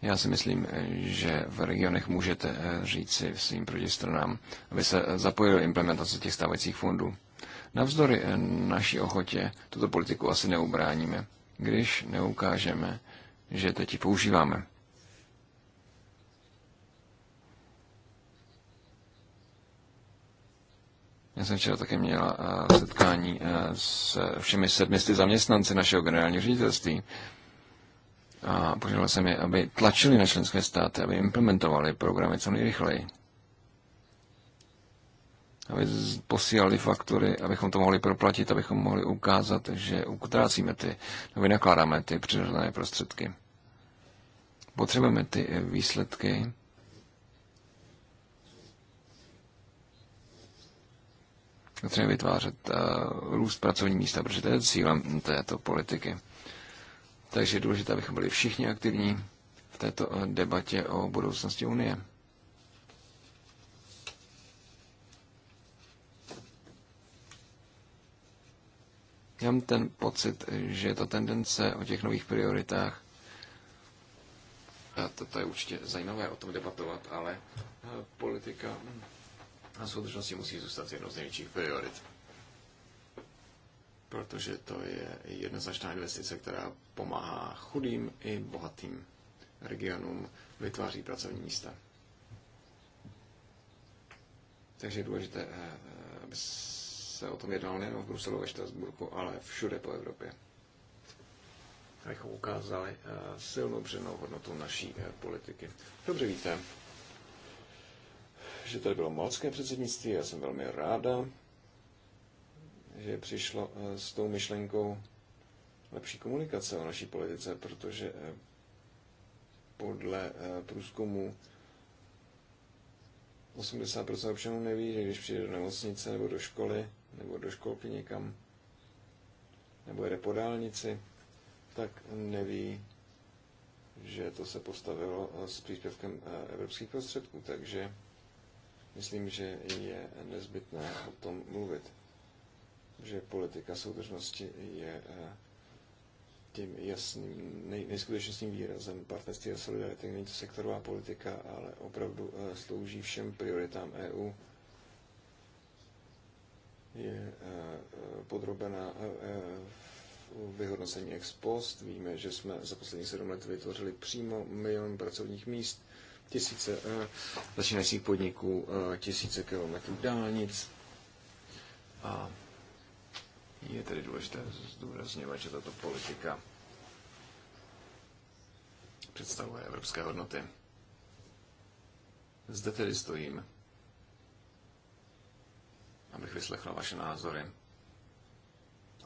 B: Já si myslím, že v regionech můžete eh, říci svým protistranám, aby se eh, zapojili implementace těch stávajících fondů. Navzdory eh, naší ochotě tuto politiku asi neubráníme, když neukážeme, že teď ji používáme. Já jsem včera také měla setkání s všemi sedmisty zaměstnanci našeho generálního ředitelství a požádal jsem je, aby tlačili na členské státy, aby implementovali programy co nejrychleji. Aby posílali faktury, abychom to mohli proplatit, abychom mohli ukázat, že utrácíme ty, nebo vynakládáme ty přirozené prostředky. Potřebujeme ty eh, výsledky, potřebujeme vytvářet uh, růst pracovní místa, protože to je cílem této politiky. Takže je důležité, abychom byli všichni aktivní v této eh, debatě o budoucnosti Unie. Já mám ten pocit, že ta tendence o těch nových prioritách, to, to je určitě zajímavé o tom debatovat, ale eh, politika hm, a soudržnosti musí zůstat jednou z největších priorit protože to je jednoznačná investice, která pomáhá chudým i bohatým regionům, vytváří pracovní místa. Takže je důležité, eh, aby se o tom jednalo nejen v Bruselu, ve Štrasburku, ale všude po Evropě. Abychom ukázali eh, silnou přednou hodnotu naší eh, politiky. Dobře víte, že tady bylo malské předsednictví, já jsem velmi ráda že přišlo eh, s tou myšlenkou lepší komunikace o naší politice, protože eh, podle eh, průzkumu 80% občanů neví, že když přijde do nemocnice nebo do školy, nebo do školky někam, nebo jede po dálnici, tak neví, že to se postavilo s příspěvkem evropských prostředků, takže myslím, že je nezbytné o tom mluvit že politika soudržnosti je eh, tím jasným, nej, nejskutečnějším výrazem partnerství a solidarity. Není to sektorová politika, ale opravdu eh, slouží všem prioritám EU. Je eh, podrobená vyhodnocení ex post. Víme, že jsme za poslední sedm let vytvořili přímo milion pracovních míst, tisíce začínajících podniků, tisíce kilometrů dálnic a je tedy důležité zdůrazňovat, že tato politika představuje evropské hodnoty. Zde tedy stojím, abych vyslechl vaše názory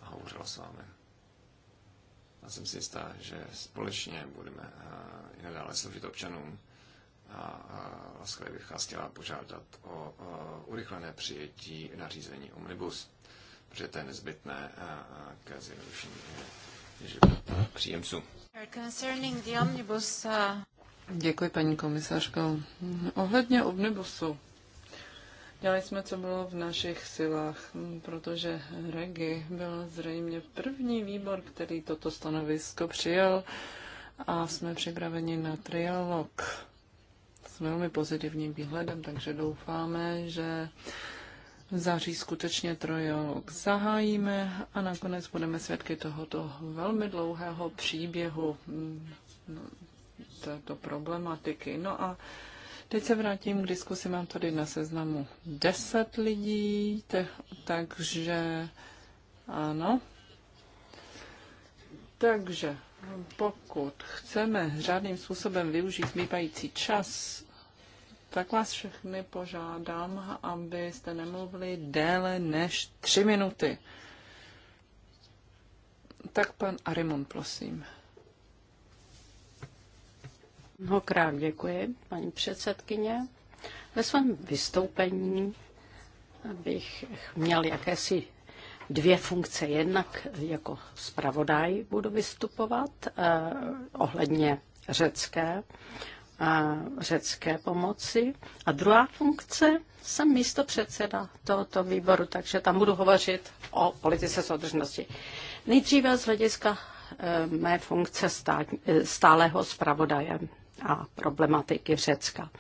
B: a hovořil s vámi. Já jsem si jistá, že společně budeme eh, i nadále sloužit občanům a laskavě bych vás chtěla požádat o urychlené přijetí nařízení Omnibus protože to je nezbytné eh, eh, k zjednodušení eh, příjemců.
E: Děkuji, paní komisařko. Ohledně omnibusu. Dělali jsme, co bylo v našich silách, protože Regi byl zřejmě první výbor, který toto stanovisko přijal a jsme připraveni na trialog s velmi pozitivním výhledem, takže doufáme, že v září skutečně trojok zahájíme a nakonec budeme svědky tohoto velmi dlouhého příběhu mm, no, této problematiky. No a teď se vrátím k diskusi. Mám tady na seznamu 10 lidí, te, takže ano. Takže pokud chceme řádným způsobem využít zbývající čas, tak vás všechny požádám, abyste nemluvili déle než tři minuty.
F: Tak pan Arimon, prosím. Mnohokrát děkuji, paní předsedkyně. Ve svém vystoupení bych měl jakési dvě funkce. Jednak jako zpravodaj budu vystupovat eh, ohledně řecké řecké pomoci. A druhá funkce, jsem místo předseda tohoto výboru, takže tam budu hovořit o politice soudržnosti. Nejdříve z hlediska eh, mé funkce stáleho stálého zpravodaje a problematiky Řecka.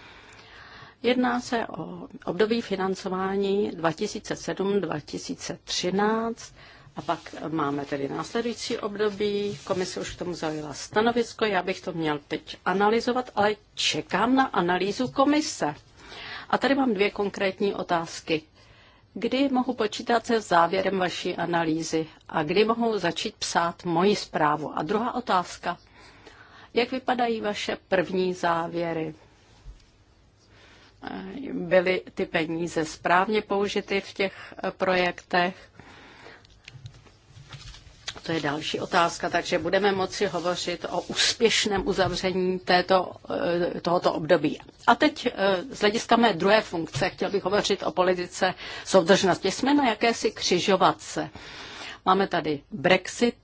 F: Jedná se o období financování 2007-2013 a pak máme tedy následující období, komise už k tomu zaujala stanovisko, já bych to měl teď analyzovat, ale čekám na analýzu komise. A tady mám dvě konkrétní otázky. Kdy mohu počítat se závěrem vaší analýzy a kdy mohu začít psát moji zprávu? A druhá otázka. Jak vypadají vaše první závěry? Byly ty peníze správně použity v těch projektech? To je další otázka, takže budeme moci hovořit o úspěšném uzavření této, eh, tohoto období. A teď eh, z hlediska mé druhé funkce chtěl bych hovořit o politice soudržnosti. Jsme na jakési křižovatce. Máme tady Brexit,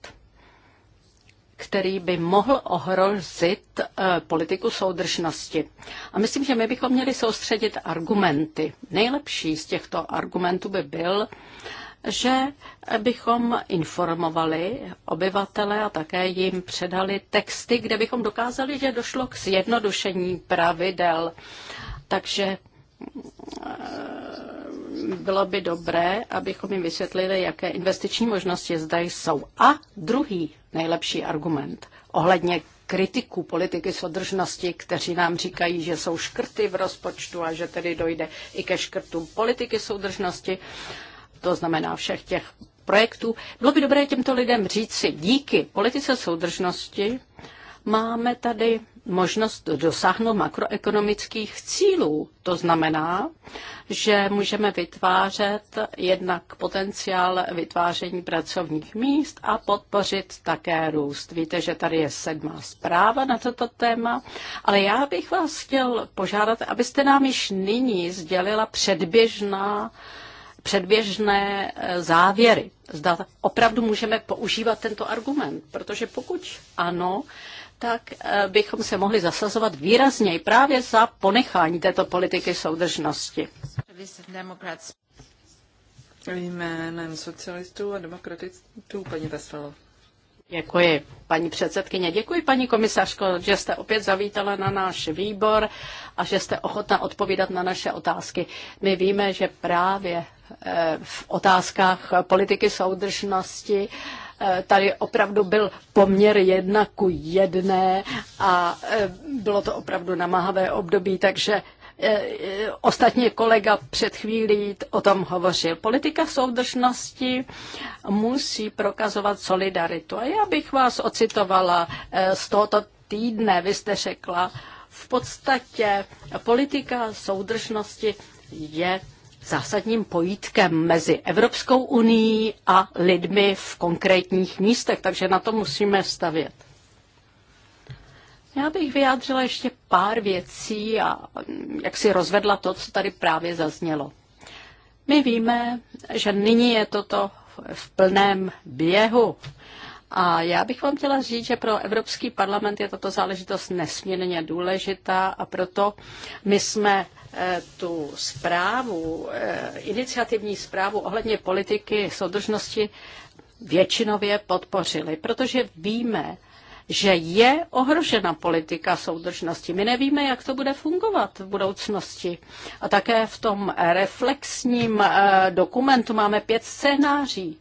F: který by mohl ohrozit eh, politiku soudržnosti. A myslím, že my bychom měli soustředit argumenty. Nejlepší z těchto argumentů by byl, že bychom informovali obyvatele a také jim předali texty, kde bychom dokázali, že došlo k zjednodušení pravidel. Takže
H: eh,
F: bylo by dobré, abychom jim vysvětlili, jaké investiční možnosti zde jsou. A druhý nejlepší argument ohledně kritiků politiky soudržnosti, kteří nám říkají, že jsou škrty v rozpočtu a že tedy dojde i ke škrtům politiky soudržnosti to znamená všech těch projektů. Bylo by dobré těmto lidem říct si, díky politice soudržnosti máme tady možnost dosáhnout makroekonomických cílů. To znamená, že můžeme vytvářet jednak potenciál vytváření pracovních míst a podpořit také růst. Víte, že tady je sedmá zpráva na toto téma, ale já bych vás chtěl požádat, abyste nám již nyní sdělila předběžná uh, předběžné eh, závěry. Zda opravdu můžeme používat tento argument, protože pokud ano, tak eh, bychom se mohli zasazovat výrazněji právě za ponechání této politiky soudržnosti. Jménem socialistů a demokratistů paní Veselo. Děkuji, paní předsedkyně. Děkuji, paní komisařko, že jste opět zavítala na náš výbor a že jste ochotna odpovídat na naše otázky. My víme, že právě Eh, v otázkách politiky soudržnosti eh, tady opravdu byl poměr jedna ku jedné a eh, bylo to opravdu namáhavé období, takže Ostatně kolega před chvílí o tom hovořil. Politika soudržnosti musí prokazovat solidaritu. A já bych vás ocitovala z tohoto týdne, vy jste řekla, v podstatě politika soudržnosti je zásadním pojítkem mezi Evropskou unii a lidmi v konkrétních místech, takže na to musíme stavět.
A: Já bych vyjádřila
F: ještě pár věcí a jak si rozvedla to, co tady právě zaznělo. My víme, že nyní je toto v plném běhu a já bych vám chtěla říct, že pro Evropský parlament je tato záležitost nesmírně důležitá a proto my jsme eh, tu zprávu, eh, iniciativní zprávu ohledně politiky soudržnosti většinově podpořili, protože víme, že je ohrožena politika soudržnosti. My nevíme, jak to bude fungovat v budoucnosti. A také v tom reflexním eh, dokumentu máme pět scénáří.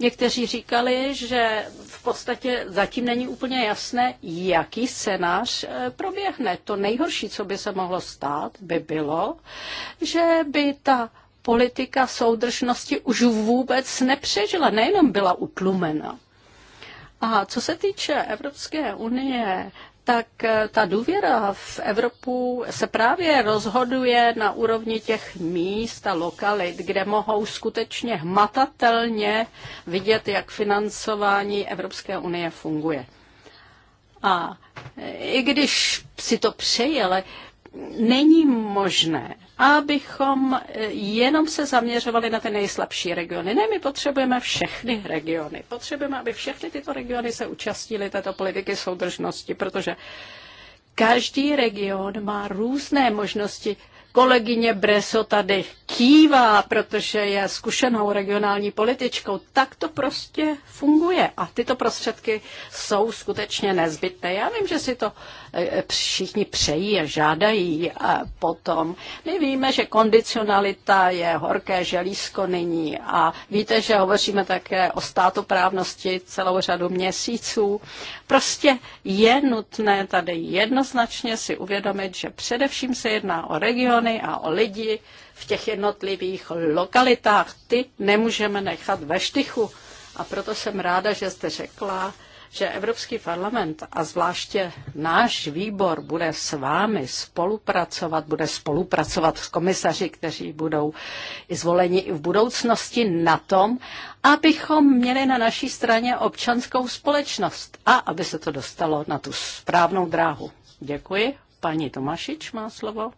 F: Někteří říkali, že v podstatě zatím není úplně jasné, jaký scénář eh, proběhne. To nejhorší, co by se mohlo stát, by bylo, že by ta politika soudržnosti už vůbec nepřežila, nejenom byla utlumena. A co se týče Evropské unie tak eh, ta důvěra v Evropu se právě rozhoduje na úrovni těch míst a lokalit, kde mohou skutečně hmatatelně vidět, jak financování Evropské unie funguje. A i když si to přeji, ale není možné, abychom eh, jenom se zaměřovali na ty nejslabší regiony. Ne, my potřebujeme všechny regiony. Potřebujeme, aby všechny tyto regiony se účastnily této politiky soudržnosti, protože každý region má různé možnosti. Kolegyně Breso tady kývá, protože je zkušenou regionální političkou. Tak to prostě funguje a tyto prostředky jsou skutečně nezbytné. Já vím, že si to všichni přejí a žádají a potom. My víme, že kondicionalita je horké želízko nyní a víte, že hovoříme také o státoprávnosti celou řadu měsíců. Prostě je nutné tady jednoznačně si uvědomit, že především se jedná o regiony a o lidi v těch jednotlivých lokalitách. Ty nemůžeme nechat ve štychu. A proto jsem ráda, že jste řekla, že Evropský parlament a zvláště náš výbor bude s vámi spolupracovat, bude spolupracovat s komisaři, kteří budou zvoleni i v budoucnosti na tom, abychom měli na naší straně občanskou společnost a aby se to dostalo na tu správnou dráhu. Děkuji. Paní Tomašič má slovo.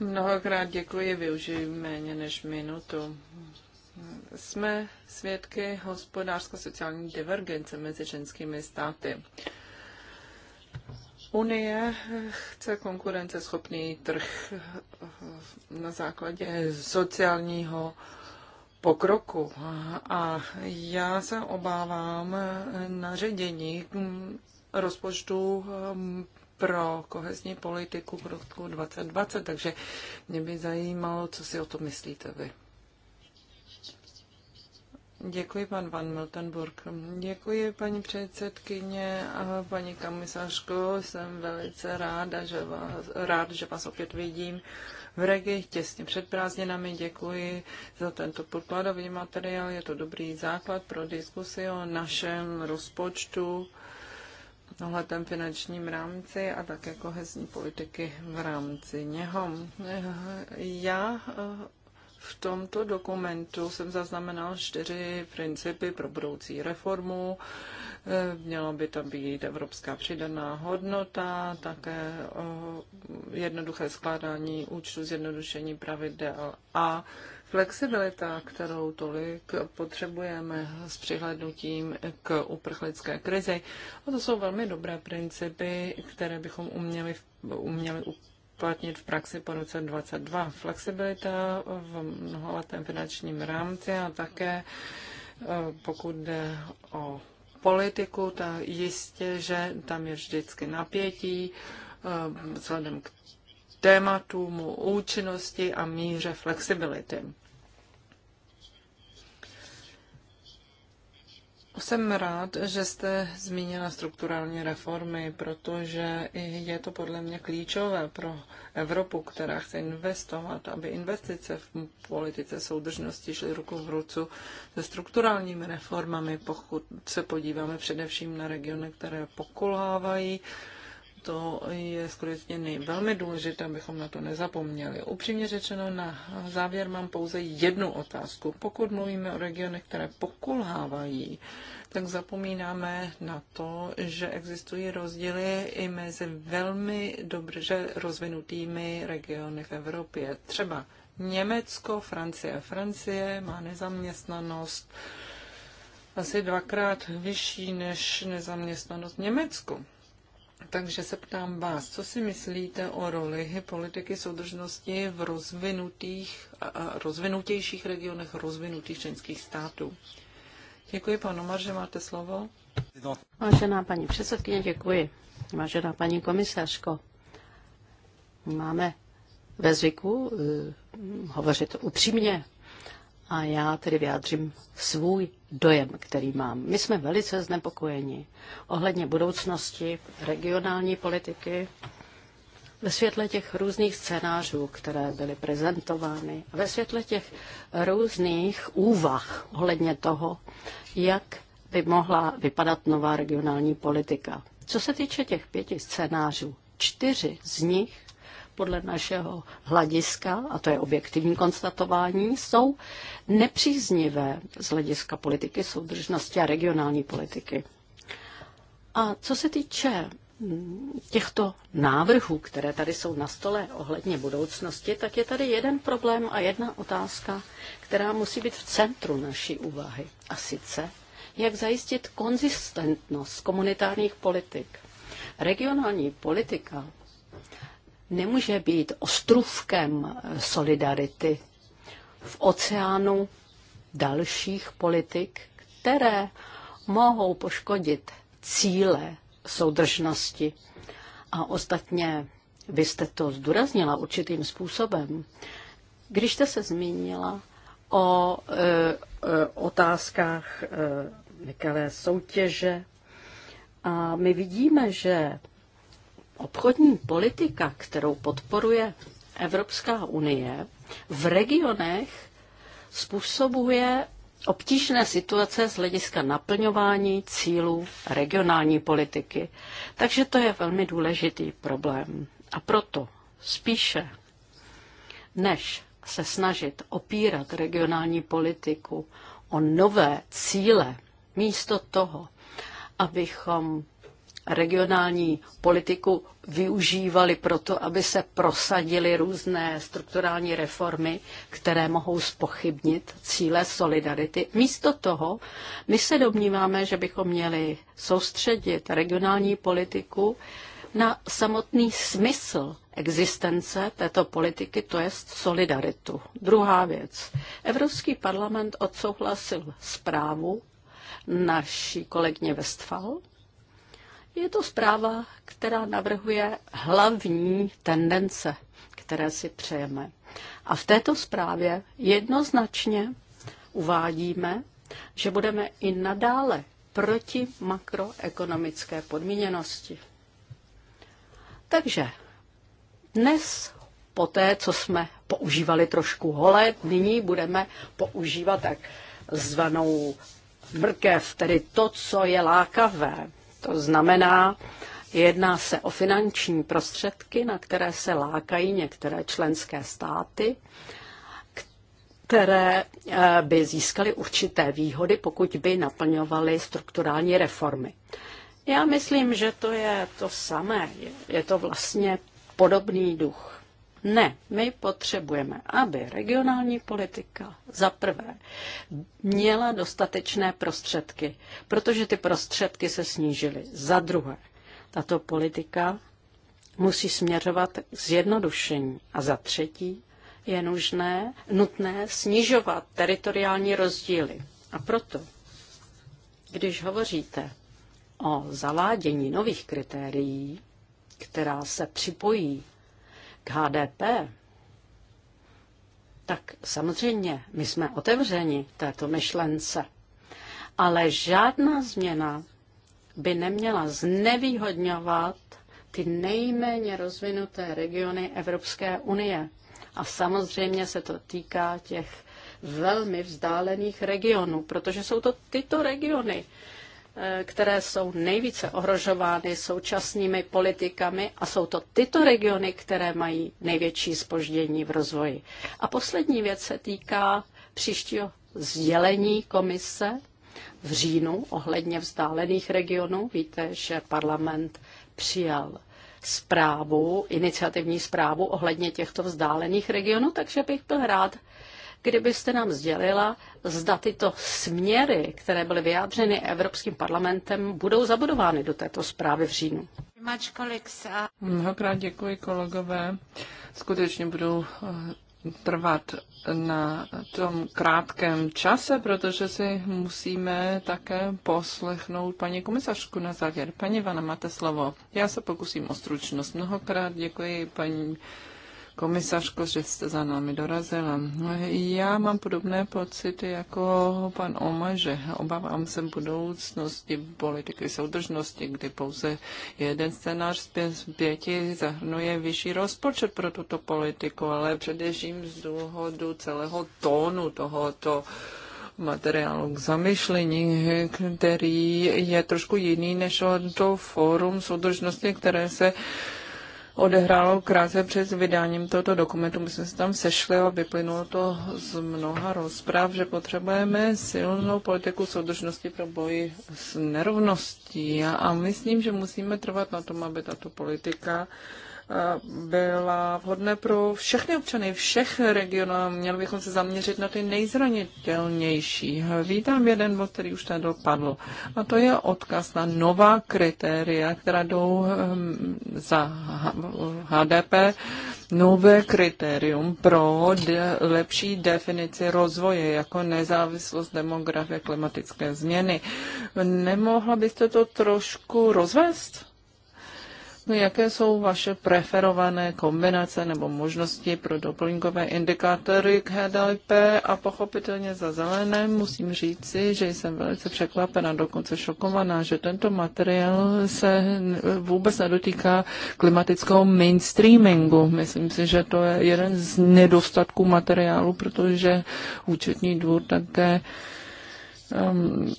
E: Mnohokrát děkuji, využiju méně než minutu jsme svědky hospodářsko-sociální divergence mezi ženskými státy. Unie chce konkurenceschopný trh eh, na základě sociálního pokroku. A já se obávám naředění rozpočtu eh, pro kohezní politiku v roku 2020, takže mě by zajímalo, co si o to myslíte vy. Děkuji, pan Van Miltenburg. Děkuji, paní předsedkyně a paní komisařko. Jsem velice ráda, že vás, rád, že vás opět vidím v Regi těsně před prázdninami. Děkuji za tento podkladový materiál. Je to dobrý základ pro diskusi o našem rozpočtu ohledem finančním rámci a také kohezní politiky v rámci něho. Já v tomto dokumentu jsem zaznamenal čtyři principy pro budoucí reformu. Eh, Měla by tam být evropská přidaná hodnota, také eh, jednoduché skládání účtu, zjednodušení pravidel a flexibilita, kterou tolik potřebujeme s přihlednutím k uprchlické krizi. A to jsou velmi dobré principy, které bychom uměli, uměli uplatnit v praxi po roce 22. Flexibilita v mnoholetém finančním rámci a také eh, pokud jde o politiku, tak jistě, že tam je vždycky napětí eh, vzhledem k tématům účinnosti a míře flexibility. Jsem rád, že jste zmínila strukturální reformy, protože je to podle mě klíčové pro Evropu, která chce investovat, aby investice v politice soudržnosti šly ruku v ruce se strukturálními reformami, pokud se podíváme především na regiony, které pokulhávají, to je skutečně velmi důležité, abychom na to nezapomněli. Upřímně řečeno, na závěr mám pouze jednu otázku. Pokud mluvíme o regionech, které pokulhávají, tak zapomínáme na to, že existují rozdíly i mezi velmi dobře rozvinutými regiony v Evropě. Třeba Německo, Francie. Francie má nezaměstnanost asi dvakrát vyšší než nezaměstnanost v Německu. Takže se ptám vás, co si myslíte o roli politiky soudržnosti v rozvinutých, rozvinutějších regionech rozvinutých členských států? Děkuji, panu Marže, máte slovo.
F: Vážená paní předsedkyně, děkuji. Vážená paní komisařko, máme ve zvyku uh, hovořit upřímně a já tedy vyjádřím svůj dojem, který mám. My jsme velice znepokojeni ohledně budoucnosti regionální politiky ve světle těch různých scénářů, které byly prezentovány, a ve světle těch různých úvah ohledně toho, jak by mohla vypadat nová regionální politika. Co se týče těch pěti scénářů, čtyři z nich podle našeho hlediska, a to je objektivní konstatování, jsou nepříznivé z hlediska politiky soudržnosti a regionální politiky. A co se týče mm, těchto návrhů, které tady jsou na stole ohledně budoucnosti, tak je tady jeden problém a jedna otázka, která musí být v centru naší úvahy. A sice, jak zajistit konzistentnost komunitárních politik. Regionální politika nemůže být ostrůvkem solidarity v oceánu dalších politik, které mohou poškodit cíle soudržnosti. A ostatně vy jste to zdůraznila určitým způsobem. Když jste se zmínila o e, e, otázkách e, nekalé soutěže, a my vidíme, že Obchodní politika, kterou podporuje Evropská unie, v regionech způsobuje obtížné situace z hlediska naplňování cílů regionální politiky. Takže to je velmi důležitý problém. A proto spíše než se snažit opírat regionální politiku o nové cíle, místo toho, abychom regionální politiku využívali proto, aby se prosadili různé strukturální reformy, které mohou spochybnit cíle solidarity. Místo toho my se domníváme, že bychom měli soustředit regionální politiku na samotný smysl existence této politiky, to je solidaritu. Druhá věc. Evropský parlament odsouhlasil zprávu naší kolegně Westfal, je to zpráva, která navrhuje hlavní tendence, které si přejeme. A v této zprávě jednoznačně uvádíme, že budeme i nadále proti makroekonomické podmíněnosti. Takže dnes, po té, co jsme používali trošku holé, nyní budeme používat tak zvanou mrkev, tedy to, co je lákavé. To znamená, jedná se o finanční prostředky, na které se lákají některé členské státy, které eh, by získaly určité výhody, pokud by naplňovaly strukturální reformy. Já myslím, že to je to samé. Je to vlastně podobný duch. Ne, my potřebujeme, aby regionální politika za prvé měla dostatečné prostředky, protože ty prostředky se snížily. Za druhé, tato politika musí směřovat k zjednodušení. A za třetí, je nužné, nutné snižovat teritoriální rozdíly. A proto, když hovoříte o zavádění nových kritérií, která se připojí k HDP, tak samozřejmě my jsme otevřeni této myšlence. Ale žádná změna by neměla znevýhodňovat ty nejméně rozvinuté regiony Evropské unie. A samozřejmě se to týká těch velmi vzdálených regionů, protože jsou to tyto regiony, které jsou nejvíce ohrožovány současnými politikami a jsou to tyto regiony, které mají největší spoždění v rozvoji. A poslední věc se týká příštího sdělení komise v říjnu ohledně vzdálených regionů. Víte, že parlament přijal zprávu, iniciativní zprávu ohledně těchto vzdálených regionů, takže bych byl rád, kdybyste nám sdělila, zda tyto směry, které byly vyjádřeny Evropským parlamentem, budou zabudovány do této zprávy v říjnu.
E: Mnohokrát děkuji kolegové. Skutečně budu eh, trvat na tom krátkém čase, protože si musíme také poslechnout paní komisařku na závěr. Paní Vana, máte slovo. Já se pokusím o stručnost. Mnohokrát děkuji paní komisařko, že jste za námi dorazila. Já mám podobné pocity jako pan Oma, že obávám se budoucnosti politiky soudržnosti, kdy pouze jeden scénář z pěti zahrnuje vyšší rozpočet pro tuto politiku, ale především z důvodu celého tónu tohoto materiálu k zamyšlení, který je trošku jiný než to fórum soudržnosti, které se odehrálo krátce před vydáním tohoto dokumentu. My jsme se tam sešli a vyplynulo to z mnoha rozpráv, že potřebujeme silnou politiku soudržnosti pro boji s nerovností. A, myslím, že musíme trvat na tom, aby tato politika Eh, byla vhodné pro všechny občany všech regionů. Měli bychom se zaměřit na ty nejzranitelnější. Vítám jeden bod, který už tady dopadl. A to je odkaz na nová kritéria, která jdou ehm, za HDP, nové kritérium pro de- lepší definici rozvoje, jako nezávislost demografie, klimatické změny. Nemohla byste to trošku rozvést? vlastně, jaké jsou vaše preferované kombinace nebo možnosti pro doplňkové indikátory k HDLP a pochopitelně za zelené musím říci, že jsem velice překvapena, dokonce šokovaná, že tento materiál se vůbec nedotýká klimatického mainstreamingu. Myslím si, že to je jeden z nedostatků materiálu, protože účetní dvůr také um,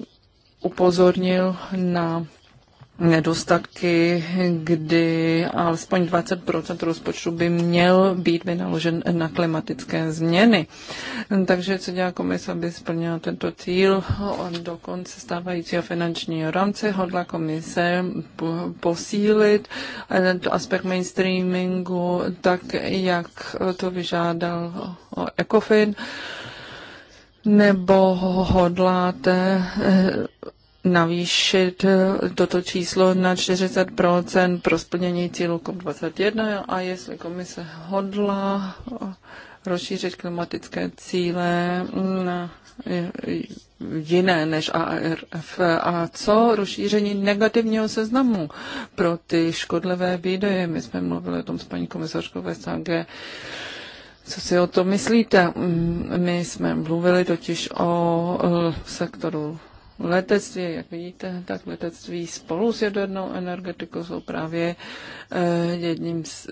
E: upozornil na nedostatky, kdy alespoň 20 rozpočtu by měl být vynaložen na klimatické změny. Takže co dělá komise, aby splnila tento cíl? Do konce stávajícího finančního rámce hodla komise posílit eh, tento aspekt mainstreamingu tak, jak to vyžádal ECOFIN nebo hodláte eh, navýšit eh, toto číslo na 40 pro splnění cílu COP21 a jestli komise hodla eh, rozšířit klimatické cíle mm, na eh, jiné než ARF. A co rozšíření negativního seznamu pro ty škodlivé výdaje? My jsme mluvili o tom s paní komisařkou VSAG. Co si o to myslíte? Mm, my jsme mluvili totiž o sektoru letectví. Jak vidíte, tak letectví spolu s jadernou energetikou jsou právě eh, jedním z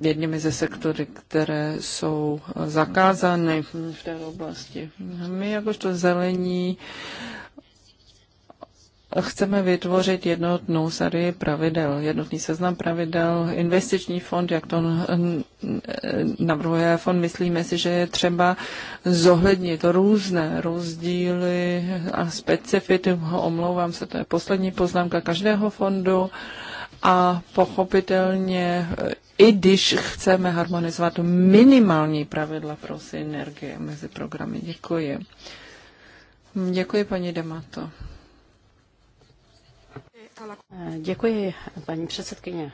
E: jedními ze sektory, které jsou zakázány v té oblasti. My jakožto zelení chceme vytvořit jednotnou sérii pravidel, jednotný seznam pravidel, investiční fond, jak to eh, navrhuje fond, myslíme si, že je třeba zohlednit různé rozdíly a specifity, omlouvám se, to je poslední poznámka každého fondu a pochopitelně i když chceme harmonizovat minimální pravidla pro synergie mezi programy. Děkuji. Děkuji,
F: paní Demato. Děkuji, paní předsedkyně.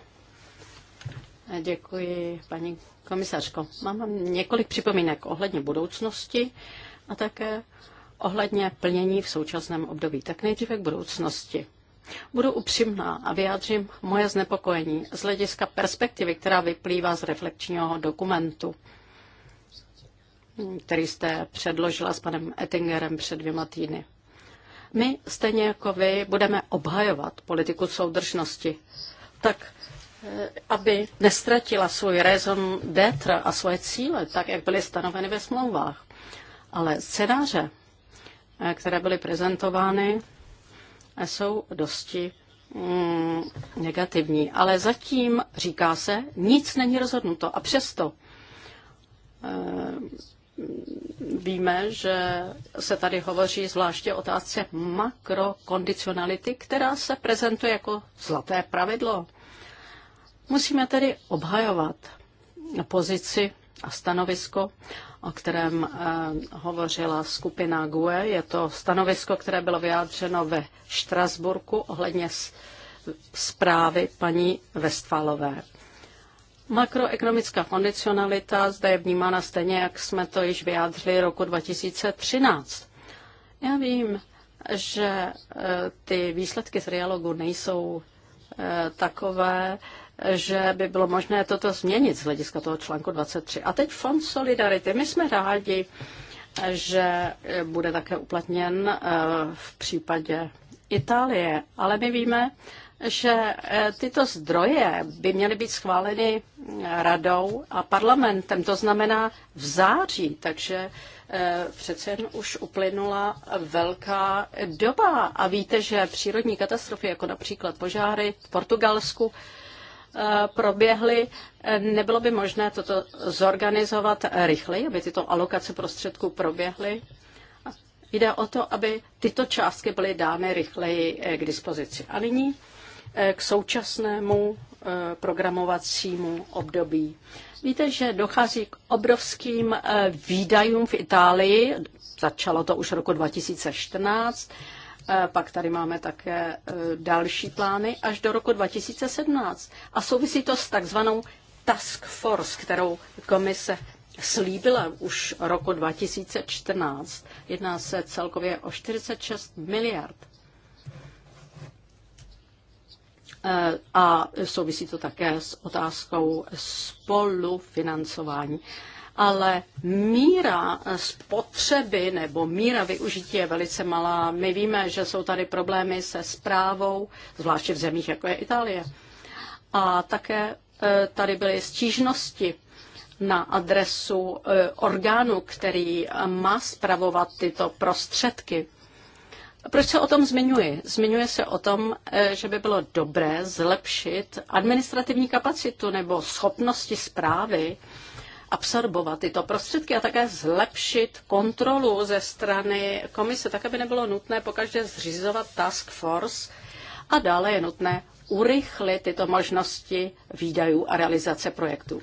F: Děkuji, paní komisařko. Mám několik připomínek ohledně budoucnosti a také ohledně plnění v současném období. Tak nejdříve k budoucnosti. Budu upřímná a vyjádřím moje znepokojení z hlediska perspektivy, která vyplývá z reflekčního dokumentu, který jste předložila s panem Ettingerem před dvěma týdny. My, stejně jako vy, budeme obhajovat politiku soudržnosti. Tak eh, aby nestratila svůj raison d'être a svoje cíle, tak jak byly stanoveny ve smlouvách. Ale scénáře, eh, které byly prezentovány, eh, jsou dosti mm, negativní. Ale zatím, říká se, nic není rozhodnuto. A přesto Víme, že se tady hovoří zvláště o otázce makrokondicionality, která se prezentuje jako zlaté pravidlo. Musíme tedy obhajovat pozici a stanovisko, o kterém eh, hovořila skupina GUE. Je to stanovisko, které bylo vyjádřeno ve Štrasburku ohledně zprávy paní Westfalové. Makroekonomická kondicionalita zde je vnímána stejně, jak jsme to již vyjádřili roku 2013. Já vím, že eh, ty výsledky z dialogu nejsou eh, takové, že by bylo možné toto změnit z hlediska toho článku 23. A teď Fond Solidarity. My jsme rádi, že eh, bude také uplatněn v případě Itálie, ale my víme, že eh, tyto zdroje by měly být schváleny eh, radou a parlamentem, to znamená v září, takže eh, přece jen už uplynula velká doba a víte, že přírodní katastrofy, jako například požáry v Portugalsku, proběhly, nebylo by možné toto zorganizovat rychleji, aby tyto alokace prostředků proběhly? Jde o to, aby tyto částky byly dány rychleji k dispozici. A nyní Eh, k současnému eh, programovacímu období. Víte, že dochází k obrovským eh, výdajům v Itálii, začalo to už roku 2014, pak tady máme také další plány až do roku 2017. A souvisí to s takzvanou task force, kterou komise slíbila už roku 2014. Jedná se celkově o 46 miliard Eh, a souvisí to také s otázkou spolufinancování. Ale míra spotřeby nebo míra využití je velice malá. My víme, že jsou tady problémy se zprávou, zvláště v zemích, jako je Itálie. A také eh, tady byly stížnosti na adresu eh, orgánu, který má spravovat tyto prostředky. Proč se o tom zmiňuji? Zmiňuje se o tom, eh, že by bylo dobré zlepšit administrativní kapacitu nebo schopnosti zprávy absorbovat tyto prostředky a také zlepšit kontrolu ze strany komise, tak aby nebylo nutné pokaždé zřizovat task force a dále je nutné urychlit tyto možnosti výdajů a realizace projektů.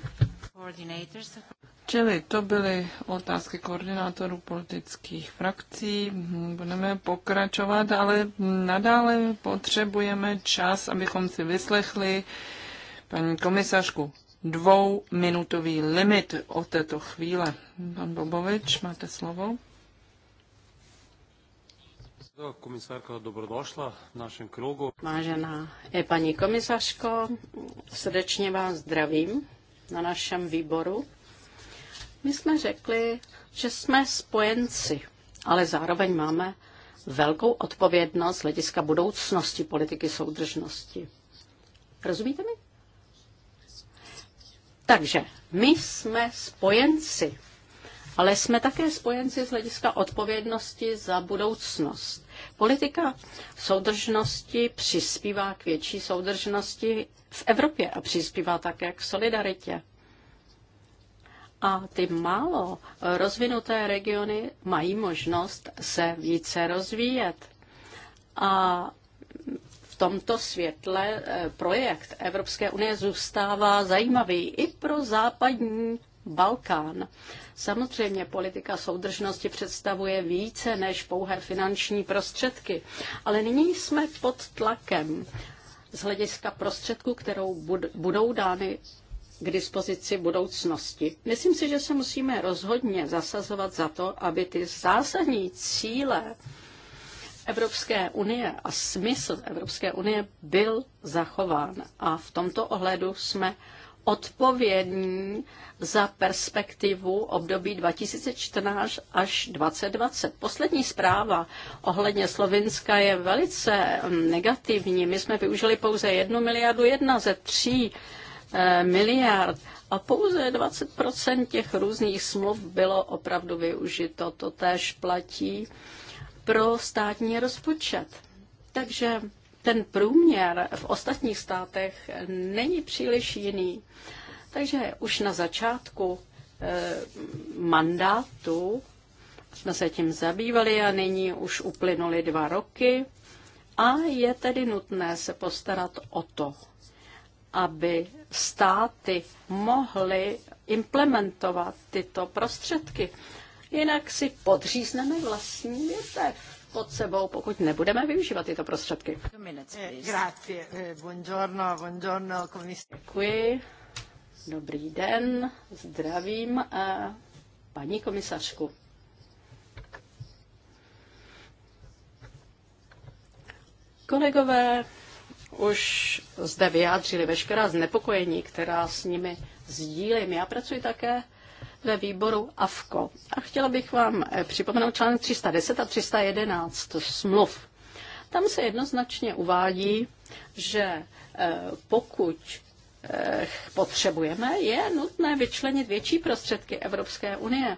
F: Čili
E: to byly otázky koordinátorů politických frakcí. Budeme pokračovat, ale nadále potřebujeme čas, abychom si vyslechli paní komisařku. Dvouminutový limit od této
F: chvíle. Pan Bobovič, máte slovo.
C: Komisárka, dobrodošla v našem krugu. Vážená
F: je paní komisařko, srdečně vás zdravím na našem výboru. My jsme řekli, že jsme spojenci, ale zároveň máme velkou odpovědnost z hlediska budoucnosti politiky soudržnosti. Rozumíte mi? Takže my jsme spojenci, ale jsme také spojenci z hlediska odpovědnosti za budoucnost. Politika soudržnosti přispívá k větší soudržnosti v Evropě a přispívá také k solidaritě. A ty málo rozvinuté regiony mají možnost se více rozvíjet. A v tomto světle eh, projekt Evropské unie zůstává zajímavý i pro západní Balkán. Samozřejmě politika soudržnosti představuje více než pouhé finanční prostředky, ale nyní jsme pod tlakem z hlediska prostředků, kterou budou dány k dispozici budoucnosti. Myslím si, že se musíme rozhodně zasazovat za to, aby ty zásadní cíle Evropské unie a smysl Evropské unie byl zachován. A v tomto ohledu jsme odpovědní za perspektivu období 2014 až 2020. Poslední zpráva ohledně Slovinska je velice negativní. My jsme využili pouze jednu miliardu jedna ze tří Eh, miliard a pouze 20 těch různých smluv bylo opravdu využito. To též platí pro státní rozpočet. Takže ten průměr v ostatních státech není příliš jiný. Takže už na začátku eh, mandátu jsme se tím zabývali a nyní už uplynuly dva roky a je tedy nutné se postarat o to, aby státy mohly implementovat tyto prostředky. Jinak si podřízneme vlastní větev pod sebou, pokud nebudeme využívat tyto prostředky.
A: Eh,
F: Děkuji. Dobrý den, zdravím eh, paní komisařku. Kolegové, už zde vyjádřili veškerá znepokojení, která s nimi sdílím. Já pracuji také ve výboru AFKO. A chtěla bych vám eh, připomenout článek 310 a 311 smluv. Tam se jednoznačně uvádí, že eh, pokud eh, potřebujeme, je nutné vyčlenit větší prostředky Evropské unie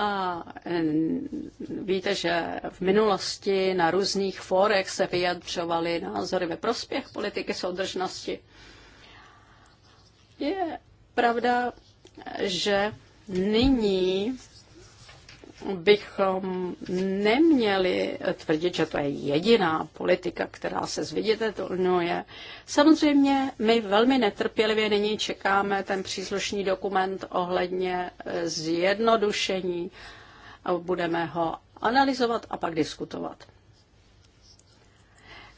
F: a e, víte, že v minulosti na různých fórech se vyjadřovaly názory ve prospěch politiky soudržnosti. Je pravda, že nyní bychom neměli tvrdit, že to je jediná politika, která se zviditelnuje. Samozřejmě my velmi netrpělivě nyní čekáme ten příslušný dokument ohledně eh, zjednodušení. Budeme ho analyzovat a pak diskutovat.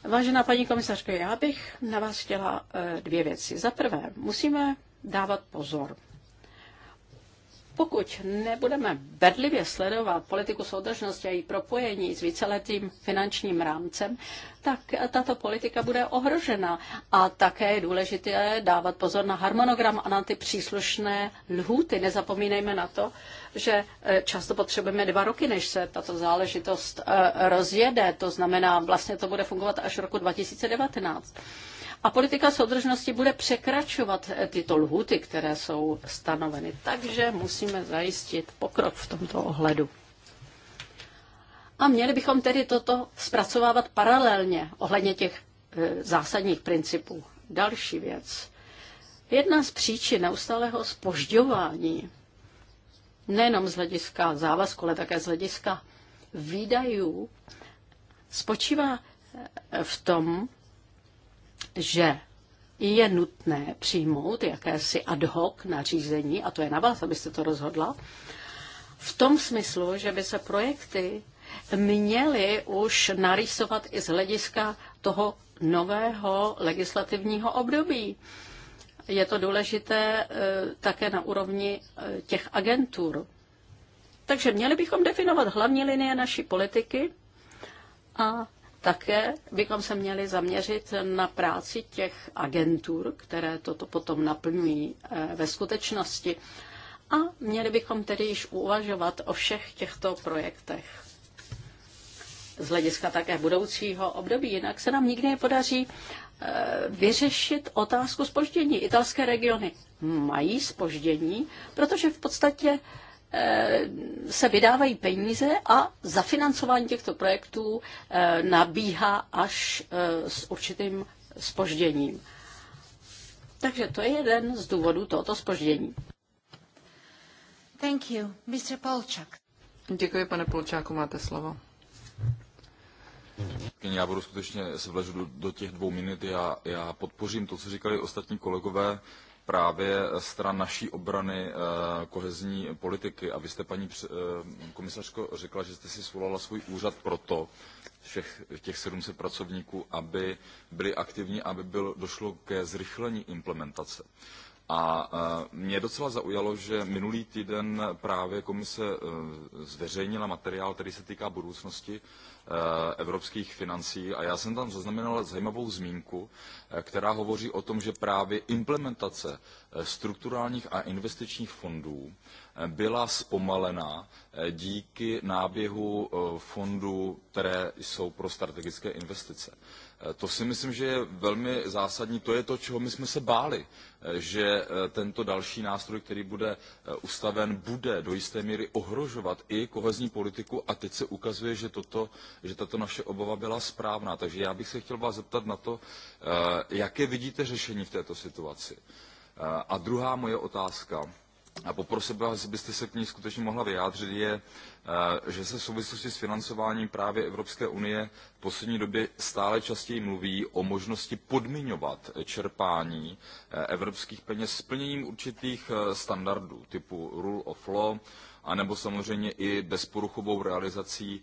F: Vážená paní komisařko, já bych na vás chtěla eh, dvě věci. Za prvé, musíme dávat pozor. Pokud nebudeme bedlivě sledovat politiku soudržnosti a její propojení s víceletým finančním rámcem, tak tato politika bude ohrožena. A také je důležité dávat pozor na harmonogram a na ty příslušné lhůty. Nezapomínejme na to, že eh, často potřebujeme dva roky, než se tato záležitost eh, rozjede. To znamená, vlastně to bude fungovat až roku 2019. A politika soudržnosti bude překračovat eh, tyto lhuty, které jsou stanoveny. Takže musíme zajistit pokrok v tomto ohledu. A měli bychom tedy toto zpracovávat paralelně ohledně těch eh, zásadních principů. Další věc. Jedna z příčin neustálého spožďování, nejenom z hlediska závazku, ale také z hlediska výdajů, spočívá eh, v tom, že je nutné přijmout jakési ad hoc nařízení, a to je na vás, abyste to rozhodla, v tom smyslu, že by se projekty měly už narýsovat i z hlediska toho nového legislativního období. Je to důležité eh, také na úrovni eh, těch agentur. Takže měli bychom definovat hlavní linie naší politiky a také bychom se měli zaměřit na práci těch agentur, které toto potom naplňují eh, ve skutečnosti. A měli bychom tedy již uvažovat o všech těchto projektech z hlediska také budoucího období. Jinak se nám nikdy nepodaří eh, vyřešit otázku spoždění. Italské regiony mají spoždění, protože v podstatě se vydávají peníze a zafinancování těchto projektů eh, nabíhá až eh, s určitým spožděním. Takže to je jeden z důvodů tohoto spoždění.
A: Thank you. Mr. Polčak.
F: Děkuji, pane Polčáku, máte slovo.
C: Já budu skutečně, se vležu do, do těch dvou minut, já, já podpořím to, co říkali ostatní kolegové právě stran naší obrany eh, kohezní politiky. A vy jste, paní eh, komisařko, řekla, že jste si svolala svůj úřad proto, všech těch 700 pracovníků, aby byli aktivní, aby byl, došlo ke zrychlení implementace. A eh, mě docela zaujalo, že minulý týden právě komise zveřejnila materiál, který se týká budoucnosti Eh, evropských financí a já jsem tam zaznamenal zajímavou zmínku, eh, která hovoří o tom, že právě implementace eh, strukturálních a investičních fondů byla zpomalena díky náběhu fondů, které jsou pro strategické investice. Eh, to si myslím že je velmi zásadní to je to čeho my jsme se báli eh, že eh, tento další nástroj který bude ustaven bude do jisté míry ohrožovat i kohezní politiku a teď se ukazuje že, toto, že tato naše obava byla správná. takže já bych se chtěl vás zeptat na to jaké vidíte řešení v této situaci? a druhá moje otázka a poprosil bych vás, abyste se k ní skutečně mohla vyjádřit, je, eh, že se v souvislosti s financováním právě Evropské unie v poslední době stále častěji mluví o možnosti podmiňovat čerpání eh, evropských peněz splněním určitých eh, standardů typu rule of law, anebo samozřejmě i bezporuchovou realizací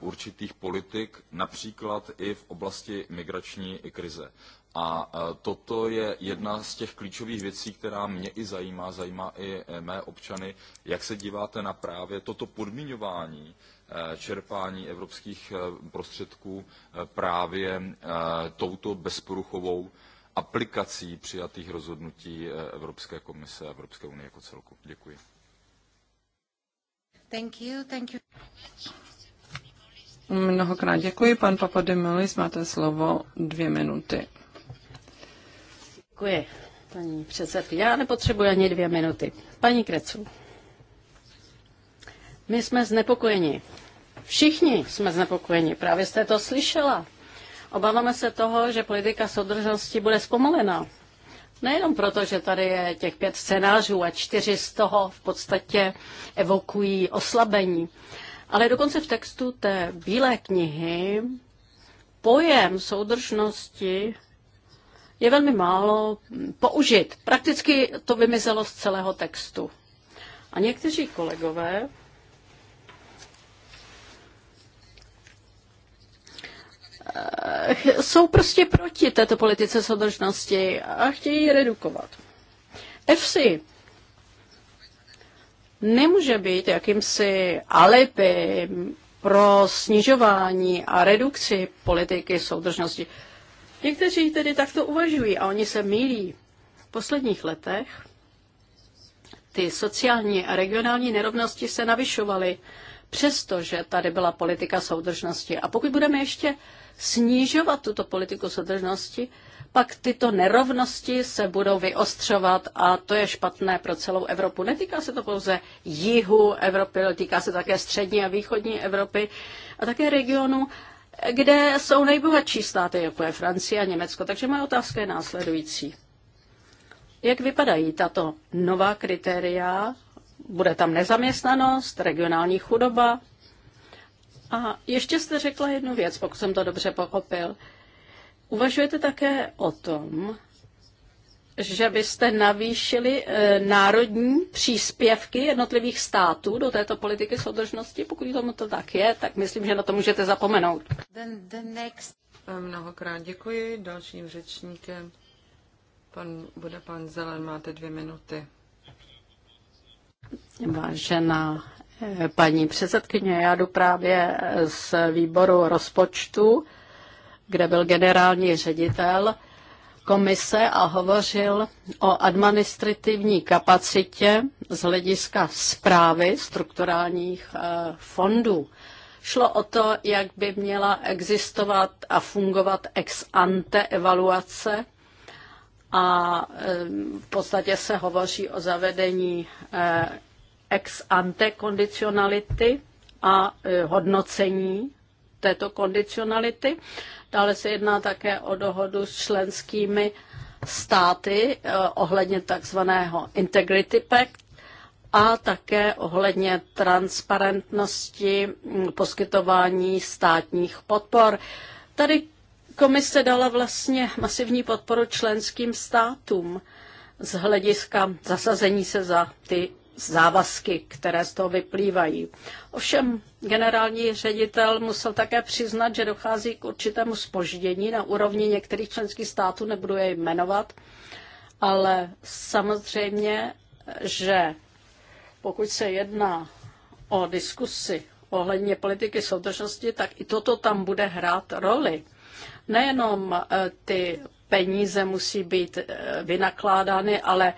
C: určitých politik, například i v oblasti migrační krize. A e, toto je jedna z těch klíčových věcí, která mě i zajímá, zajímá i e, mé občany, jak se díváte na právě toto podmiňování e, čerpání evropských prostředků právě touto bezporuchovou aplikací přijatých rozhodnutí Evropské komise a Evropské unie jako celku. Děkuji.
A: Thank you, thank you. Mnohokrát
E: děkuji. Pan Papademolis, máte slovo dvě minuty.
F: Děkuji, paní předsedkyně. Já nepotřebuji ani dvě minuty. Paní Krecu, my jsme znepokojeni. Všichni jsme znepokojeni. Právě jste to slyšela. Obáváme se toho, že politika soudržnosti bude zpomalena. Nejenom proto, že tady je těch pět scénářů a čtyři z toho v podstatě evokují oslabení, ale dokonce v textu té bílé knihy pojem soudržnosti je velmi málo použit. Prakticky to vymizelo z celého textu. A někteří kolegové eh, jsou prostě proti této politice soudržnosti a chtějí ji redukovat. FC nemůže být jakýmsi alipy pro snižování a redukci politiky soudržnosti. Někteří tedy takto uvažují a oni se mílí. V posledních letech ty sociální a regionální nerovnosti se navyšovaly, přestože tady byla politika soudržnosti. A pokud budeme ještě snižovat tuto politiku soudržnosti, pak tyto nerovnosti se budou vyostřovat a to je špatné pro celou Evropu. Netýká se to pouze jihu Evropy, ale týká se také střední a východní Evropy a také regionu, kde jsou nejbohatší státy, jako je Francie a Německo. Takže moje otázka je následující. Jak vypadají tato nová kritéria? Bude tam nezaměstnanost, regionální chudoba? A ještě jste řekla jednu věc, pokud jsem to dobře pochopil. Uvažujete také o tom, že byste navýšili eh, národní příspěvky jednotlivých států do této politiky soudržnosti? Pokud tomu to tak je, tak myslím, že na to můžete zapomenout.
A: Then the next... Eh, mnohokrát děkuji. Dalším řečníkem
E: pan, bude pan Zelen. Máte dvě minuty.
F: Vážená eh, paní předsedkyně, já jdu právě z výboru rozpočtu, kde byl generální ředitel komise a hovořil o administrativní kapacitě z hlediska zprávy strukturálních eh, fondů. Šlo o to, jak by měla existovat a fungovat ex ante evaluace a eh, v podstatě se hovoří o zavedení eh, ex ante kondicionality a hodnocení této kondicionality. Dále se jedná také o dohodu s členskými státy eh, ohledně takzvaného Integrity Pact a také ohledně transparentnosti mm, poskytování státních podpor. Tady komise dala vlastně masivní podporu členským státům z hlediska zasazení se za ty závazky, které z toho vyplývají. Ovšem generální ředitel musel také přiznat, že dochází k určitému spoždění na úrovni některých členských států, nebudu je jmenovat, ale samozřejmě, že pokud se jedná o diskusi ohledně politiky soudržnosti, tak i toto tam bude hrát roli. Nejenom eh, ty peníze musí být eh, vynakládány, ale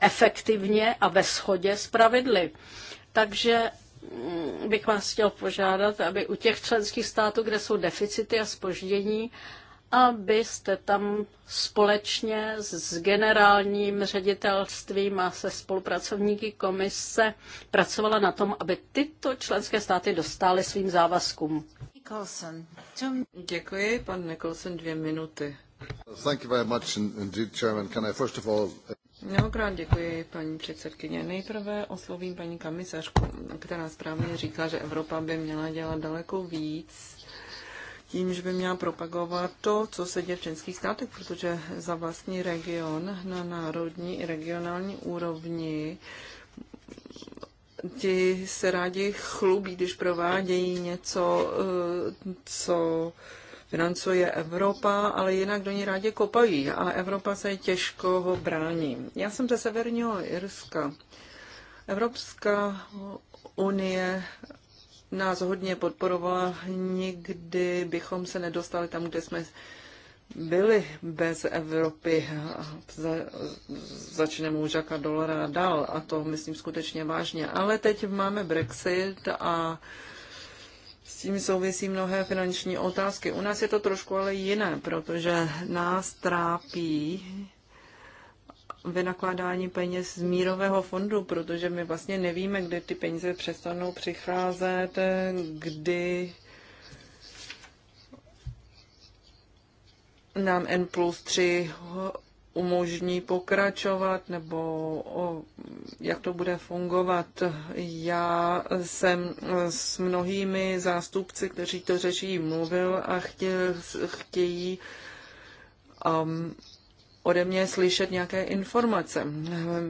F: efektivně a ve shodě s pravidly. Takže mm, bych vás chtěl požádat, aby u těch členských států, kde jsou deficity a spoždění, abyste tam společně s generálním ředitelstvím a se spolupracovníky komise pracovala na tom, aby tyto členské státy dostály svým závazkům.
A: Nicholson.
E: Děkuji, pan Nicholson, dvě minuty. Mnohokrát děkuji, paní předsedkyně. Nejprve oslovím paní komisařku, která správně říká, že Evropa by měla dělat daleko víc tím, že by měla propagovat to, co se děje v členských státech, protože za vlastní region na národní i regionální úrovni ti se rádi chlubí, když provádějí něco, eh, co financuje Evropa, ale jinak do ní rádi kopají a Evropa se těžko ho brání. Já jsem ze Severního Irska. Evropská unie nás hodně podporovala, nikdy bychom se nedostali tam, kde jsme byli bez Evropy. Za, začneme už jaka dolara dál a to myslím skutečně vážně. Ale teď máme Brexit a s tím souvisí mnohé finanční otázky. U nás je to trošku ale jiné, protože nás trápí vynakládání peněz z mírového fondu, protože my vlastně nevíme, kdy ty peníze přestanou přicházet, kdy nám N plus 3 umožní pokračovat nebo o, jak to bude fungovat. Já jsem e, s mnohými zástupci, kteří to řeší, mluvil a chtěl, chtějí um, ode mě slyšet nějaké informace.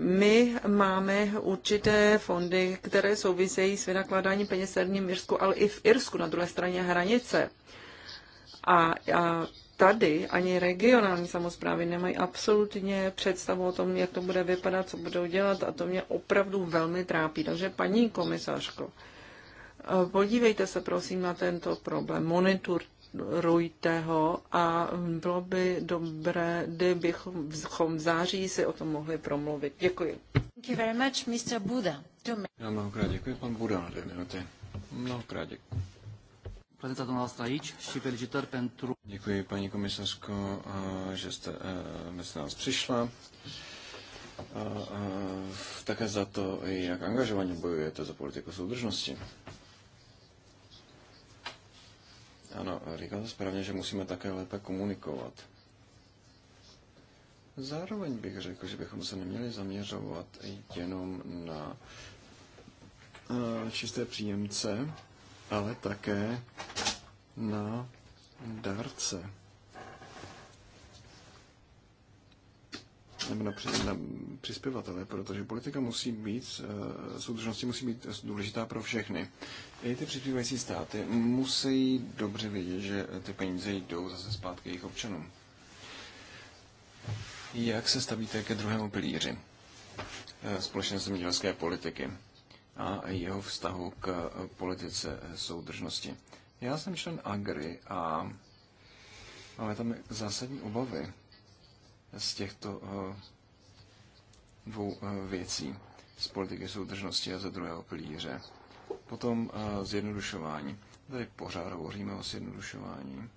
E: My máme určité fondy, které souvisejí s vynakládáním peněz v Irsku, ale i v Irsku na druhé straně hranice. A, a tady ani regionální samozprávy nemají absolutně představu o tom, jak to bude vypadat, co budou dělat a to mě opravdu velmi trápí. Takže paní komisařko, podívejte se prosím na tento problém, monitorujte ho a bylo by dobré, kdybychom v září si o tom mohli promluvit. Děkuji.
A: Thank you very much, Mr. Buda.
B: Já mnohokrát děkuji, pan Buda, na dvě minuty. Mnohokrát děkuji pentru... Děkuji, paní komisařko, že jste mezi nás přišla. A, a, také za to, jak angažovaně bojujete za politiku soudržnosti. Ano, říkáte správně, že musíme také lépe komunikovat. Zároveň bych řekl, že bychom se neměli zaměřovat jenom na čisté příjemce, ale také na darce nebo na, při, na přispěvatele, protože politika musí být, eh, soudržnosti musí být důležitá pro všechny. I ty přispívající státy musí dobře vědět, že ty peníze jdou zase zpátky jejich občanům. Jak se stavíte ke druhému pilíři eh, společné zemědělské politiky? a jeho vztahu k eh, politice eh, soudržnosti. Já jsem člen Agri a máme tam zásadní obavy z těchto eh, dvou věcí z politiky soudržnosti a ze druhého pilíře. Potom zjednodušování. Tady pořád hovoříme o zjednodušování.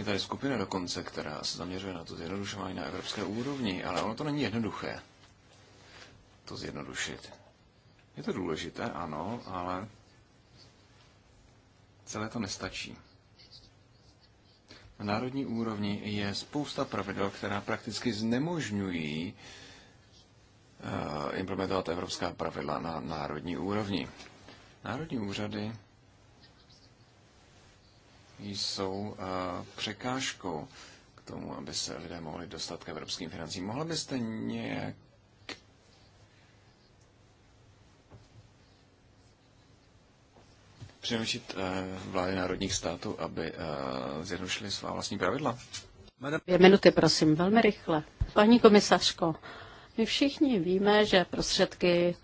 B: Je tady skupina dokonce, která se zaměřuje na to zjednodušování na evropské úrovni, ale ono to není jednoduché to zjednodušit. Je to důležité, ano, ale celé to nestačí. Na národní úrovni je spousta pravidel, která prakticky znemožňují eh, implementovat evropská pravidla na národní úrovni. Národní úřady jsou eh, překážkou k tomu, aby se lidé mohli dostat k evropským financím. Mohla byste nějak přinutit eh, vlády národních států, aby eh, zjednodušili svá vlastní pravidla?
F: Dvě minuty, prosím, velmi rychle. Paní komisařko, my všichni víme, že prostředky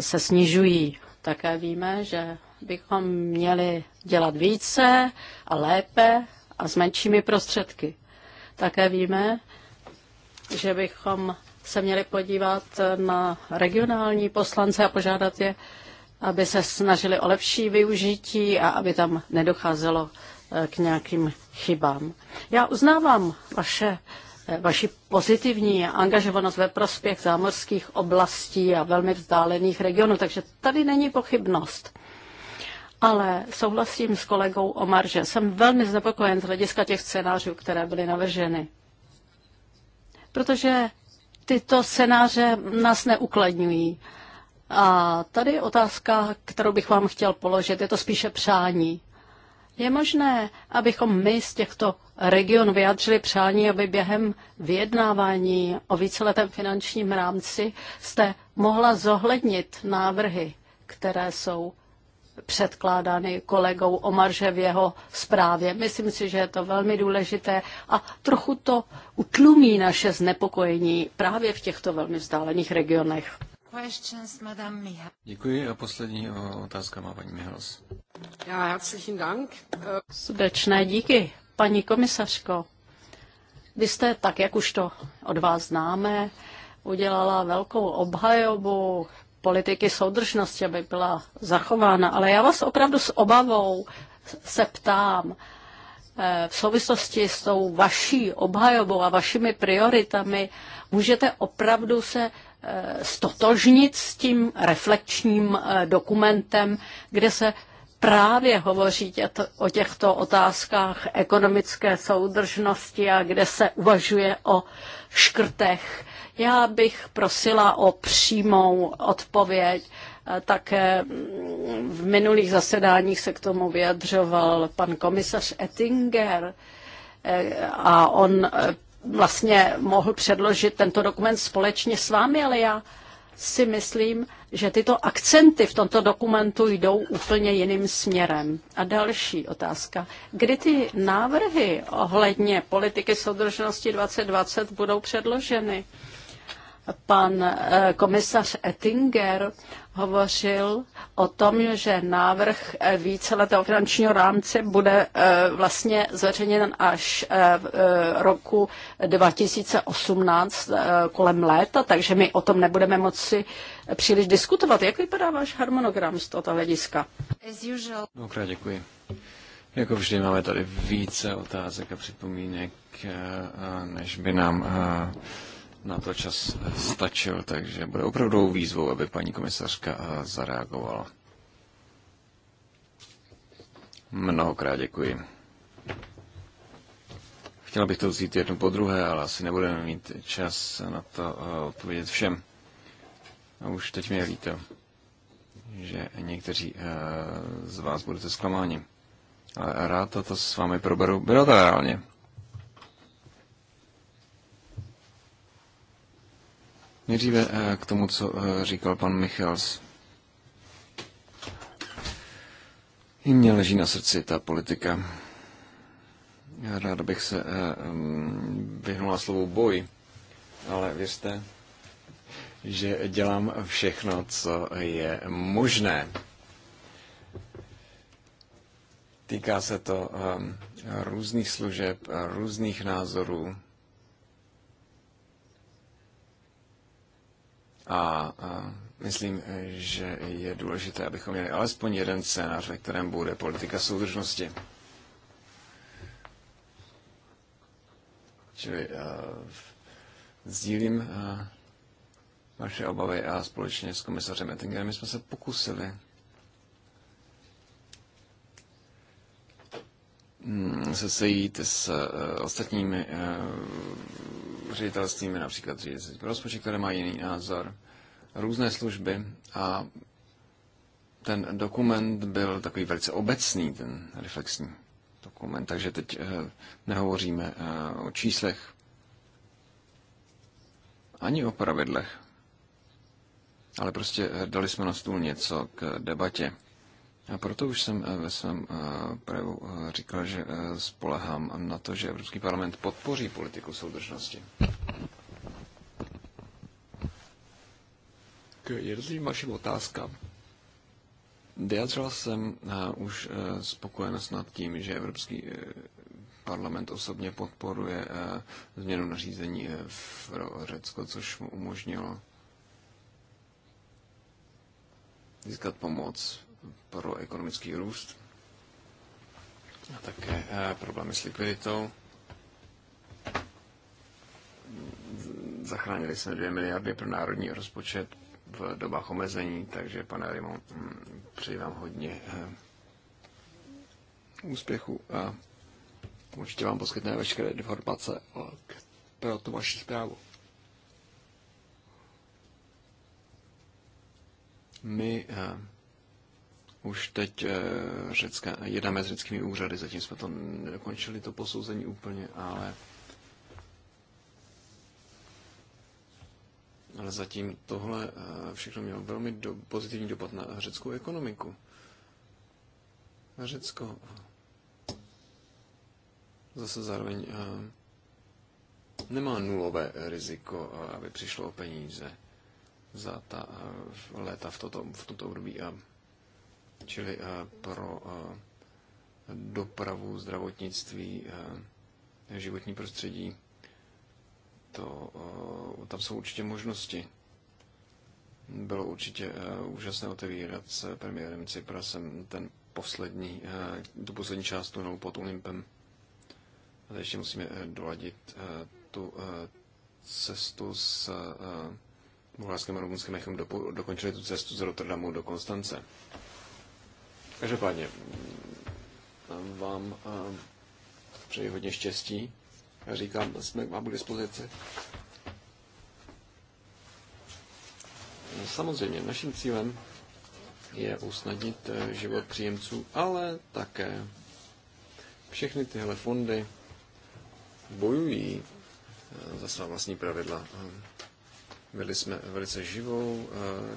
F: se snižují. Také víme, že bychom měli dělat více a lépe a s menšími prostředky. Také víme, že bychom se měli podívat na regionální poslance a požádat je, aby se snažili o lepší využití a aby tam nedocházelo eh, k nějakým chybám. Já uznávám vaše, eh, vaši pozitivní angažovanost ve prospěch zámořských oblastí a velmi vzdálených regionů, takže tady není pochybnost ale souhlasím s kolegou Omar, že Jsem velmi znepokojen z hlediska těch scénářů, které byly navrženy. Protože tyto scénáře nás neukladňují. A tady je otázka, kterou bych vám chtěl položit. Je to spíše přání. Je možné, abychom my z těchto regionů vyjádřili přání, aby během vyjednávání o víceletém finančním rámci jste mohla zohlednit návrhy, které jsou předkládány kolegou Omarže v jeho zprávě. Myslím si, že je to velmi důležité a trochu to utlumí naše znepokojení právě v těchto velmi vzdálených regionech.
B: Děkuji a poslední otázka má paní Mihals.
A: Ja, herzlichen Dank.
F: Srdečné díky, paní komisařko. Vy jste, tak jak už to od vás známe, udělala velkou obhajobu politiky soudržnosti, aby byla zachována. Ale já vás opravdu s obavou se ptám, eh, v souvislosti s tou vaší obhajobou a vašimi prioritami, můžete opravdu se eh, stotožnit s tím reflekčním eh, dokumentem, kde se právě hovoří o těchto otázkách ekonomické soudržnosti a kde se uvažuje o škrtech já bych prosila o přímou odpověď. Také v minulých zasedáních se k tomu vyjadřoval pan komisař Ettinger a on eh, vlastně mohl předložit tento dokument společně s vámi, ale já si myslím, že tyto akcenty v tomto dokumentu jdou úplně jiným směrem. A další otázka. Kdy ty návrhy ohledně politiky soudržnosti 2020 budou předloženy? Pan eh, komisař Ettinger hovořil o tom, že návrh eh, víceletého finančního rámce bude eh, vlastně zveřejněn až v roku 2018 kolem léta, takže my o tom nebudeme moci příliš diskutovat. Jak vypadá váš harmonogram z tohoto hlediska?
B: Mnohokrát děkuji. Jako vždy máme tady více otázek a připomínek, než by nám na to čas stačil, takže bude opravdu výzvou, aby paní komisařka zareagovala. Mnohokrát děkuji. Chtěla bych to vzít jednu po druhé, ale asi nebudeme mít čas na to eh, odpovědět všem. A už teď mi je líto, že někteří eh, z vás budete zklamáni. Ale rád to s vámi proberu reálně? Nejdříve eh, k tomu, co eh, říkal pan Michals. I mě leží na srdci ta politika. Já ráda bych se eh, mm, vyhnula slovu boj, ale věřte, že dělám všechno, co je možné. Týká se to různých služeb, různých názorů, A, a myslím, že je důležité, abychom měli alespoň jeden scénář, ve kterém bude politika soudržnosti. Čili uh, sdílím uh, vaše obavy a společně s komisařem Ettingerem jsme se pokusili se sejít s eh, ostatními eh, ředitelstvími, například ředitelství rozpočet, které mají jiný názor, různé služby a ten dokument byl takový velice obecný, ten reflexní dokument, takže teď eh, nehovoříme o číslech ani o pravidlech, ale prostě dali jsme na stůl něco k debatě. A proto už jsem eh, ve svém eh, projevu eh, říkal, že spolehám na to, že Evropský parlament podpoří politiku soudržnosti. K jednotlivým vašim otázkám. Vyjadřoval jsem už spokojenost nad tím, že Evropský parlament osobně podporuje změnu nařízení v Řecko, což mu umožnilo získat pomoc pro ekonomický růst a také eh, problémy s likviditou. Zachránili jsme 2 miliardy pro národní rozpočet v dobách omezení, takže pane Rimo, hm, přeji vám hodně eh, úspěchu a určitě vám poskytne veškeré informace pro tu vaši zprávu. My eh, už teď eh, řecká, jednáme s řeckými úřady, zatím jsme to nedokončili, to posouzení úplně, ale ale zatím tohle eh, všechno mělo velmi do, pozitivní dopad na řeckou ekonomiku. Na Řecko zase zároveň eh, nemá nulové riziko, aby přišlo o peníze za ta léta v, toto, v tomto období a čili eh, pro eh, dopravu, zdravotnictví, eh, životní prostředí. To, tam jsou určitě možnosti. Bylo určitě úžasné otevírat s premiérem Ciprasem ten poslední, tu poslední část tunelu pod Olympem. A ještě musíme doladit tu cestu s bulharským a rumunským, abychom dokončili tu cestu z Rotterdamu do Konstance. Každopádně mm, vám eh, přeji hodně štěstí. Říkám, jsme vám k dispozici. Samozřejmě, naším cílem je usnadnit eh, život příjemců, ale také všechny tyhle fondy bojují eh, za svá vlastní pravidla. Měli jsme velice živou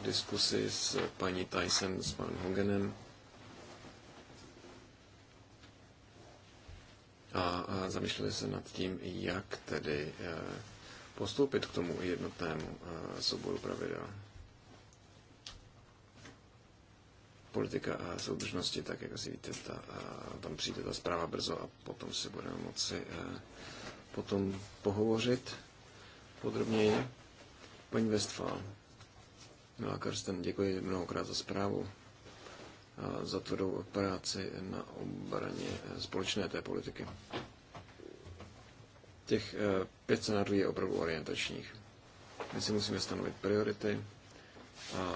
B: diskusi s paní Tyson, s panem Hogenem a zamýšleli se nad tím, jak tedy eh, postoupit k tomu jednotnému eh, souboru pravidel. Politika a eh, soudržnosti, tak jak asi víte, ta, tam přijde ta zpráva brzo a potom si budeme moci potom pohovořit podrobněji. Paní Westfál, milá Karsten, děkuji mnohokrát za zprávu za tvrdou práci na obraně eh, společné té politiky. Těch eh, pět scénářů je opravdu orientačních. My si musíme stanovit priority a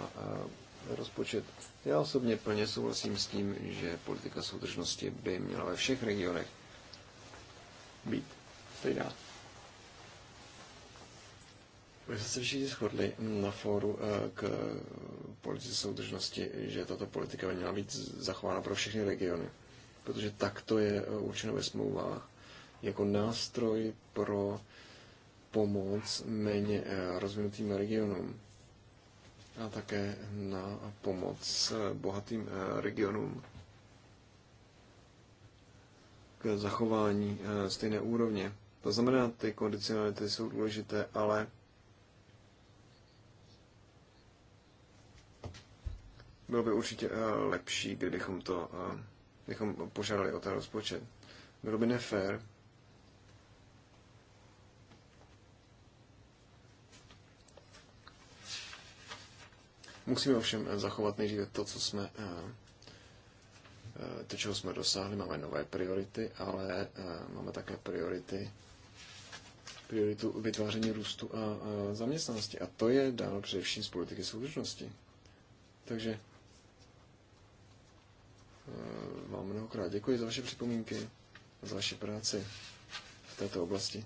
B: rozpočet. Já osobně plně souhlasím s tím, že politika soudržnosti by měla ve všech regionech být stejná. My jsme se všichni shodli na fóru eh, k politice soudržnosti, že tato politika by měla být zachována pro všechny regiony, protože tak to je eh, určeno ve smlouvách jako nástroj pro pomoc méně eh, rozvinutým regionům a také na pomoc bohatým regionům k zachování stejné úrovně. To znamená, ty kondicionality jsou důležité, ale Bylo by určitě eh, lepší, kdybychom to eh, kdybychom požádali o ten rozpočet. Bylo by nefér, Musíme ovšem zachovat nejdříve to, co jsme, eh, to, čeho jsme dosáhli. Máme nové priority, ale máme také priority, prioritu vytváření růstu a zaměstnanosti. A to je dál především z politiky soudržnosti. Takže Eh, vám mnohokrát děkuji za vaše připomínky, za vaše práci v této oblasti.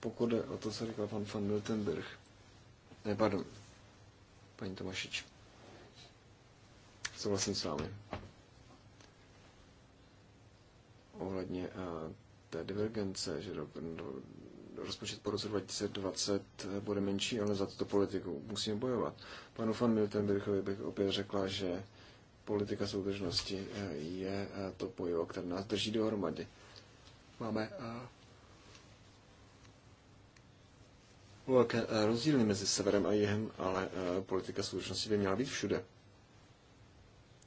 B: Pokud je o to, co říkal pan van Miltenberg, ne, pardon, paní Tomašič, souhlasím s vámi. Ohledně a, eh, té divergence, že do, do, rozpočet po roce 2020 eh, bude menší, ale za tuto politiku musíme bojovat. Panu van Miltenbergovi bych opět řekla, že politika soudržnosti eh, je eh, to pojivo, které nás drží dohromady. Máme eh, velké rozdíly mezi severem a jihem, ale politika soudržnosti by měla být všude.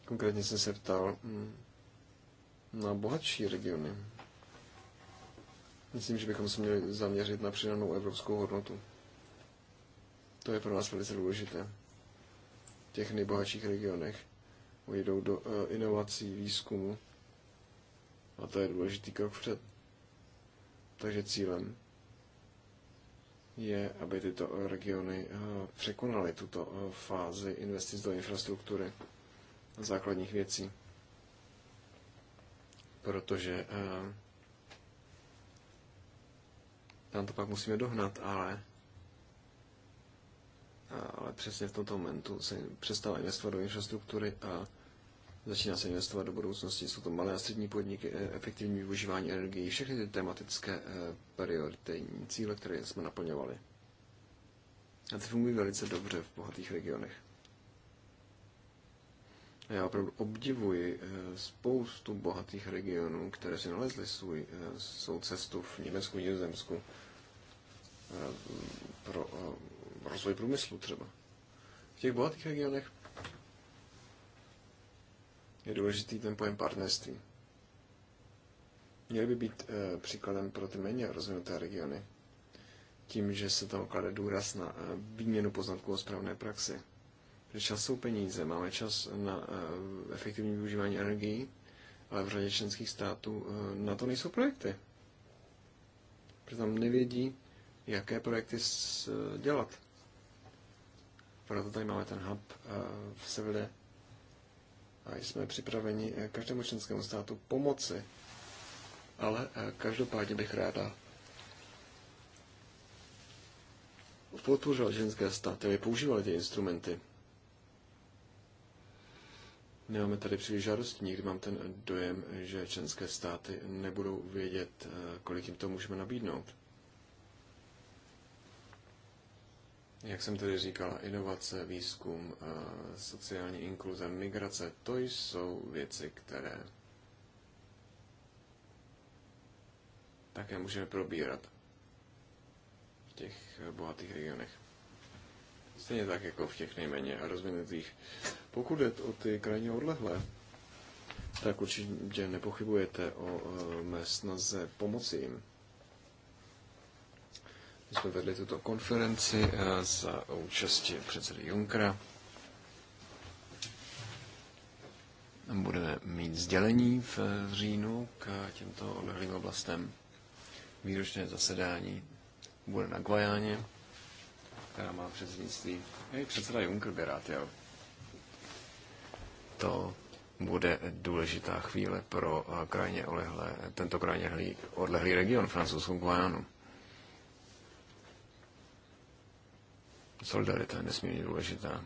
B: Konkrétně jsem se ptal hm, na bohatší regiony. Myslím, že bychom se měli zaměřit na přidanou evropskou hodnotu. To je pro nás velice důležité. V těch nejbohatších regionech jdou do eh, inovací, výzkumu. A to je důležitý krok před. Takže cílem je, aby tyto regiony eh, překonaly tuto eh, fázi investic do infrastruktury a základních věcí. Protože tam to pak musíme dohnat, ale ale přesně v tomto momentu se přestává investovat do infrastruktury a začíná se investovat do budoucnosti. Jsou to malé a střední podniky, e, efektivní využívání energie, všechny ty tematické e, prioritní cíle, které jsme naplňovali. A ty fungují velice dobře v bohatých regionech. A já opravdu obdivuji e, spoustu bohatých regionů, které si nalezly svůj, svou cestu v Německu, Nizozemsku pro rozvoj průmyslu třeba. V těch bohatých regionech je důležitý ten pojem partnerství. Měly by být e, příkladem pro ty méně rozvinuté regiony, tím, že se tam klade důraz na e, výměnu poznatků o správné praxi. Že čas jsou peníze, máme čas na e, efektivní využívání energií, ale v řadě členských států e, na to nejsou projekty. Protože tam nevědí, jaké projekty s, dělat. Proto tady máme ten hub eh, v Seville a jsme připraveni eh, každému členskému státu pomoci. Ale eh, každopádně bych ráda podpořil ženské státy, aby používali ty instrumenty. Nemáme tady příliš žádosti, nikdy mám ten dojem, že členské státy nebudou vědět, kolik jim to můžeme nabídnout. Jak jsem tedy říkal, inovace, výzkum, eh, sociální inkluze, migrace, to jsou věci, které také můžeme probírat v těch bohatých regionech. Stejně tak jako v těch nejméně rozvinutých. Pokud jde o ty krajně odlehlé, tak určitě nepochybujete o eh, mé snaze pomoci jim. My jsme vedli tuto konferenci eh, za účasti předsedy Junkra. Budeme mít sdělení eh, v říjnu k těmto odlehlým oblastem. Výročné zasedání bude na Guajáně, která má předsednictví. I předseda Juncker by rád jel. To bude důležitá chvíle pro eh, krajně olehlé, tento krajně odlehlý region francouzskou Guajánu. solidarita je nesmírně důležitá.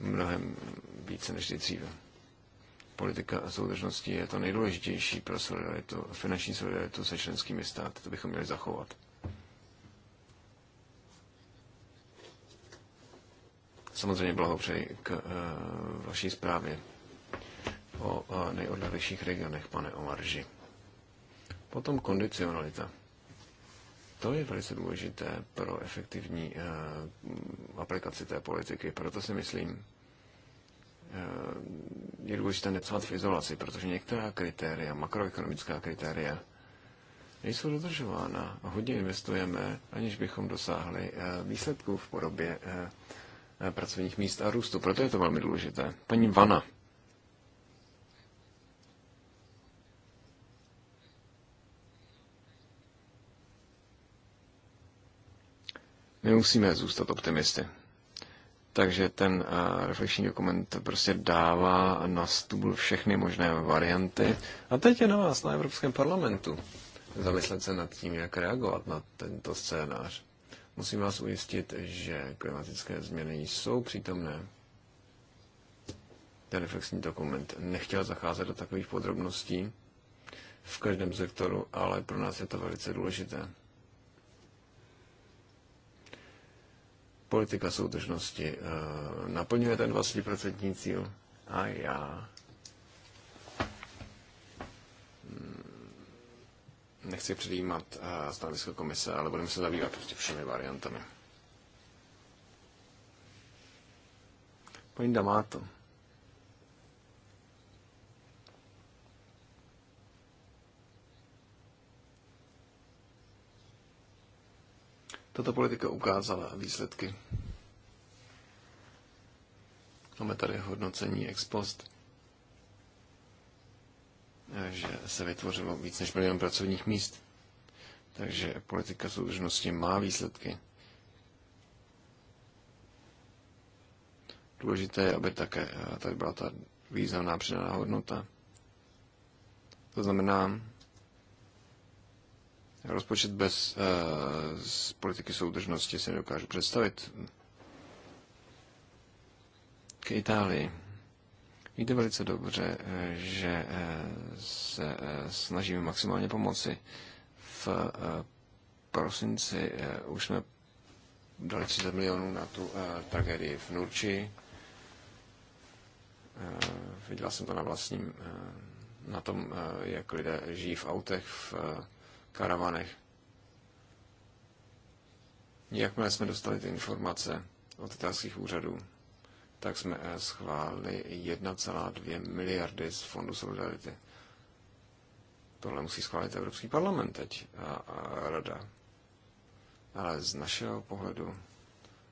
B: Mnohem více než dříve. Politika soudržnosti je to nejdůležitější pro solidaritu, finanční solidaritu se členskými státy. To bychom měli zachovat. Samozřejmě blahopřeji k uh, vaší zprávě o uh, nejodlehlejších regionech, pane Omarži. Potom kondicionalita. To je velice důležité pro efektivní eh, aplikaci té politiky. Proto si myslím, eh, je důležité nepsat v izolaci, protože některá kritéria, makroekonomická kritéria, nejsou dodržována. Hodně investujeme, aniž bychom dosáhli eh, výsledků v podobě pracovních míst a růstu. Proto je to velmi důležité. Paní Vana. My musíme zůstat optimisty. Takže ten eh, reflexní dokument prostě dává na stůl všechny možné varianty. A teď je na vás, na Evropském parlamentu, zamyslet se nad tím, jak reagovat na tento scénář. Musím vás ujistit, že klimatické změny jsou přítomné. Ten reflexní dokument nechtěl zacházet do takových podrobností v každém sektoru, ale pro nás je to velice důležité. politika soudržnosti eh, naplňuje ten 20% cíl? A já hmm, nechci předjímat eh, stanovisko komise, ale budeme se zabývat prostě všemi variantami. Paní to. Tato politika ukázala výsledky. Máme tady hodnocení ex post, že se vytvořilo víc než milion pracovních míst. Takže politika soudržnosti má výsledky. Důležité je, aby také eh, tady byla ta významná přidaná hodnota. To znamená, Rozpočet bez eh, z politiky soudržnosti se nedokážu představit. K Itálii. Víte velice dobře, eh, že eh, se snažíme maximálně pomoci. V prosinci už jsme dali 30 milionů na tu tragédii v Nurči. Viděl jsem to na vlastním, na tom, jak lidé žijí v autech, v karavanech. Jakmile jsme dostali ty informace od italských úřadů, tak jsme eh, schválili 1,2 miliardy z Fondu Solidarity. Tohle musí schválit Evropský parlament teď a, a rada. Ale z našeho pohledu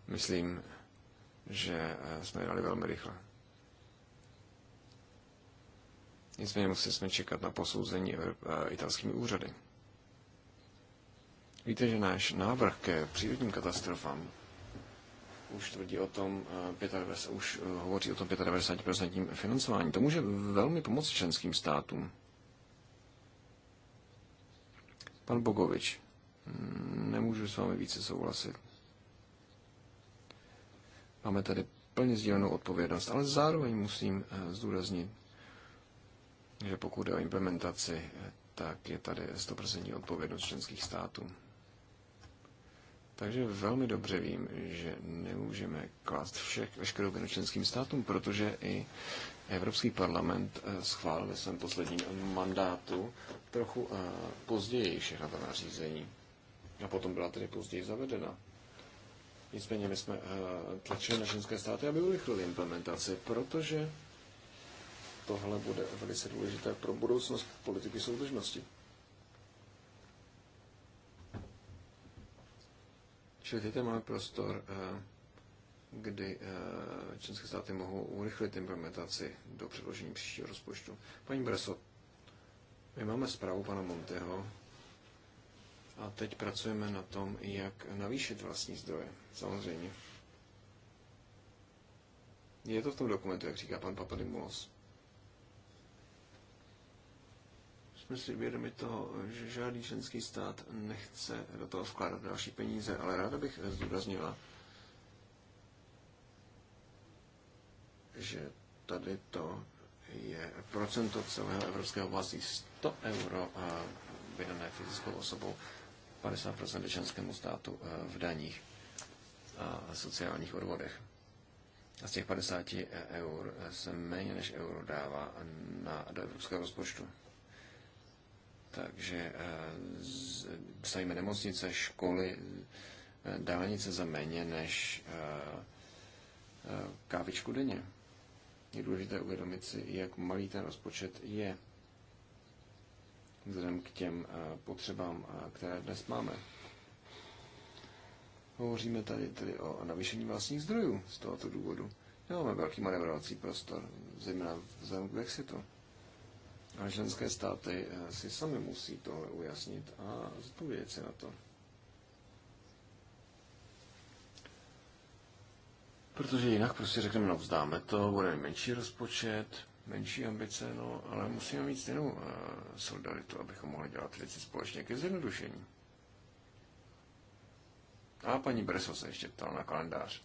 B: myslím, že eh, jsme jeli velmi rychle. Nicméně museli jsme čekat na posouzení eh, italskými úřady. Víte, že náš návrh ke přírodním katastrofám už tvrdí o tom, 95, eh, už eh, hovoří o tom 95% financování. To může velmi pomoci členským státům. Pan Bogovič, mm, nemůžu s vámi více souhlasit. Máme tady plně sdílenou odpovědnost, ale zároveň musím eh, zdůraznit, že pokud je o implementaci, tak je tady 100% odpovědnost členských států. Takže velmi dobře vím, že nemůžeme klást všech, veškerou vinu členským státům, protože i Evropský parlament eh, schválil ve svém posledním mandátu trochu eh, později všechna ta nařízení. A potom byla tedy později zavedena. Nicméně my jsme eh, tlačili na členské státy, aby urychlili implementaci, protože tohle bude velice důležité pro budoucnost politiky soudržnosti. Čili teď máme prostor, eh, kdy eh, členské státy mohou urychlit implementaci do předložení příštího rozpočtu. Paní Breso, my máme zprávu pana Monteho a teď pracujeme na tom, jak navýšit vlastní zdroje, samozřejmě. Je to v tom dokumentu, jak říká pan Papadimulos. jsme si vědomi toho, že žádný členský stát nechce do toho vkládat další peníze, ale ráda bych zdůraznila, že tady to je procento celého evropského vlastní 100 euro a vydané fyzickou osobou, 50% členskému státu e, v daních a sociálních odvodech. A z těch 50 e, eur se méně než euro dává na, do evropského rozpočtu. Takže eh, stavíme nemocnice, školy, eh, dálnice za méně než eh, kávičku denně. Je důležité uvědomit si, jak malý ten rozpočet je vzhledem k těm potřebám, které dnes máme. Hovoříme tady tedy o navýšení vlastních zdrojů z tohoto důvodu. Máme velký manevrovací prostor, zejména vzhledem k Brexitu. A ženské státy eh, si sami musí tohle ujasnit a zodpovědět si na to. Protože jinak prostě řekneme, no vzdáme to, bude menší rozpočet, menší ambice, no, ale musíme mít stejnou uh, solidaritu, abychom mohli dělat věci společně ke zjednodušení. A paní Breso se ještě ptala na kalendář.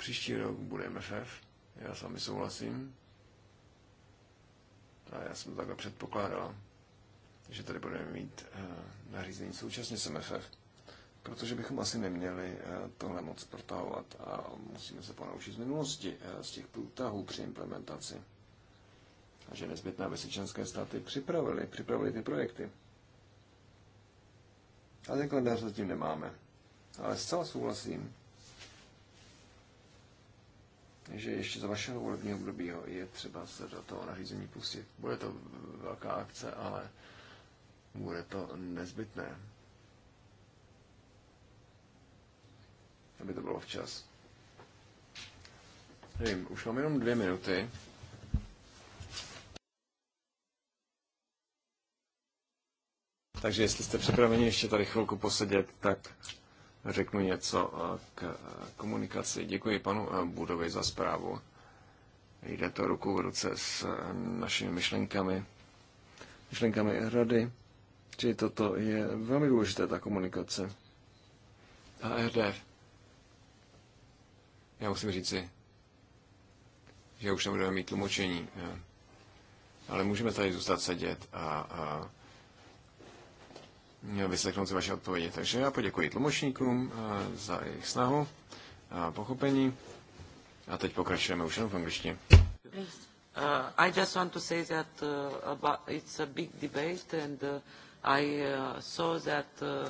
B: příští rok bude MFF, já sami souhlasím. A já jsem takhle předpokládal, že tady budeme mít uh, nařízení současně s MFF, protože bychom asi neměli uh, tohle moc protahovat a musíme se ponaučit z minulosti, uh, z těch průtahů při implementaci. A že nezbytná, aby se členské státy připravili, připravili ty projekty. A ten kalendář zatím nemáme. Ale zcela souhlasím, že ještě za vašeho volebního období je třeba se do toho nařízení pustit. Bude to velká akce, ale bude to nezbytné, aby to bylo včas. Nevím, už mám jenom dvě minuty. Takže jestli jste připraveni ještě tady chvilku posedět, tak řeknu něco eh, k eh, komunikaci. Děkuji panu eh, Budovi za zprávu. Jde to ruku v ruce s našimi myšlenkami, myšlenkami e rady. Čili toto je velmi důležité, ta komunikace. A e RDF. Já musím říci, že už nebudeme mít tlumočení. Ale můžeme tady zůstat sedět a, a vyslechnout si vaše odpovědi. Takže já poděkuji tlumočníkům eh, za jejich snahu a pochopení. A teď pokračujeme už jenom v angličtině.
G: Uh, I just want to say that uh, about it's a big debate and uh, I uh, saw that uh,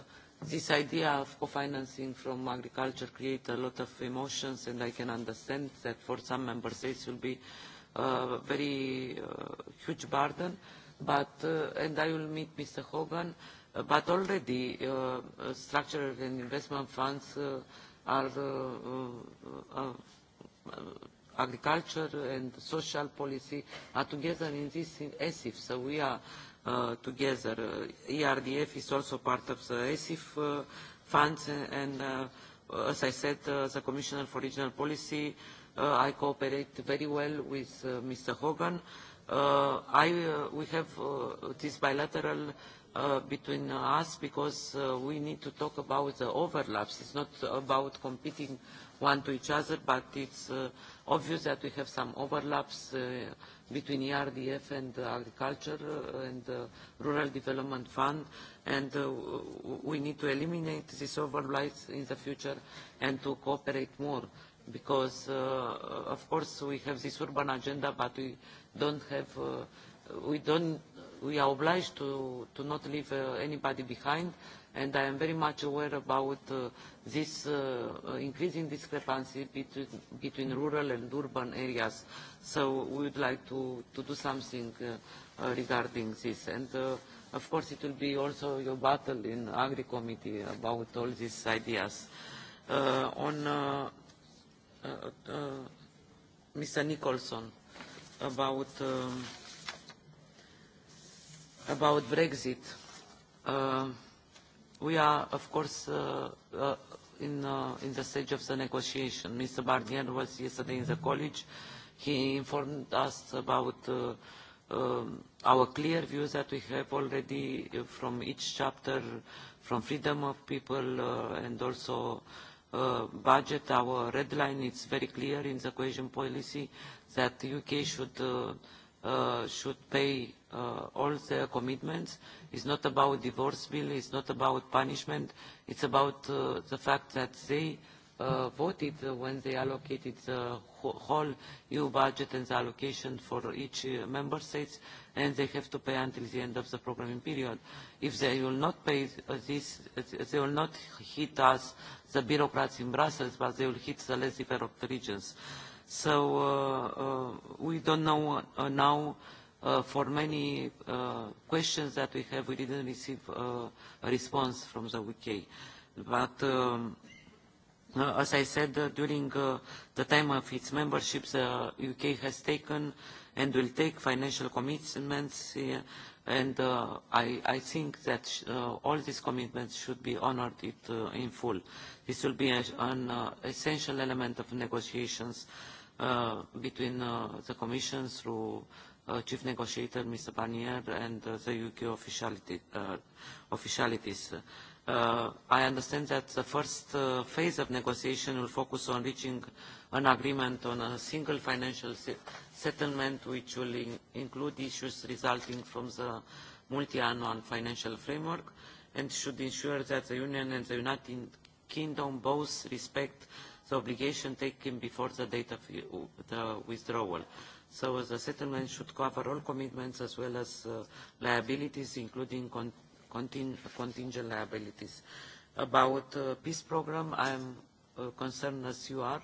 G: this idea of co-financing from agriculture creates a lot of emotions and I can understand that for some member states will be a uh, very uh, huge burden. But, uh, and I will meet Mr. Hogan. Uh, but already uh, structural and investment funds uh, are uh, agriculture and social policy are together in this ESIF. So we are uh, together. Uh, e ERDF is also part of the ESIF uh, funds and uh, as I said, uh, the Commissioner for Regional Policy, uh, I cooperate very well with uh, Mr. Hogan. Uh, I, uh, we have uh, this bilateral Uh, between us because uh, we need to talk about the overlaps. It's not about competing one to each other, but it's uh, obvious that we have some overlaps uh, between ERDF and uh, agriculture and uh, rural development fund, and uh, we need to eliminate these overlaps in the future and to cooperate more because, uh, of course, we have this urban agenda, but we don't have, uh, we don't we are obliged to, to not leave uh, anybody behind, and I am very much aware about uh, this uh, uh, increasing discrepancy between, between rural and urban areas. So we would like to, to do something uh, uh, regarding this. And uh, of course it will be also your battle in Agri Committee about all these ideas. Uh, on uh, uh, uh, Mr. Nicholson about um, about Brexit. Uh, we are, of course, uh, uh, in, uh, in the stage of the negotiation. Mr. Barnier was yesterday in the college. He informed us about uh, um, our clear views that we have already uh, from each chapter, from freedom of people uh, and also uh, budget. Our red line, it's very clear in the cohesion policy that the UK should uh, uh, should pay uh, all their commitments. It's not about divorce bill, it's not about punishment, it's about uh, the fact that they uh, voted when they allocated the whole EU budget and the allocation for each uh, member states, and they have to pay until the end of the programming period. If they will not pay uh, this, uh, they will not hit us, the bureaucrats in Brussels, but they will hit the less developed regions. Uh, So uh, uh, we don't know uh, now uh, for many uh, questions that we have, we didn't receive uh, a response from the UK. But um, uh, as I said, uh, during uh, the time of its membership, the UK has taken and will take financial commitments uh, and uh, I, I think that uh, all these commitments should be honored it, uh, in full. This will be a, an uh, essential element of negotiations uh, Uh, between uh, the Commission through uh, Chief Negotiator Mr. Barnier and uh, the UK officiality, uh, officialities. Uh, I understand that the first uh, phase of negotiation will focus on reaching an agreement on a single financial se settlement which will in include issues resulting from the multi-annual financial framework and should ensure that the Union and the United Kingdom both respect uh, the obligation taken before the date of the withdrawal. So the settlement should cover all commitments as well as uh, liabilities, including con conting contingent liabilities. About uh, peace program, I am uh, concerned as you are.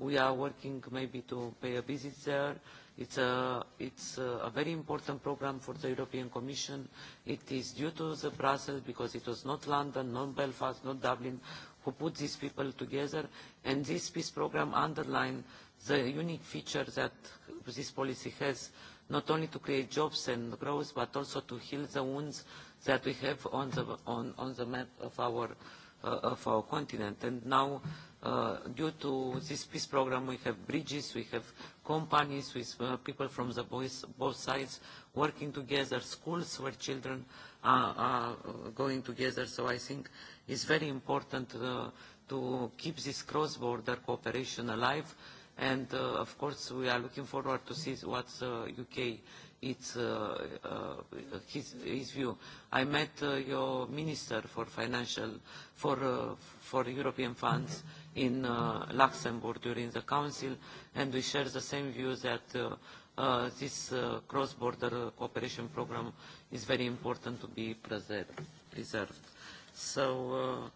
G: We are working maybe to pay a visit there. It's a, it's a very important program for the European Commission. It is due to the Brussels because it was not London, not Belfast, not Dublin who put these people together. And this peace program underlined the unique feature that this policy has, not only to create jobs and growth, but also to heal the wounds that we have on the, on, on the map of our, uh, of our continent. And now, uh, due to this peace program, we have bridges, we have companies with uh, people from the boys, both sides working together, schools where children are, are going together. So I think it's very important uh, to keep this cross-border cooperation alive. And uh, of course, we are looking forward to see what uh, UK its uh, uh, his, his view. I met uh, your minister for financial for uh, for European funds in uh, Luxembourg during the council, and we share the same view that. Uh, uh, this uh, cross-border cooperation program is very important to be preserved. So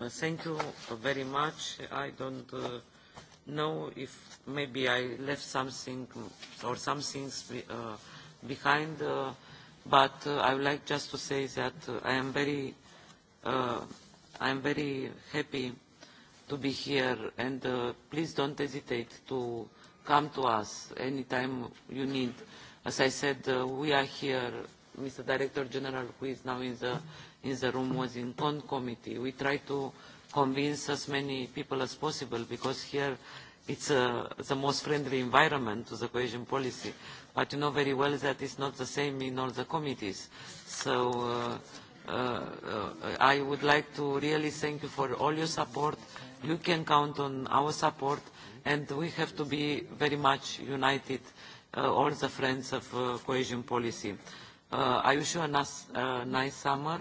G: uh, thank you very much. I don't uh, know if maybe I left something or some things uh, behind, uh, but uh, I would like just to say that uh, I am very, uh, I am very happy to be here, and uh, please don't hesitate to come to us anytime you need. As I said, uh, we are here. Mr. Director General, who is now in the, in the room, was in CON committee. We try to convince as many people as possible because here it's uh, the most friendly environment to the cohesion policy. But you know very well that it's not the same in all the committees. So uh, uh, uh, I would like to really thank you for all your support. You can count on our support and we have to be very much united, uh, all the friends of uh, cohesion policy. Uh, I wish you a nice, uh, nice summer,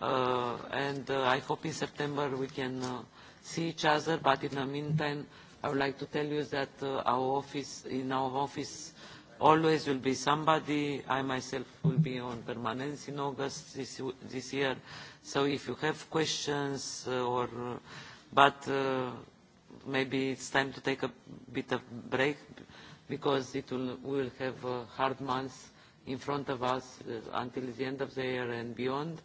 G: uh, and uh, I hope in September we can uh, see each other, but in the meantime, I would like to tell you that uh, our office, in our office, always will be somebody. I myself will be on permanence in August this, this year. So if you have questions uh, or, uh, but uh, maybe it's time to take a bit of break because it will, we will have uh, hard months in front of us uh, until the end of the year and beyond.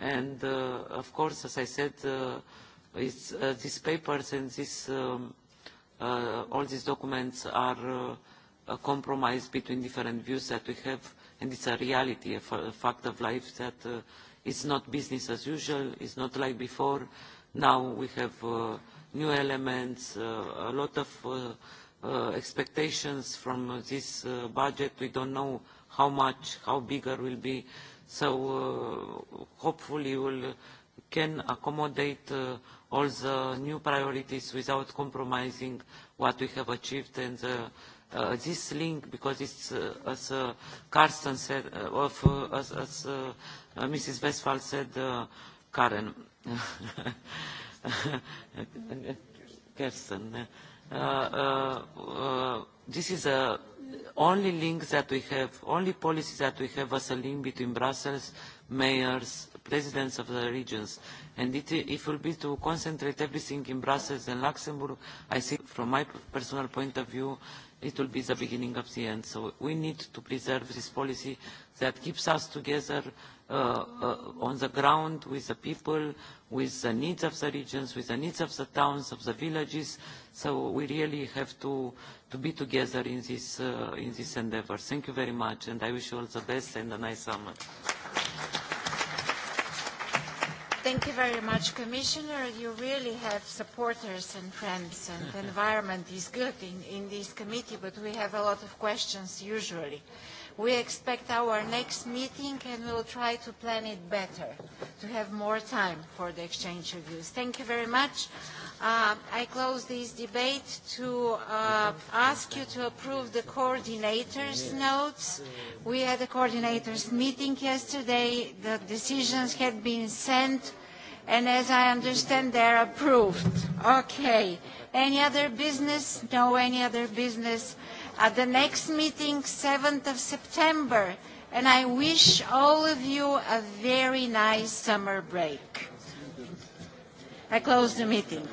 G: And uh, of course, as I said, uh, it's, uh, these papers and this, um, uh, all these documents are uh, a compromise between different views that we have, and it's a reality, a, f a fact of life that uh, it's not business as usual, it's not like before. Now we have uh, new elements, uh, a lot of uh, uh, expectations from this uh, budget. We don't know how much, how bigger will be. So uh, hopefully we'll uh, can accommodate uh, all the new priorities without compromising what we have achieved and uh, uh, this link, because it's, uh, as uh, Carsten said, uh, of, uh, as, as uh, Mrs. Westphal said, uh, Karen. Kirsten. Uh, uh, uh, this is the only link that we have, only policy that we have as a link between Brussels, mayors, presidents of the regions. And it, if it will be to concentrate everything in Brussels and Luxembourg, I think from my personal point of view, it will be the beginning of the end. So we need to preserve this policy that keeps us together Uh, uh, on the ground with the people, with the needs of the regions, with the needs of the towns, of the villages. So we really have to, to be together in this, uh, in this endeavor. Thank you very much, and I wish you all the best and a nice summer.
A: Thank you very much, Commissioner. You really have supporters and friends, and the environment is good in, in this committee, but we have a lot of questions usually. We expect our next meeting and we'll try to plan it better, to have more time for the exchange of views. Thank you very much. Uh, I close this debate to uh, ask you to approve the coordinators' notes. We had a coordinators' meeting yesterday. The decisions had been sent, and as I understand, they're approved. Okay. Any other business? No, any other business? at the next meeting, 7th of September. And I wish all of you a very nice summer break. I close the meeting.